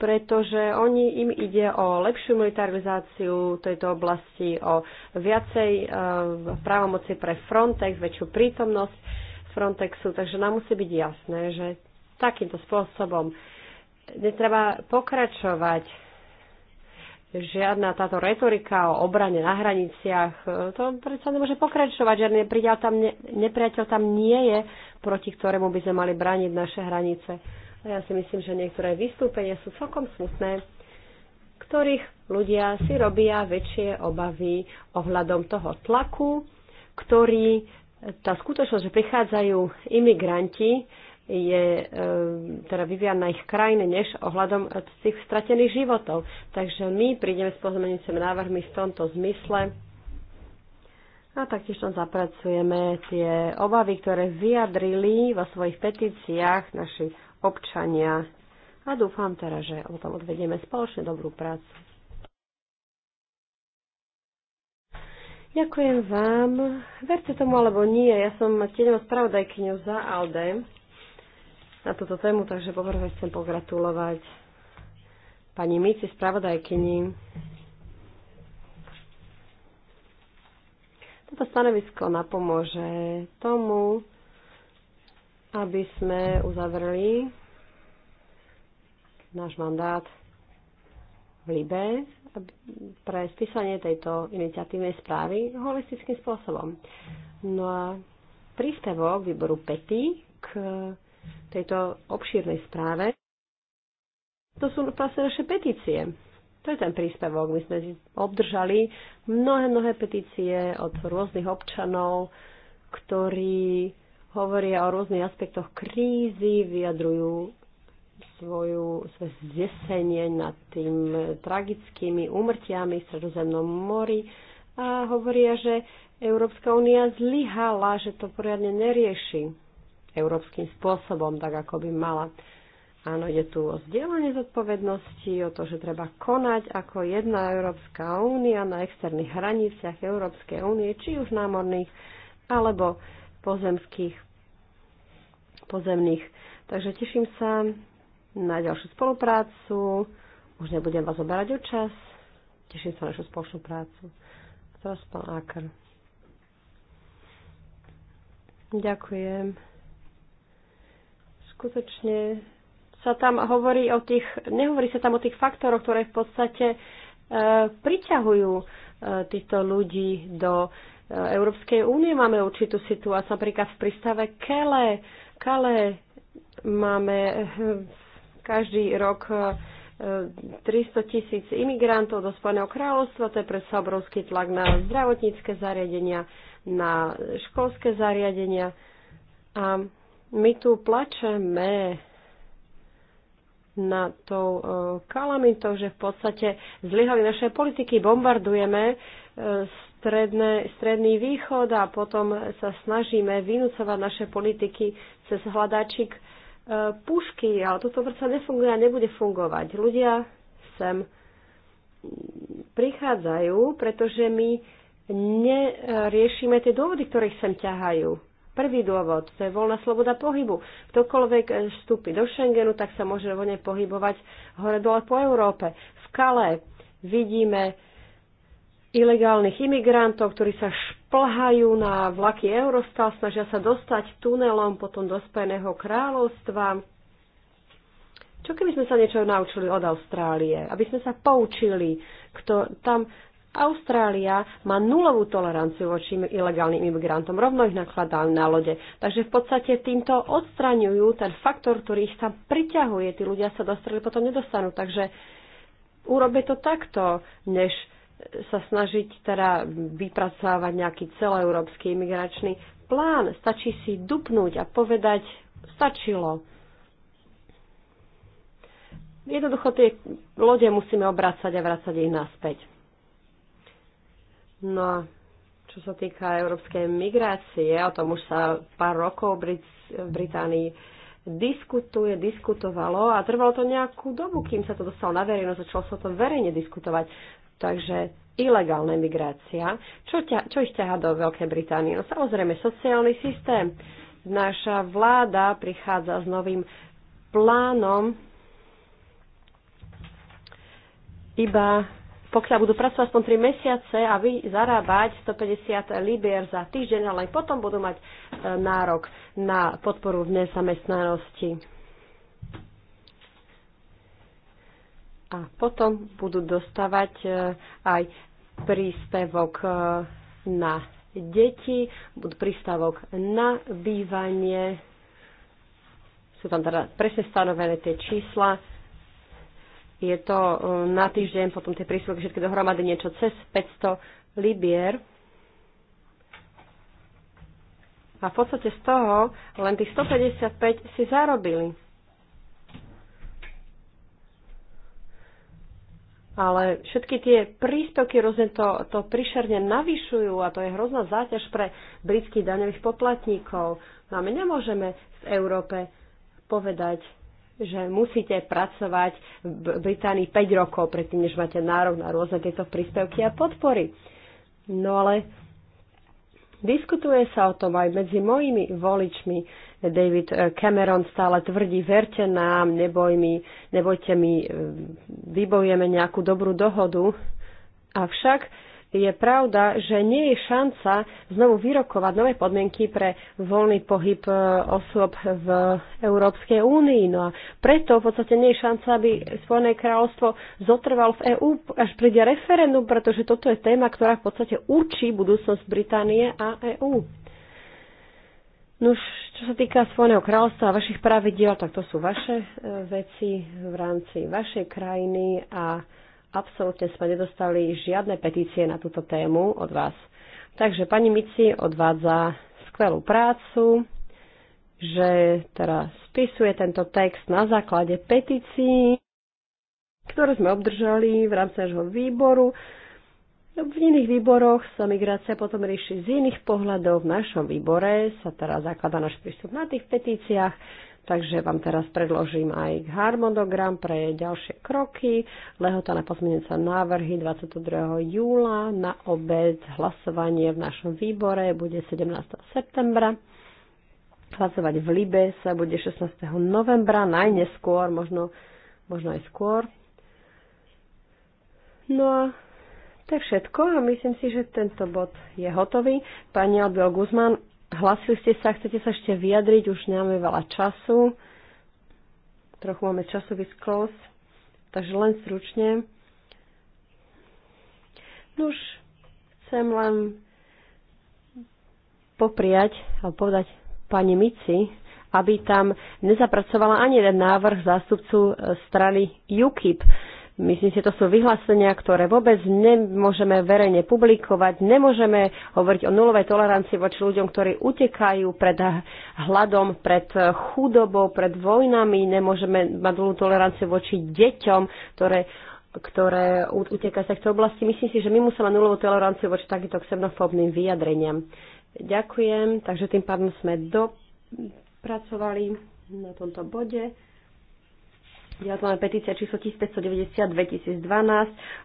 pretože oni im ide o lepšiu militarizáciu tejto oblasti, o viacej e, právomoci pre Frontex, väčšiu prítomnosť Frontexu, takže nám musí byť jasné, že takýmto spôsobom netreba pokračovať žiadna táto retorika o obrane na hraniciach, e, to predsa nemôže pokračovať. Žiadny nepriateľ tam, ne, nepriateľ tam nie je, proti ktorému by sme mali brániť naše hranice. A ja si myslím, že niektoré vystúpenia sú celkom smutné, ktorých ľudia si robia väčšie obavy ohľadom toho tlaku, ktorý e, tá skutočnosť, že prichádzajú imigranti, je eh, teda vyvíjať na ich krajine než ohľadom tých stratených životov. Takže my prídeme s pozmeňujúcimi návrhmi v tomto zmysle a taktiež tam zapracujeme tie obavy, ktoré vyjadrili vo svojich petíciách naši občania. A dúfam teda, že o tom odvedieme spoločne dobrú prácu. Ďakujem vám. Verte tomu alebo nie, ja som tieňová spravodajkyňu za Aldem na túto tému, takže poprvé chcem pogratulovať pani Mici, spravodajkyni. Toto stanovisko napomôže tomu, aby sme uzavreli náš mandát v Libe pre spísanie tejto iniciatívnej správy holistickým spôsobom. No a príspevok výboru PETI k tejto obšírnej správe, to sú vlastne naše petície. To je ten príspevok. My sme obdržali mnohé, mnohé petície od rôznych občanov, ktorí hovoria o rôznych aspektoch krízy, vyjadrujú svoju, svoje zdesenie nad tým tragickými úmrtiami v Stredozemnom mori a hovoria, že Európska únia zlyhala, že to poriadne nerieši európskym spôsobom, tak ako by mala. Áno, je tu o zdieľanie zodpovednosti, o to, že treba konať ako jedna Európska únia na externých hraniciach Európskej únie, či už námorných alebo pozemských, pozemných. Takže teším sa na ďalšiu spoluprácu. Už nebudem vás oberať o čas. Teším sa na našu spoločnú prácu. A pán Akr. Ďakujem skutočne sa tam hovorí o tých, nehovorí sa tam o tých faktoroch, ktoré v podstate e, priťahujú e, týchto ľudí do e, Európskej únie. Máme určitú situáciu, napríklad v prístave Kele. Kale máme e, každý rok e, 300 tisíc imigrantov do Spojeného kráľovstva, to je predsa obrovský tlak na zdravotnícke zariadenia, na školské zariadenia. A my tu plačeme na tou e, kalamitou, že v podstate zlyhali naše politiky, bombardujeme e, stredné, stredný východ a potom sa snažíme vynúcovať naše politiky cez hľadačik e, pušky, ale toto vrca nefunguje a nebude fungovať. Ľudia sem prichádzajú, pretože my neriešime tie dôvody, ktoré ich sem ťahajú. Prvý dôvod, to je voľná sloboda pohybu. Ktokoľvek vstúpi do Schengenu, tak sa môže voľne pohybovať hore-dole po Európe. V Kale vidíme ilegálnych imigrantov, ktorí sa šplhajú na vlaky Eurostal, snažia sa dostať tunelom potom do Spojeného kráľovstva. Čo keby sme sa niečo naučili od Austrálie? Aby sme sa poučili, kto tam Austrália má nulovú toleranciu voči ilegálnym imigrantom, rovno ich nakladá na lode. Takže v podstate týmto odstraňujú ten faktor, ktorý ich tam priťahuje. Tí ľudia sa do Austrálie potom nedostanú. Takže urobie to takto, než sa snažiť teda vypracovať nejaký celoeurópsky imigračný plán. Stačí si dupnúť a povedať, stačilo. Jednoducho tie lode musíme obrácať a vracať ich naspäť. No a čo sa týka európskej migrácie, o tom už sa pár rokov v Británii diskutuje, diskutovalo a trvalo to nejakú dobu, kým sa to dostalo na verejnosť, začalo sa o tom verejne diskutovať. Takže ilegálna migrácia. Čo, ťa, čo ich ťaha do Veľkej Británie? No samozrejme, sociálny systém. Naša vláda prichádza s novým plánom iba pokiaľ budú pracovať aspoň 3 mesiace a vy zarábať 150 libier za týždeň, ale aj potom budú mať e, nárok na podporu v nezamestnanosti. A potom budú dostávať e, aj príspevok e, na deti, budú prístavok na bývanie. Sú tam teda presne stanovené tie čísla je to e, na týždeň, potom tie príspevky všetky dohromady niečo cez 500 libier. A v podstate z toho len tých 155 si zarobili. Ale všetky tie príspevky rôzne to, to prišerne navyšujú a to je hrozná záťaž pre britských daňových poplatníkov. No a my nemôžeme v Európe povedať, že musíte pracovať v Británii 5 rokov predtým, než máte nárok na rôzne tieto príspevky a podpory. No ale diskutuje sa o tom aj medzi mojimi voličmi. David Cameron stále tvrdí, verte nám, neboj mi, nebojte mi, vybojujeme nejakú dobrú dohodu. Avšak je pravda, že nie je šanca znovu vyrokovať nové podmienky pre voľný pohyb e, osôb v Európskej únii. No a preto v podstate nie je šanca, aby Spojené kráľovstvo zotrval v EÚ, až príde referendum, pretože toto je téma, ktorá v podstate určí budúcnosť Británie a EÚ. Nuž, čo sa týka Spojeného kráľovstva a vašich pravidiel, tak to sú vaše e, veci v rámci vašej krajiny a absolútne sme nedostali žiadne petície na túto tému od vás. Takže pani Mici odvádza skvelú prácu, že teraz spisuje tento text na základe petícií, ktoré sme obdržali v rámci nášho výboru. No, v iných výboroch sa migrácia potom rieši z iných pohľadov. V našom výbore sa teraz zaklada náš prístup na tých petíciách. Takže vám teraz predložím aj harmonogram pre ďalšie kroky. Lehota na pozmenujúce návrhy 22. júla na obec hlasovanie v našom výbore bude 17. septembra. Hlasovať v Libe sa bude 16. novembra, najneskôr, možno, možno aj skôr. No a to je všetko a myslím si, že tento bod je hotový. Pani Albiol Guzman, Hlasili ste sa, chcete sa ešte vyjadriť, už nemáme veľa času. Trochu máme časový sklos, takže len stručne. už chcem len popriať, alebo povedať pani Mici, aby tam nezapracovala ani jeden návrh zástupcu e, strany UKIP. Myslím si, to sú vyhlásenia, ktoré vôbec nemôžeme verejne publikovať. Nemôžeme hovoriť o nulovej tolerancii voči ľuďom, ktorí utekajú pred hladom, pred chudobou, pred vojnami. Nemôžeme mať nulovú toleranciu voči deťom, ktoré ktoré utekajú z takto oblasti. Myslím si, že my musíme nulovú toleranciu voči takýmto xenofóbnym vyjadreniam. Ďakujem, takže tým pádom sme dopracovali na tomto bode. Ja tu mám petícia číslo 1592 2012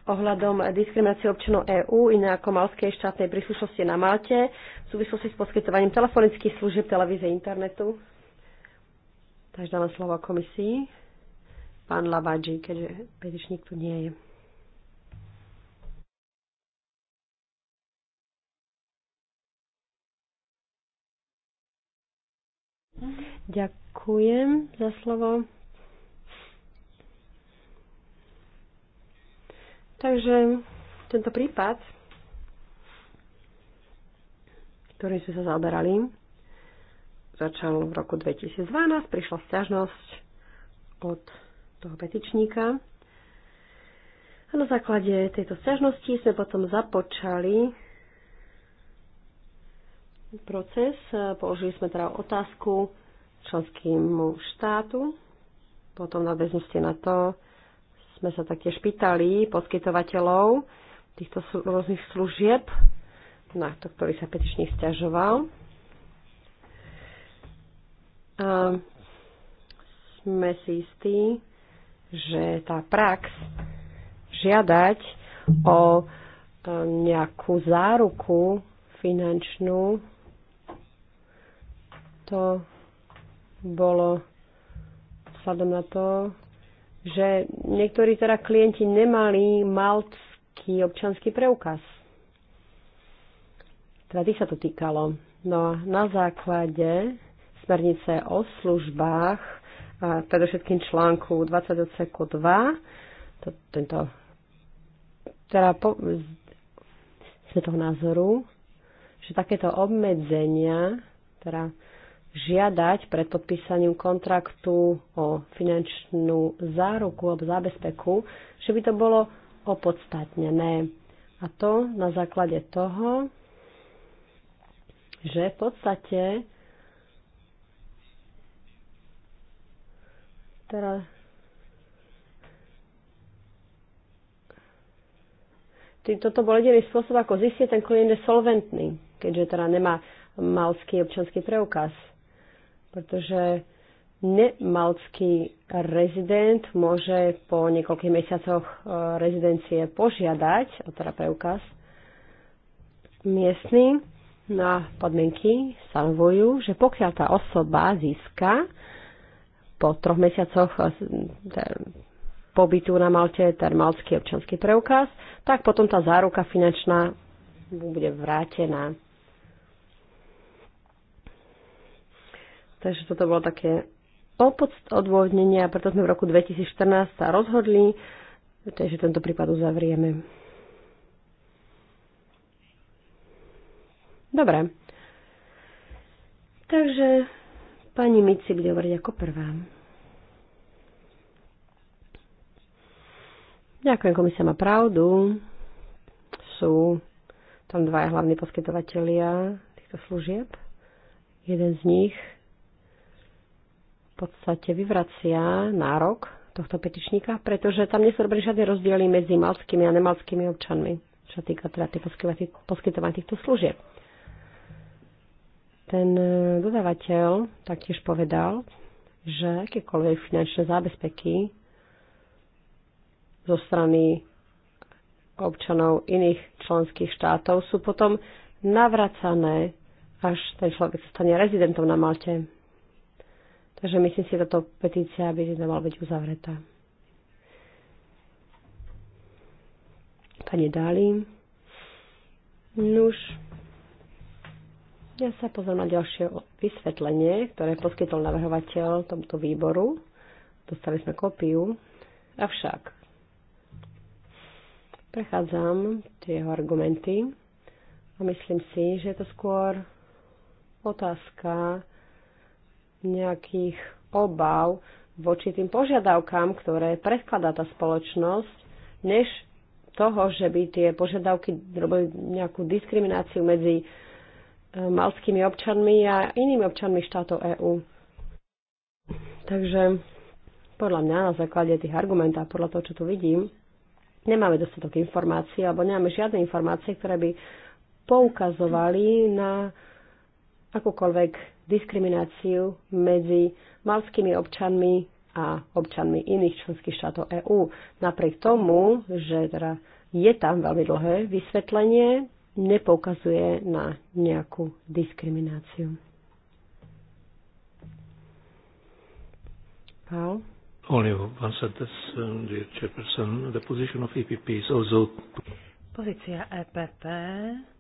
ohľadom diskriminácie občanov EÚ iné ako malskej štátnej príslušnosti na Malte v súvislosti s poskytovaním telefonických služieb televízie internetu. Takže dáme slovo komisii. Pán Labadži, keďže petičník tu nie je. Ďakujem za slovo. Takže tento prípad, ktorým sme sa zaoberali, začal v roku 2012, prišla sťažnosť od toho petičníka. A na základe tejto sťažnosti sme potom započali proces. Položili sme teda otázku členskému štátu, potom na väznosti na to, sme sa taktiež pýtali poskytovateľov týchto rôznych služieb, na to, ktorý sa petične stiažoval. A sme si istí, že tá prax žiadať o e, nejakú záruku finančnú, to bolo vzhľadom na to, že niektorí teda klienti nemali maltský občanský preukaz. Teda tých sa to týkalo. No a na základe smernice o službách, a predovšetkým článku 20.2, 2, to, tento, teda po, sme toho názoru, že takéto obmedzenia, teda žiadať pred podpísaním kontraktu o finančnú záruku alebo zábezpeku, že by to bolo opodstatnené. A to na základe toho, že v podstate teraz toto bol jediný spôsob, ako zistiť, ten klient je solventný, keďže teda nemá malský občanský preukaz pretože nemalcký rezident môže po niekoľkých mesiacoch e, rezidencie požiadať o teda preukaz miestny na podmienky stanovujú, že pokiaľ tá osoba získa po troch mesiacoch e, pobytu na Malte ten malcký občanský preukaz, tak potom tá záruka finančná bude vrátená. Takže toto bolo také odôvodnenie a preto sme v roku 2014 sa rozhodli, takže tento prípad uzavrieme. Dobre. Takže pani Mici bude hovoriť ako prvá. Ďakujem, komisia má pravdu. Sú tam dva hlavní poskytovateľia týchto služieb. Jeden z nich podstate vyvracia nárok tohto petičníka, pretože tam nie sú robili žiadne rozdiely medzi malskými a nemalskými občanmi, čo týka teda tých poskytovania týchto služieb. Ten e, dodávateľ taktiež povedal, že akékoľvek finančné zábezpeky zo strany občanov iných členských štátov sú potom navracané, až ten človek sa stane rezidentom na Malte. Takže myslím si, táto petícia by teda mala byť uzavretá. Pani Dali. Nuž. Ja sa pozriem na ďalšie vysvetlenie, ktoré poskytol navrhovateľ tomuto výboru. Dostali sme kopiu. Avšak prechádzam tie jeho argumenty a myslím si, že je to skôr otázka nejakých obav voči tým požiadavkám, ktoré predkladá tá spoločnosť, než toho, že by tie požiadavky robili nejakú diskrimináciu medzi e, malskými občanmi a inými občanmi štátov EÚ. Takže podľa mňa na základe tých argumentov, podľa toho, čo tu vidím, nemáme dostatok informácií alebo nemáme žiadne informácie, ktoré by poukazovali na akúkoľvek diskrimináciu medzi malskými občanmi a občanmi iných členských štátov EÚ. Napriek tomu, že teda je tam veľmi dlhé vysvetlenie, nepoukazuje na nejakú diskrimináciu. Paul? Only one sentence, um, dear Chairperson. The position of EPP is also... Pozícia EPP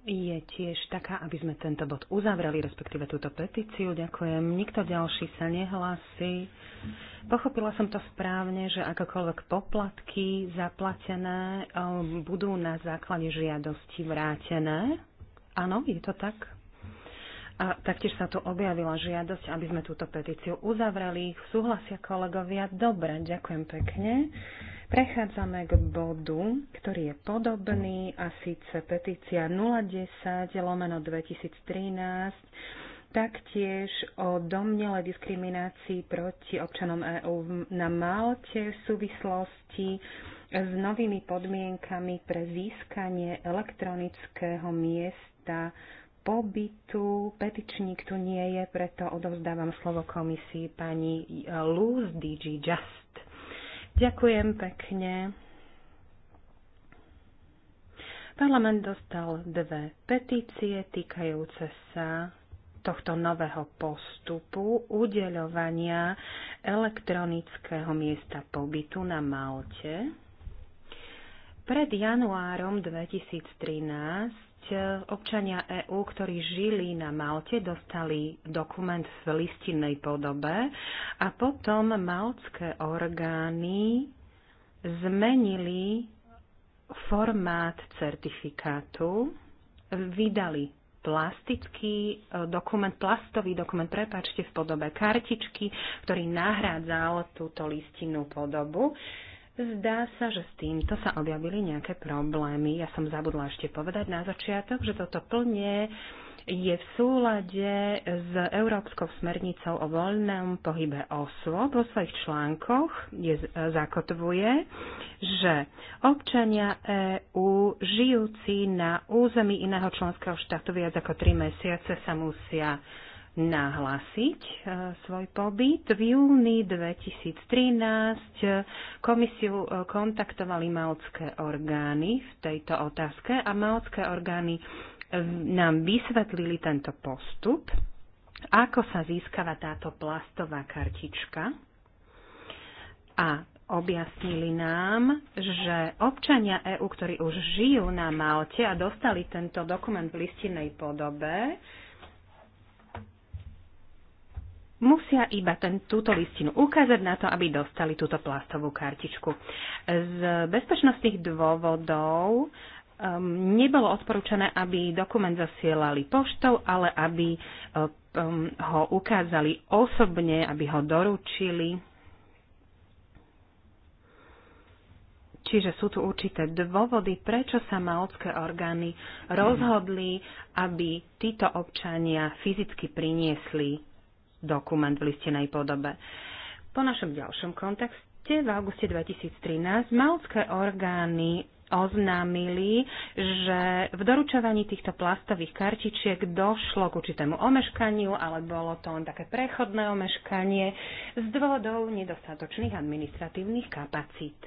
je tiež taká, aby sme tento bod uzavreli, respektíve túto petíciu. Ďakujem. Nikto ďalší sa nehlási. Pochopila som to správne, že akokoľvek poplatky zaplatené eh, budú na základe žiadosti vrátené. Áno, je to tak? A taktiež sa tu objavila žiadosť, aby sme túto petíciu uzavreli. Súhlasia kolegovia? Dobre, ďakujem pekne. Prechádzame k bodu, ktorý je podobný a síce petícia 010 lomeno 2013 taktiež o domnele diskriminácii proti občanom EÚ na Malte v súvislosti s novými podmienkami pre získanie elektronického miesta pobytu. Petičník tu nie je, preto odovzdávam slovo komisii pani Luz DG Just. Ďakujem pekne. Parlament dostal dve petície týkajúce sa tohto nového postupu udeľovania elektronického miesta pobytu na Malte. Pred januárom 2013 E, občania EÚ, ktorí žili na Malte, dostali dokument v listinnej podobe a potom maltské orgány zmenili formát certifikátu, vydali plastický e, dokument, plastový dokument, prepačte, v podobe kartičky, ktorý nahrádzal túto listinnú podobu. Zdá sa, že s týmto sa objavili nejaké problémy. Ja som zabudla ešte povedať na začiatok, že toto plne je v súlade s Európskou smernicou o voľnom pohybe osôb. Vo svojich článkoch je, zakotvuje, že občania EÚ žijúci na území iného členského štátu viac ako 3 mesiace sa musia nahlásiť e, svoj pobyt. V júni 2013 e, komisiu e, kontaktovali maocké orgány v tejto otázke a maocké orgány nám vysvetlili tento postup, ako sa získava táto plastová kartička a objasnili nám, že občania EÚ, ktorí už žijú na Malte a dostali tento dokument v listinej podobe, musia iba ten, túto listinu ukázať na to, aby dostali túto plastovú kartičku. Z bezpečnostných dôvodov um, nebolo odporúčané, aby dokument zasielali poštou, ale aby uh, um, ho ukázali osobne, aby ho doručili. Čiže sú tu určité dôvody, prečo sa maocké orgány rozhodli, aby títo občania fyzicky priniesli dokument v listenej podobe. Po našom ďalšom kontexte v auguste 2013 malské orgány oznámili, že v doručovaní týchto plastových kartičiek došlo k určitému omeškaniu, ale bolo to len také prechodné omeškanie z dôvodov nedostatočných administratívnych kapacít.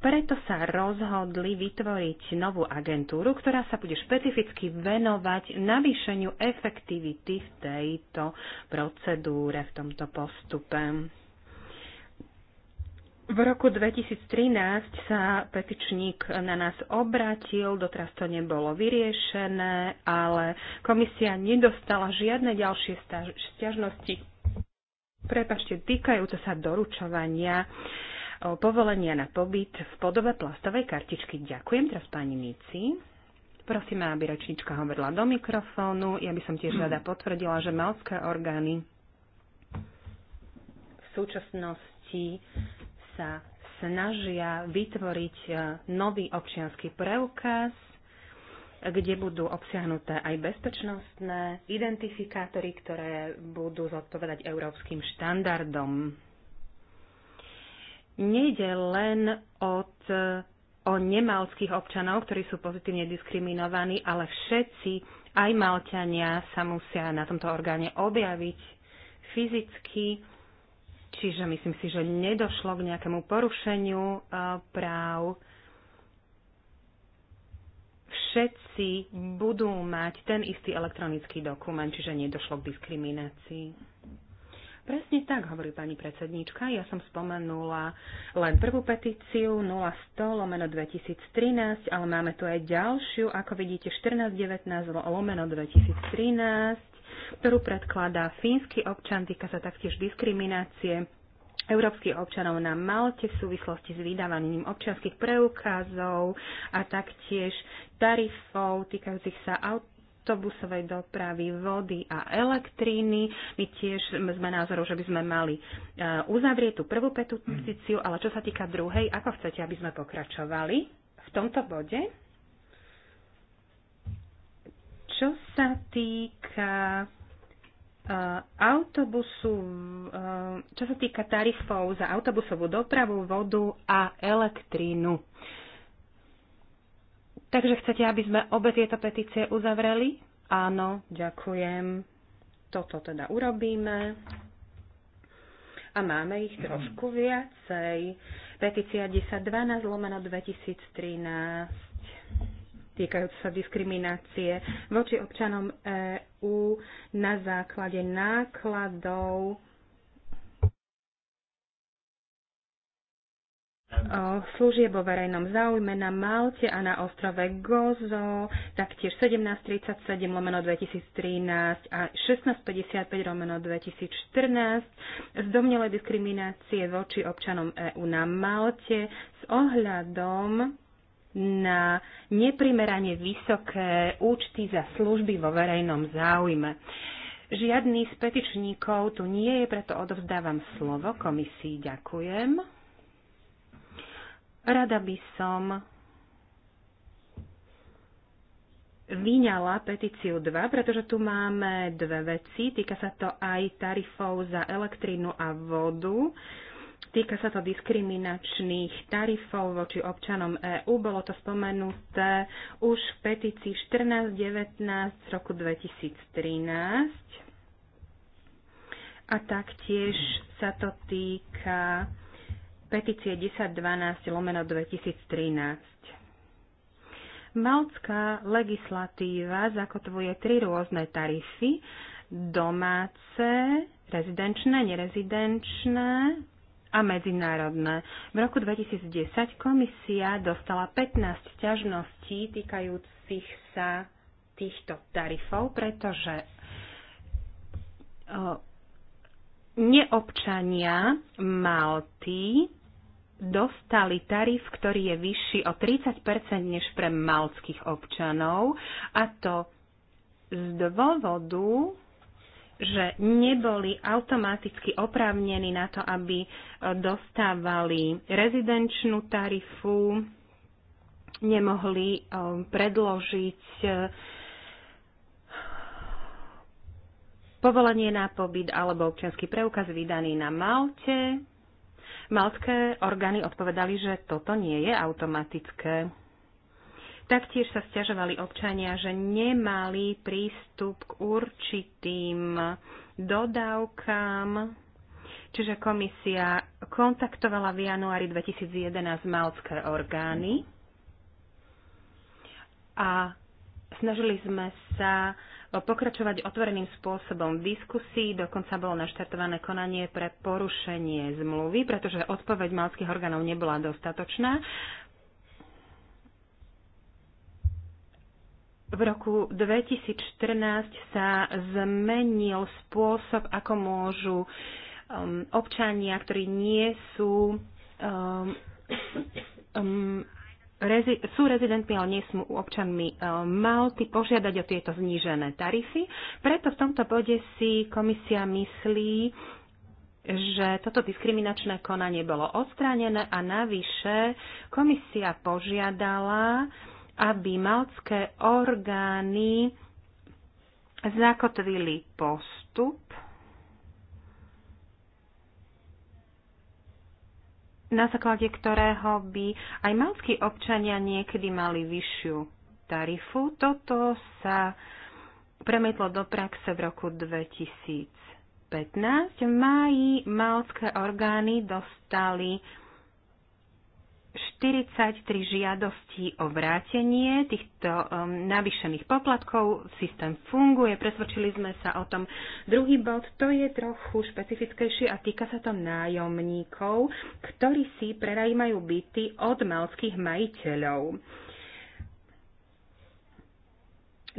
Preto sa rozhodli vytvoriť novú agentúru, ktorá sa bude špecificky venovať navýšeniu efektivity v tejto procedúre, v tomto postupe. V roku 2013 sa petičník na nás obratil, doteraz to nebolo vyriešené, ale komisia nedostala žiadne ďalšie stiažnosti, prepašte, týkajúce sa doručovania povolenia na pobyt v podobe plastovej kartičky. Ďakujem teraz pani Mici. Prosím, aby rečnička hovorila do mikrofónu. Ja by som tiež rada potvrdila, že malské orgány v súčasnosti sa snažia vytvoriť e, nový občianský preukaz, kde budú obsiahnuté aj bezpečnostné identifikátory, ktoré budú zodpovedať európskym štandardom. Nejde len od, e, o nemalských občanov, ktorí sú pozitívne diskriminovaní, ale všetci, aj malťania, sa musia na tomto orgáne objaviť fyzicky Čiže myslím si, že nedošlo k nejakému porušeniu e, práv. Všetci budú mať ten istý elektronický dokument, čiže nedošlo k diskriminácii. Presne tak, hovorí pani predsednička. Ja som spomenula len prvú petíciu 0100 lomeno 2013, ale máme tu aj ďalšiu, ako vidíte, 1419 lomeno 2013 ktorú predkladá fínsky občan, týka sa taktiež diskriminácie európskych občanov na Malte v súvislosti s vydávaním občianských preukázov a taktiež tarifov týkajúcich sa aut autobusovej dopravy, vody a elektríny. My tiež sme názoru, že by sme mali e, uzavrieť tú prvú petíciu, ale čo sa týka druhej, ako chcete, aby sme pokračovali v tomto bode? Čo sa týka autobusu, čo sa týka tarifov za autobusovú dopravu, vodu a elektrínu. Takže chcete, aby sme obe tieto petície uzavreli? Áno, ďakujem. Toto teda urobíme. A máme ich trošku viacej. Petícia 1012 lomeno 2013 týkajúce sa diskriminácie voči občanom EÚ na základe nákladov služieb vo verejnom záujme na Malte a na ostrove Gozo, taktiež 1737 lomeno 2013 a 1655 lomeno 2014 z diskriminácie voči občanom EÚ na Malte s ohľadom na neprimerane vysoké účty za služby vo verejnom záujme. Žiadny z petičníkov tu nie je, preto odovzdávam slovo komisii. Ďakujem. Rada by som vyňala petíciu 2, pretože tu máme dve veci. Týka sa to aj tarifov za elektrínu a vodu. Týka sa to diskriminačných tarifov voči občanom EÚ. Bolo to spomenuté už v petícii 1419 z roku 2013. A taktiež sa to týka petície 1012 lomeno 2013. Malcká legislatíva zakotvuje tri rôzne tarify. Domáce, rezidenčné, nerezidenčné a medzinárodné. V roku 2010 komisia dostala 15 ťažností týkajúcich sa týchto tarifov, pretože eh, neobčania Malty dostali tarif, ktorý je vyšší o 30 než pre malckých občanov, a to z dôvodu že neboli automaticky oprávnení na to, aby e, dostávali rezidenčnú tarifu, nemohli e, predložiť e, povolenie na pobyt alebo občianský preukaz vydaný na Malte. Maltské orgány odpovedali, že toto nie je automatické. Taktiež sa stiažovali občania, že nemali prístup k určitým dodávkam, čiže komisia kontaktovala v januári 2011 malcké orgány a snažili sme sa pokračovať otvoreným spôsobom v diskusii. Dokonca bolo naštartované konanie pre porušenie zmluvy, pretože odpoveď malských orgánov nebola dostatočná. v roku 2014 sa zmenil spôsob, ako môžu um, občania, ktorí nie sú, um, um, rezi- sú rezidentmi, ale nie sú občanmi um, Malty, požiadať o tieto znížené tarify. Preto v tomto bode si komisia myslí, že toto diskriminačné konanie bolo odstránené a navyše komisia požiadala aby malcké orgány zakotvili postup na základe ktorého by aj malckí občania niekedy mali vyššiu tarifu. Toto sa premietlo do praxe v roku 2015. V máji malcké orgány dostali 43 žiadostí o vrátenie týchto um, navýšených poplatkov. Systém funguje, presvedčili sme sa o tom. Druhý bod, to je trochu špecifickejšie a týka sa to nájomníkov, ktorí si prerajímajú byty od malských majiteľov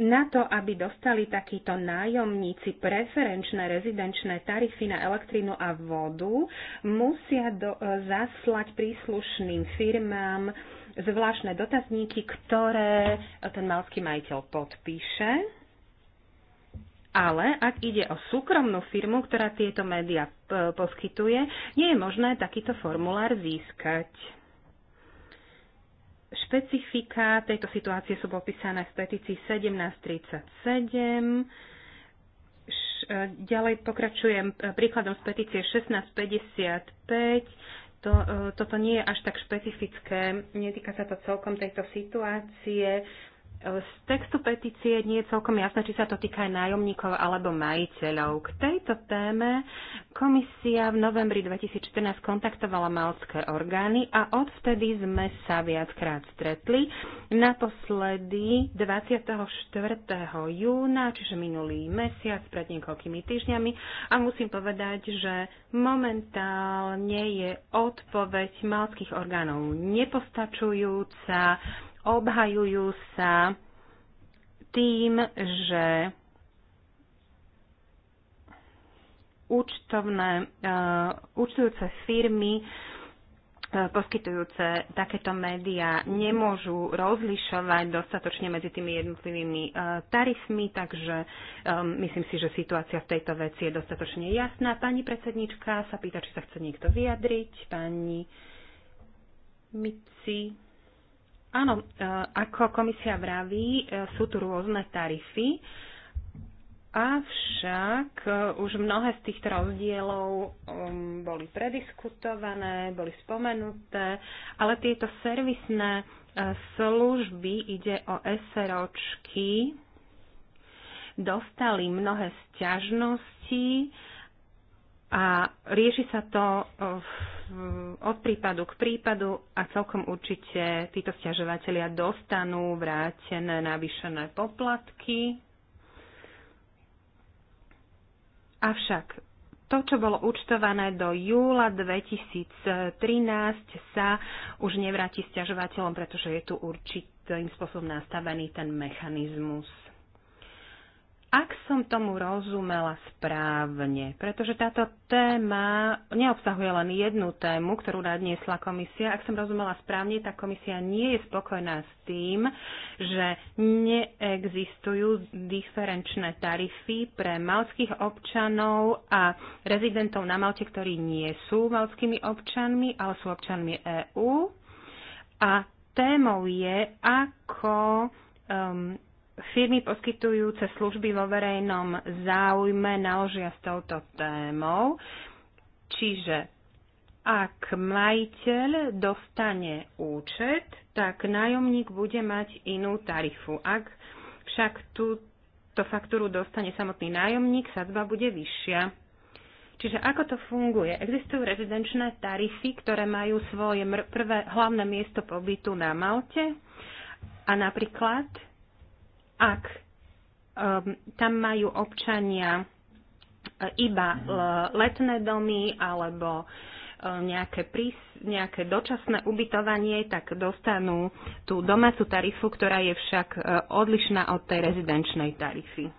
na to, aby dostali takíto nájomníci preferenčné rezidenčné tarify na elektrínu a vodu, musia do, e, zaslať príslušným firmám zvláštne dotazníky, ktoré ten malský majiteľ podpíše. Ale ak ide o súkromnú firmu, ktorá tieto médiá e, poskytuje, nie je možné takýto formulár získať. Špecifika tejto situácie sú popísané v petícii 1737. E, ďalej pokračujem príkladom z petície 1655 to, e, toto nie je až tak špecifické, netýka sa to celkom tejto situácie. Z textu petície nie je celkom jasné, či sa to týka aj nájomníkov alebo majiteľov. K tejto téme komisia v novembri 2014 kontaktovala malské orgány a odvtedy sme sa viackrát stretli. Naposledy 24. júna, čiže minulý mesiac, pred niekoľkými týždňami. A musím povedať, že momentálne je odpoveď malských orgánov nepostačujúca Obhajujú sa tým, že účtovné, uh, účtujúce firmy eh, poskytujúce takéto médiá nemôžu rozlišovať dostatočne medzi tými jednotlivými eh, tarifmi, takže myslím si, že situácia v tejto veci je dostatočne jasná. Pani predsednička sa pýta, či sa chce niekto vyjadriť. Pani Mici. Áno, e, ako komisia vraví, e, sú tu rôzne tarify, avšak e, už mnohé z týchto rozdielov um, boli prediskutované, boli spomenuté, ale tieto servisné služby, ide o SROčky, dostali mnohé sťažnosti a rieši sa to v od prípadu k prípadu a celkom určite títo stiažovateľia dostanú vrátené navýšené poplatky. Avšak to, čo bolo účtované do júla 2013, sa už nevráti stiažovateľom, pretože je tu určitým spôsobom nastavený ten mechanizmus ak som tomu rozumela správne, pretože táto téma neobsahuje len jednu tému, ktorú nadniesla komisia. Ak som rozumela správne, tá komisia nie je spokojná s tým, že neexistujú diferenčné tarify pre malských občanov a rezidentov na Malte, ktorí nie sú malskými občanmi, ale sú občanmi EÚ. A témou je, ako um, Firmy poskytujúce služby vo verejnom záujme naložia s touto témou. Čiže ak majiteľ dostane účet, tak nájomník bude mať inú tarifu. Ak však túto faktúru dostane samotný nájomník, sadzba bude vyššia. Čiže ako to funguje? Existujú rezidenčné tarify, ktoré majú svoje prvé hlavné miesto pobytu na Malte a napríklad ak um, tam majú občania e, iba e, letné domy alebo e, nejaké, prís, nejaké dočasné ubytovanie, tak dostanú tú domácu tarifu, ktorá je však odlišná od tej rezidenčnej tarify.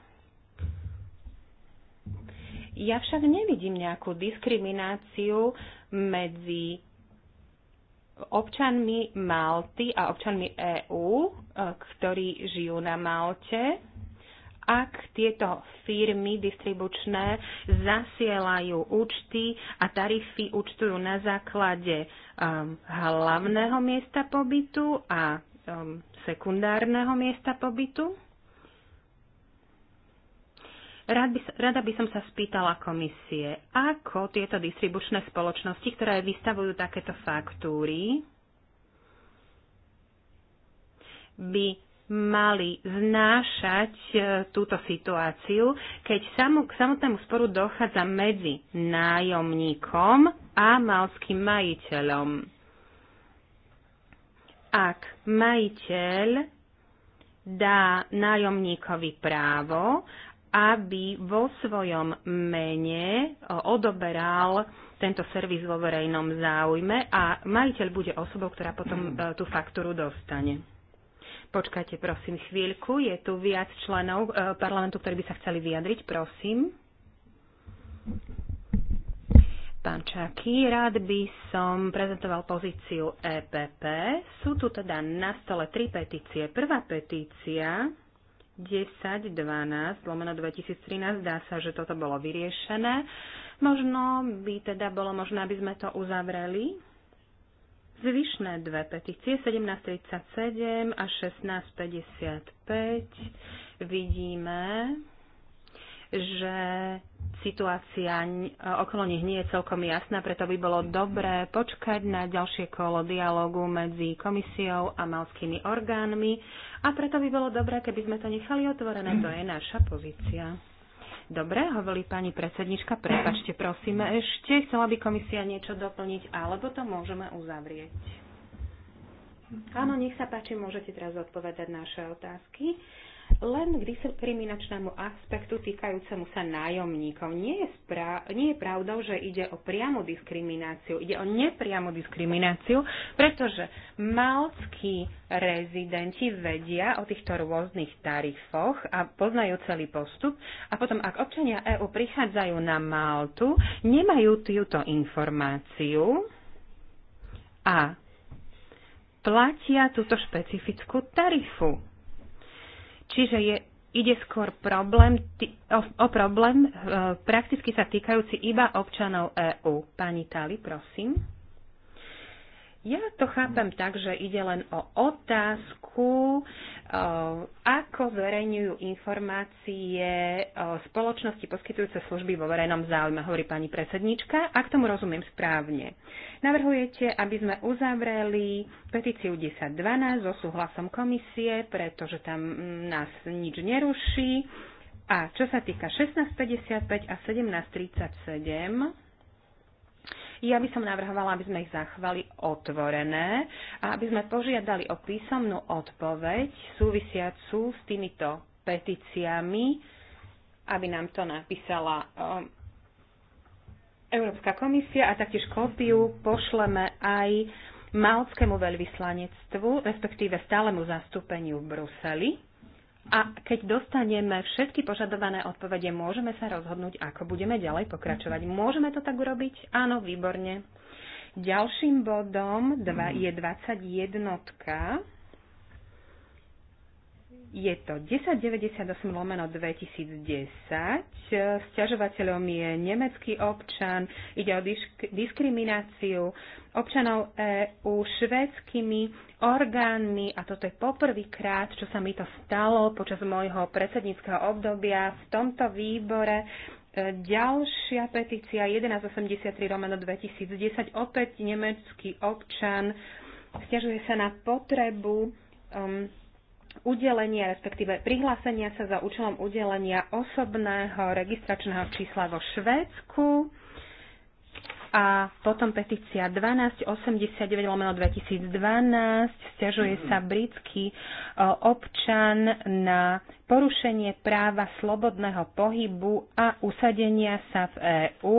Ja však nevidím nejakú diskrimináciu medzi občanmi Malty a občanmi EÚ, e, ktorí žijú na Malte, ak tieto firmy distribučné zasielajú účty a tarify účtujú na základe um, hlavného miesta pobytu a um, sekundárneho miesta pobytu, Rád by, rada by som sa spýtala komisie, ako tieto distribučné spoločnosti, ktoré vystavujú takéto faktúry, by mali znášať e, túto situáciu, keď samu, k samotnému sporu dochádza medzi nájomníkom a malským majiteľom. Ak majiteľ dá nájomníkovi právo aby vo svojom mene eh, odoberal tento servis vo verejnom záujme a majiteľ bude osobou, ktorá potom eh, tú faktúru dostane. Počkajte prosím chvíľku, je tu viac členov eh, parlamentu, ktorí by sa chceli vyjadriť, prosím. Pán Čaký, rád by som prezentoval pozíciu EPP. Sú tu teda na stole tri petície. Prvá petícia 1012 lomeno 2013. dá sa, že toto bolo vyriešené. Možno by teda bolo možné, aby sme to uzavreli. Zvyšné dve petície 1737 a 1655 vidíme, že situácia okolo nich nie je celkom jasná, preto by bolo dobré počkať na ďalšie kolo dialogu medzi komisiou a malskými orgánmi a preto by bolo dobré, keby sme to nechali otvorené. To je naša pozícia. Dobre, hovorí pani predsednička, prepačte prosíme ešte, chcela by komisia niečo doplniť, alebo to môžeme uzavrieť. Áno, nech sa páči, môžete teraz odpovedať naše otázky len k diskriminačnému aspektu týkajúcemu sa nájomníkov. Nie je, spra- nie je pravdou, že ide o priamu diskrimináciu, ide o nepriamu diskrimináciu, pretože malckí rezidenti vedia o týchto rôznych tarifoch a poznajú celý postup a potom, ak občania EÚ prichádzajú na Maltu, nemajú túto informáciu a platia túto špecifickú tarifu Čiže je, ide skôr problém, o, o problém e, prakticky sa týkajúci iba občanov EÚ. Pani Tali, prosím. Ja to chápem tak, že ide len o otázku, eh, ako zverejňujú informácie eh, spoločnosti poskytujúce služby vo verejnom záujme, hovorí pani predsednička, ak tomu rozumiem správne. Navrhujete, aby sme uzavreli petíciu 1012 so súhlasom komisie, pretože tam mm, nás nič neruší. A čo sa týka 1655 a 1737, ja by som navrhovala, aby sme ich zachovali otvorené a aby sme požiadali o písomnú odpoveď súvisiacu s týmito petíciami, aby nám to napísala ehm, Európska komisia a taktiež kópiu pošleme aj malckému veľvyslanectvu, respektíve stálemu zastúpeniu v Bruseli a keď dostaneme všetky požadované odpovede, môžeme sa rozhodnúť, ako budeme ďalej pokračovať. Môžeme to tak urobiť? Áno, výborne. Ďalším bodom je 21. Je to 1098 lomeno 2010. Sťažovateľom je nemecký občan. Ide o disk- diskrimináciu občanov EU švédskymi orgánmi a toto je poprvýkrát, čo sa mi to stalo počas môjho predsedníckého obdobia v tomto výbore. E, ďalšia petícia 1183 romeno 2010, opäť nemecký občan, sťažuje sa na potrebu um, udelenia, respektíve prihlásenia sa za účelom udelenia osobného registračného čísla vo Švédsku a potom petícia 1289 lomeno 2012 stiažuje sa britský e, občan na porušenie práva slobodného pohybu a usadenia sa v EÚ.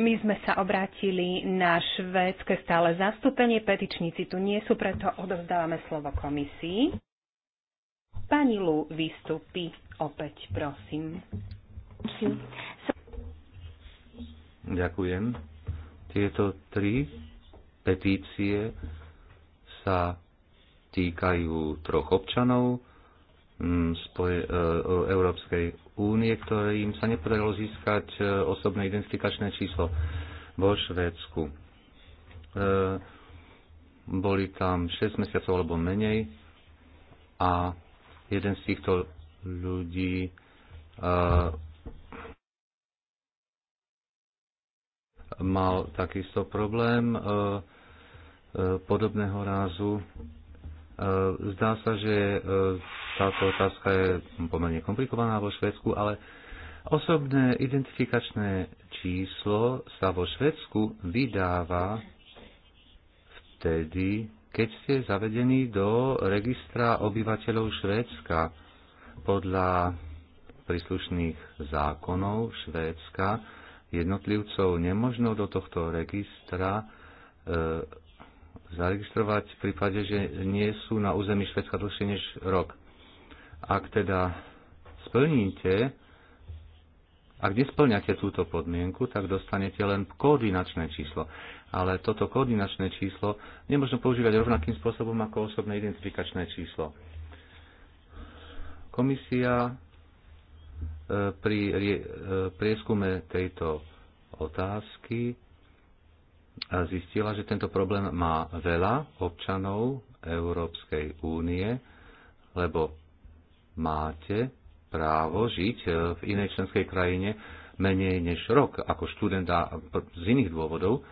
My sme sa obrátili na švédske stále zastúpenie, petičníci tu nie sú, preto odovzdávame slovo komisii. Pani Lu vystúpi opäť, prosím. Ďakujem. Tieto tri petície sa týkajú troch občanov mm, spoje, e, Európskej únie, ktorým sa nepodarilo získať e, osobné identifikačné číslo vo Švédsku. E, boli tam 6 mesiacov alebo menej a Jeden z týchto ľudí uh, mal takisto problém uh, uh, podobného rázu. Uh, zdá sa, že uh, táto otázka je pomerne komplikovaná vo Švedsku, ale osobné identifikačné číslo sa vo Švedsku vydáva vtedy, keď ste zavedení do registra obyvateľov Švédska podľa príslušných zákonov Švédska jednotlivcov nemožno do tohto registra e, zaregistrovať v prípade, že nie sú na území Švedska dlhšie než rok. Ak teda splníte, ak nesplňate túto podmienku, tak dostanete len koordinačné číslo ale toto koordinačné číslo nemôžno používať rovnakým spôsobom ako osobné identifikačné číslo. Komisia e, pri e, prieskume tejto otázky e, zistila, že tento problém má veľa občanov Európskej únie, lebo máte právo žiť v inej členskej krajine menej než rok ako študenta z iných dôvodov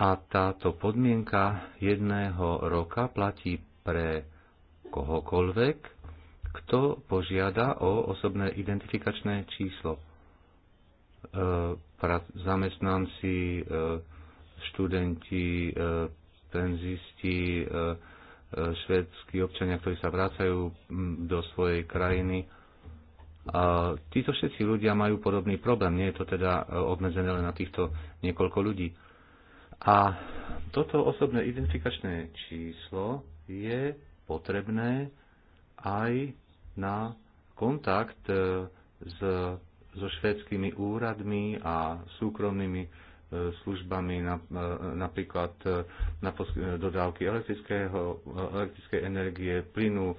a táto podmienka jedného roka platí pre kohokoľvek, kto požiada o osobné identifikačné číslo. E, zamestnanci, e, študenti, e, penzisti, e, e občania, ktorí sa vrácajú do svojej krajiny. A títo všetci ľudia majú podobný problém. Nie je to teda e, obmedzené len na týchto niekoľko ľudí. A toto osobné identifikačné číslo je potrebné aj na kontakt e, s, so švédskými úradmi a súkromnými e, službami, e, napríklad na dodávky elektrického, elektrickej energie, plynu,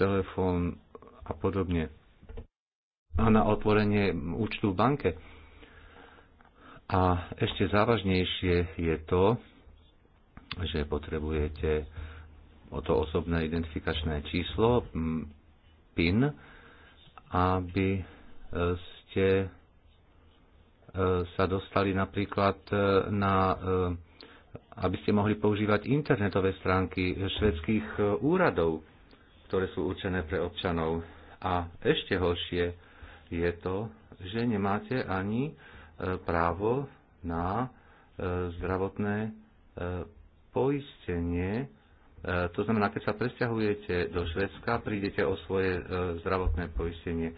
telefón a podobne. A na otvorenie účtu v banke. A ešte závažnejšie je to, že potrebujete o to osobné identifikačné číslo, mm, PIN, aby e, ste e, sa dostali napríklad e, na aby ste mohli používať internetové stránky švedských úradov, ktoré sú určené pre občanov. A ešte horšie je to, že nemáte ani právo na e, zdravotné e, poistenie. E, to znamená, keď sa presťahujete do Švedska, prídete o svoje zdravotné poistenie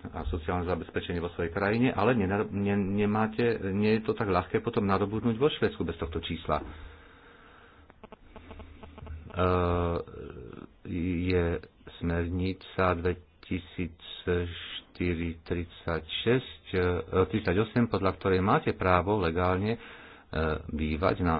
a sociálne zabezpečenie vo svojej krajine, ale nemáte, nie je to tak ľahké potom nadobudnúť vo Švedsku bez tohto čísla. je smernica 2004 38, eh, eh, podľa ktorej máte právo legálne eh, bývať na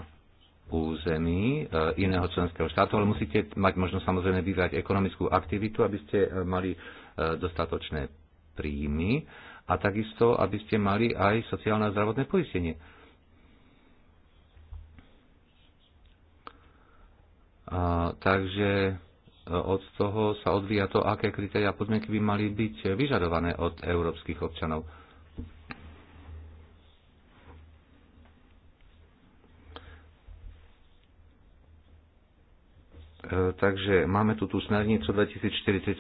území iného členského štátu, ale musíte mať možnosť samozrejme bývať ekonomickú aktivitu, aby ste mali dostatočné príjmy a takisto, aby ste mali aj sociálne a zdravotné poistenie. A, takže od toho sa odvíja to, aké kritéria podmienky by mali byť vyžadované od európskych občanov. E, takže máme tu tú smernicu 2048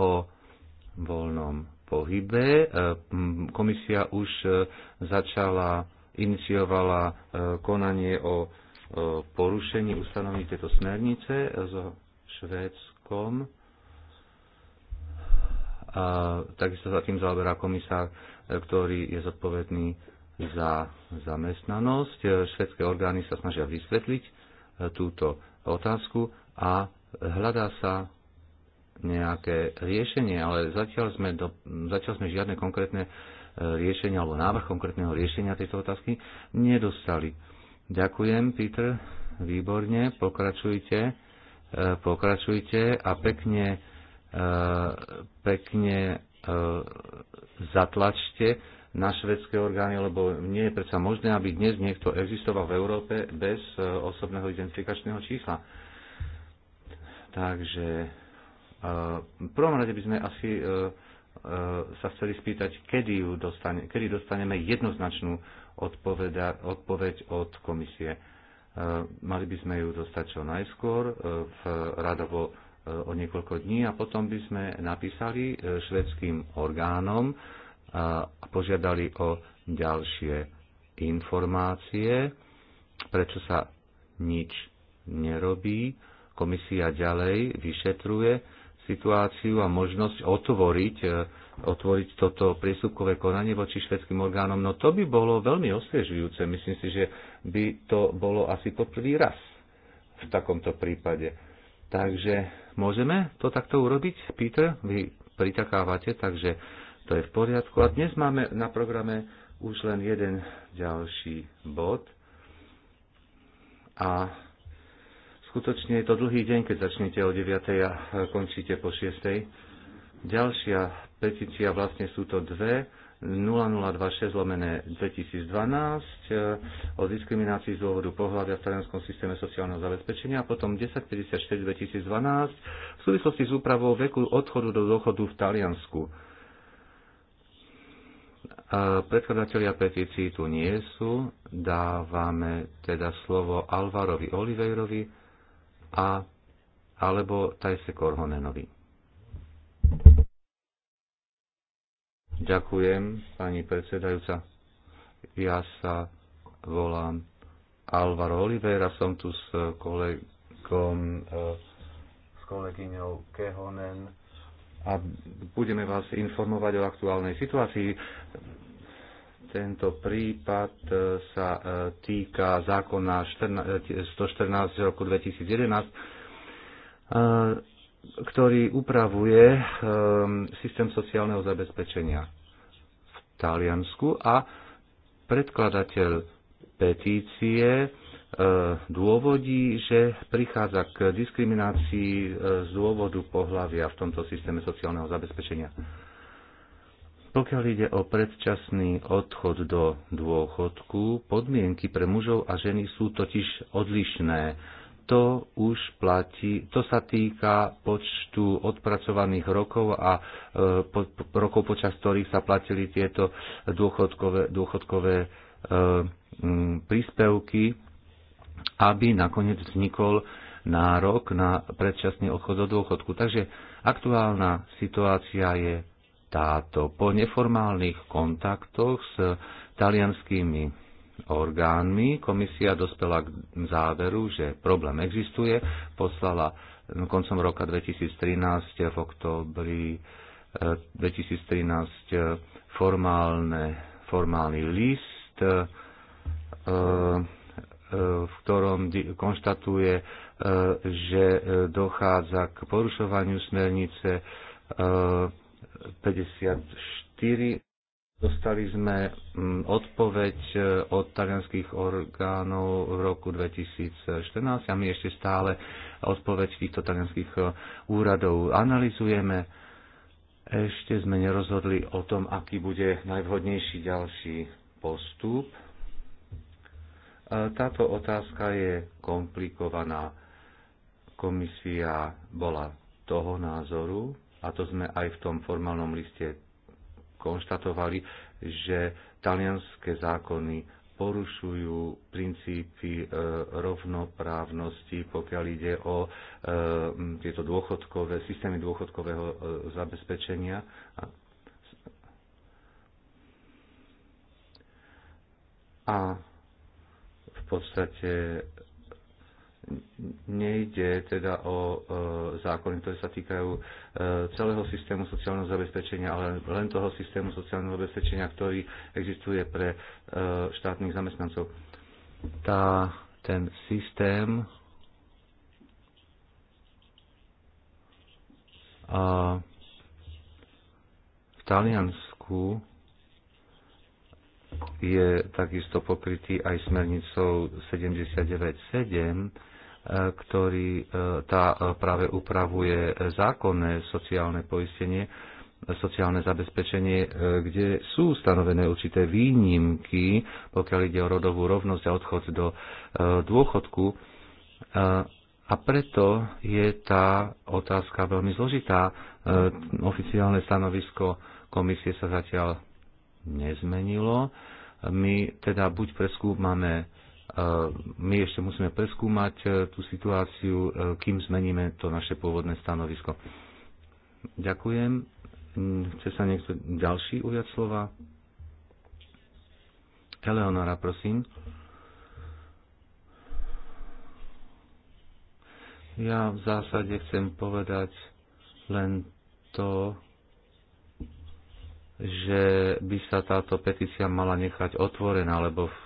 o voľnom pohybe. E, komisia už e, začala, iniciovala konanie o porušení ustanovení tejto smernice Švédskom. A takisto sa tým zaoberá komisár, ktorý je zodpovedný za zamestnanosť. Švedské orgány sa snažia vysvetliť e, túto otázku a hľadá sa nejaké riešenie, ale zatiaľ sme, do, zatiaľ sme žiadne konkrétne e, riešenia alebo návrh konkrétneho riešenia tejto otázky nedostali. Ďakujem, Peter. Výborne, pokračujte pokračujte a pekne, e, pekne e, zatlačte na švedské orgány, lebo nie je predsa možné, aby dnes niekto existoval v Európe bez e, osobného identifikačného čísla. Takže v prvom rade by sme asi sa chceli spýtať, kedy, ju dostane, kedy dostaneme jednoznačnú odpoveď od komisie. E, mali by sme ju dostať čo najskôr, e, v radovo e, o niekoľko dní a potom by sme napísali švedským orgánom a požiadali o ďalšie informácie, prečo sa nič nerobí. Komisia ďalej vyšetruje situáciu a možnosť otvoriť otvoriť toto priesúbkové konanie voči švedským orgánom. No to by bolo veľmi osviežujúce. Myslím si, že by to bolo asi po prvý raz v takomto prípade. Takže môžeme to takto urobiť? Peter, vy pritakávate, takže to je v poriadku. A dnes máme na programe už len jeden ďalší bod. A skutočne je to dlhý deň, keď začnete o 9. a končíte po 6. Ďalšia petícia, vlastne sú to dve, 0026 lomené 2012 o diskriminácii z dôvodu pohľadia v talianskom systéme sociálneho zabezpečenia a potom 1054 2012 v súvislosti s úpravou veku odchodu do dôchodu v Taliansku. Predkladatelia petícií tu nie sú. Dávame teda slovo Alvarovi Oliveirovi a alebo Tajse Korhonenovi. Ďakujem, pani predsedajúca. Ja sa volám Alvaro Oliveira, som tu s kolegom, eh, s kolegyňou Kehonen a budeme vás informovať o aktuálnej situácii. Tento prípad eh, sa eh, týka zákona 114 roku 2011 ktorý upravuje ehm, systém sociálneho zabezpečenia v Taliansku a predkladateľ petície eh, dôvodí, že prichádza k diskriminácii eh, z dôvodu pohľavia v tomto systéme sociálneho zabezpečenia. Pokiaľ ide o predčasný odchod do dôchodku, podmienky pre mužov a ženy sú totiž odlišné to už platí, to sa týka počtu odpracovaných rokov a e, po, po, rokov, počas ktorých sa platili tieto dôchodkové, dôchodkové e, m, príspevky, aby nakoniec vznikol nárok na predčasný odchod do dôchodku. Takže aktuálna situácia je táto. Po neformálnych kontaktoch s talianskými orgánmi. Komisia dospela k záveru, že problém existuje. Poslala no, koncom roka 2013 v oktobri 2013 eh, eh, formálne, formálny list, eh, v ktorom konštatuje, že dochádza k porušovaniu smernice 54 Dostali sme mm, odpoveď eh, od talianských orgánov v roku 2014 a my ešte stále odpoveď týchto talianských eh, úradov analizujeme. Ešte sme nerozhodli o tom, aký bude najvhodnejší ďalší postup. Táto otázka je komplikovaná. Komisia bola toho názoru, a to sme aj v tom formálnom liste konštatovali, že talianské zákony porušujú princípy e, rovnoprávnosti, pokiaľ ide o e, tieto dôchodkové, systémy dôchodkového e, zabezpečenia. A v podstate nejde teda o e, zákony, ktoré sa týkajú e, celého systému sociálneho zabezpečenia, ale len toho systému sociálneho zabezpečenia, ktorý existuje pre e, štátnych zamestnancov. Tá, ten systém a v Taliansku je takisto pokrytý aj smernicou 79.7 ktorý e, tá e, práve upravuje zákonné sociálne poistenie, sociálne zabezpečenie, e, kde sú stanovené určité výnimky, pokiaľ ide o rodovú rovnosť a odchod do dôchodku. A preto je tá otázka veľmi zložitá. Oficiálne stanovisko komisie sa zatiaľ nezmenilo. My teda buď preskúmame Eh, my ešte musíme preskúmať eh, tú situáciu, eh, kým zmeníme to naše pôvodné stanovisko. Ďakujem. Mm, chce sa niekto ďalší ujať slova? Eleonora, prosím. Ja v zásade chcem povedať len to, že by sa táto petícia mala nechať otvorená, lebo v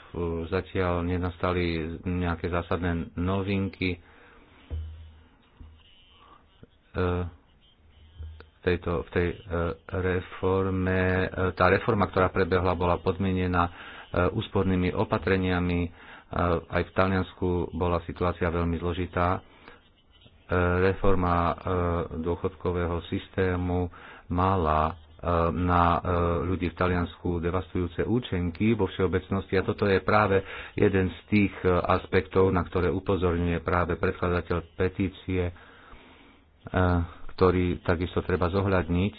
zatiaľ nenastali nejaké zásadné novinky e, tejto, v tej e, reforme. E, tá reforma, ktorá prebehla, bola podmienená úspornými opatreniami. Aj v Taliansku bola situácia veľmi zložitá. Reforma dôchodkového systému mala Eh, na eh, ľudí v Taliansku devastujúce účenky vo všeobecnosti. A toto je práve jeden z tých eh, aspektov, na ktoré upozorňuje práve predkladateľ petície, ktorý takisto treba zohľadniť.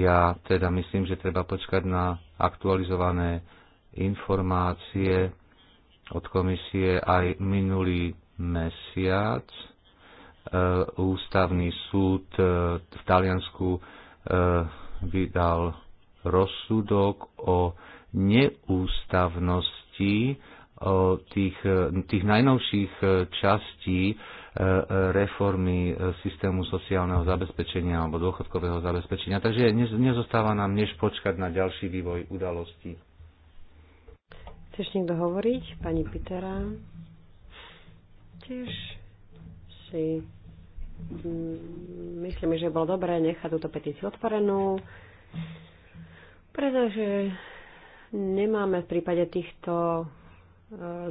Ja teda myslím, že treba počkať na aktualizované informácie od komisie aj minulý mesiac. Ústavný súd v Taliansku E, vydal rozsudok o neústavnosti e, tých, tých najnovších e, častí reformy systému sociálneho zabezpečenia alebo dôchodkového zabezpečenia. Takže nezostáva nám než počkať na ďalší vývoj udalostí. Chceš niekto hovoriť? Pani Pitera? Tiež si Mm, myslím, že bolo dobré nechať túto petíciu otvorenú, pretože nemáme v prípade týchto e,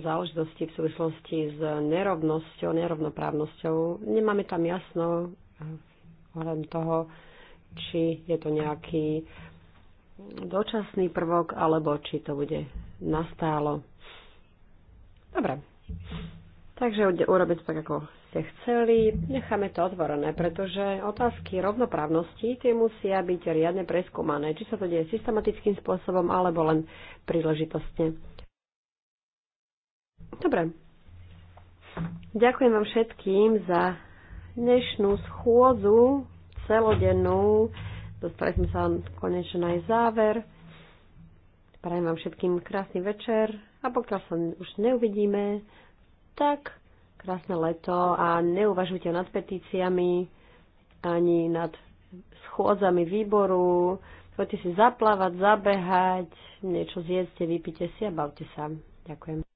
záležitostí v súvislosti s nerovnosťou, nerovnoprávnosťou. Nemáme tam jasno e, ohľadom toho, či je to nejaký dočasný prvok, alebo či to bude nastálo. Dobre. Takže urobím to tak, ako ste chceli, necháme to otvorené, pretože otázky rovnoprávnosti tie musia byť riadne preskúmané, či sa to deje systematickým spôsobom alebo len príležitostne. Dobre. Ďakujem vám všetkým za dnešnú schôdzu celodennú. Dostali sme sa konečne aj záver. Prajem vám všetkým krásny večer a pokiaľ sa už neuvidíme, tak krásne leto a neuvažujte nad petíciami ani nad schôdzami výboru. Poďte si zaplávať, zabehať, niečo zjedzte, vypite si a bavte sa. Ďakujem.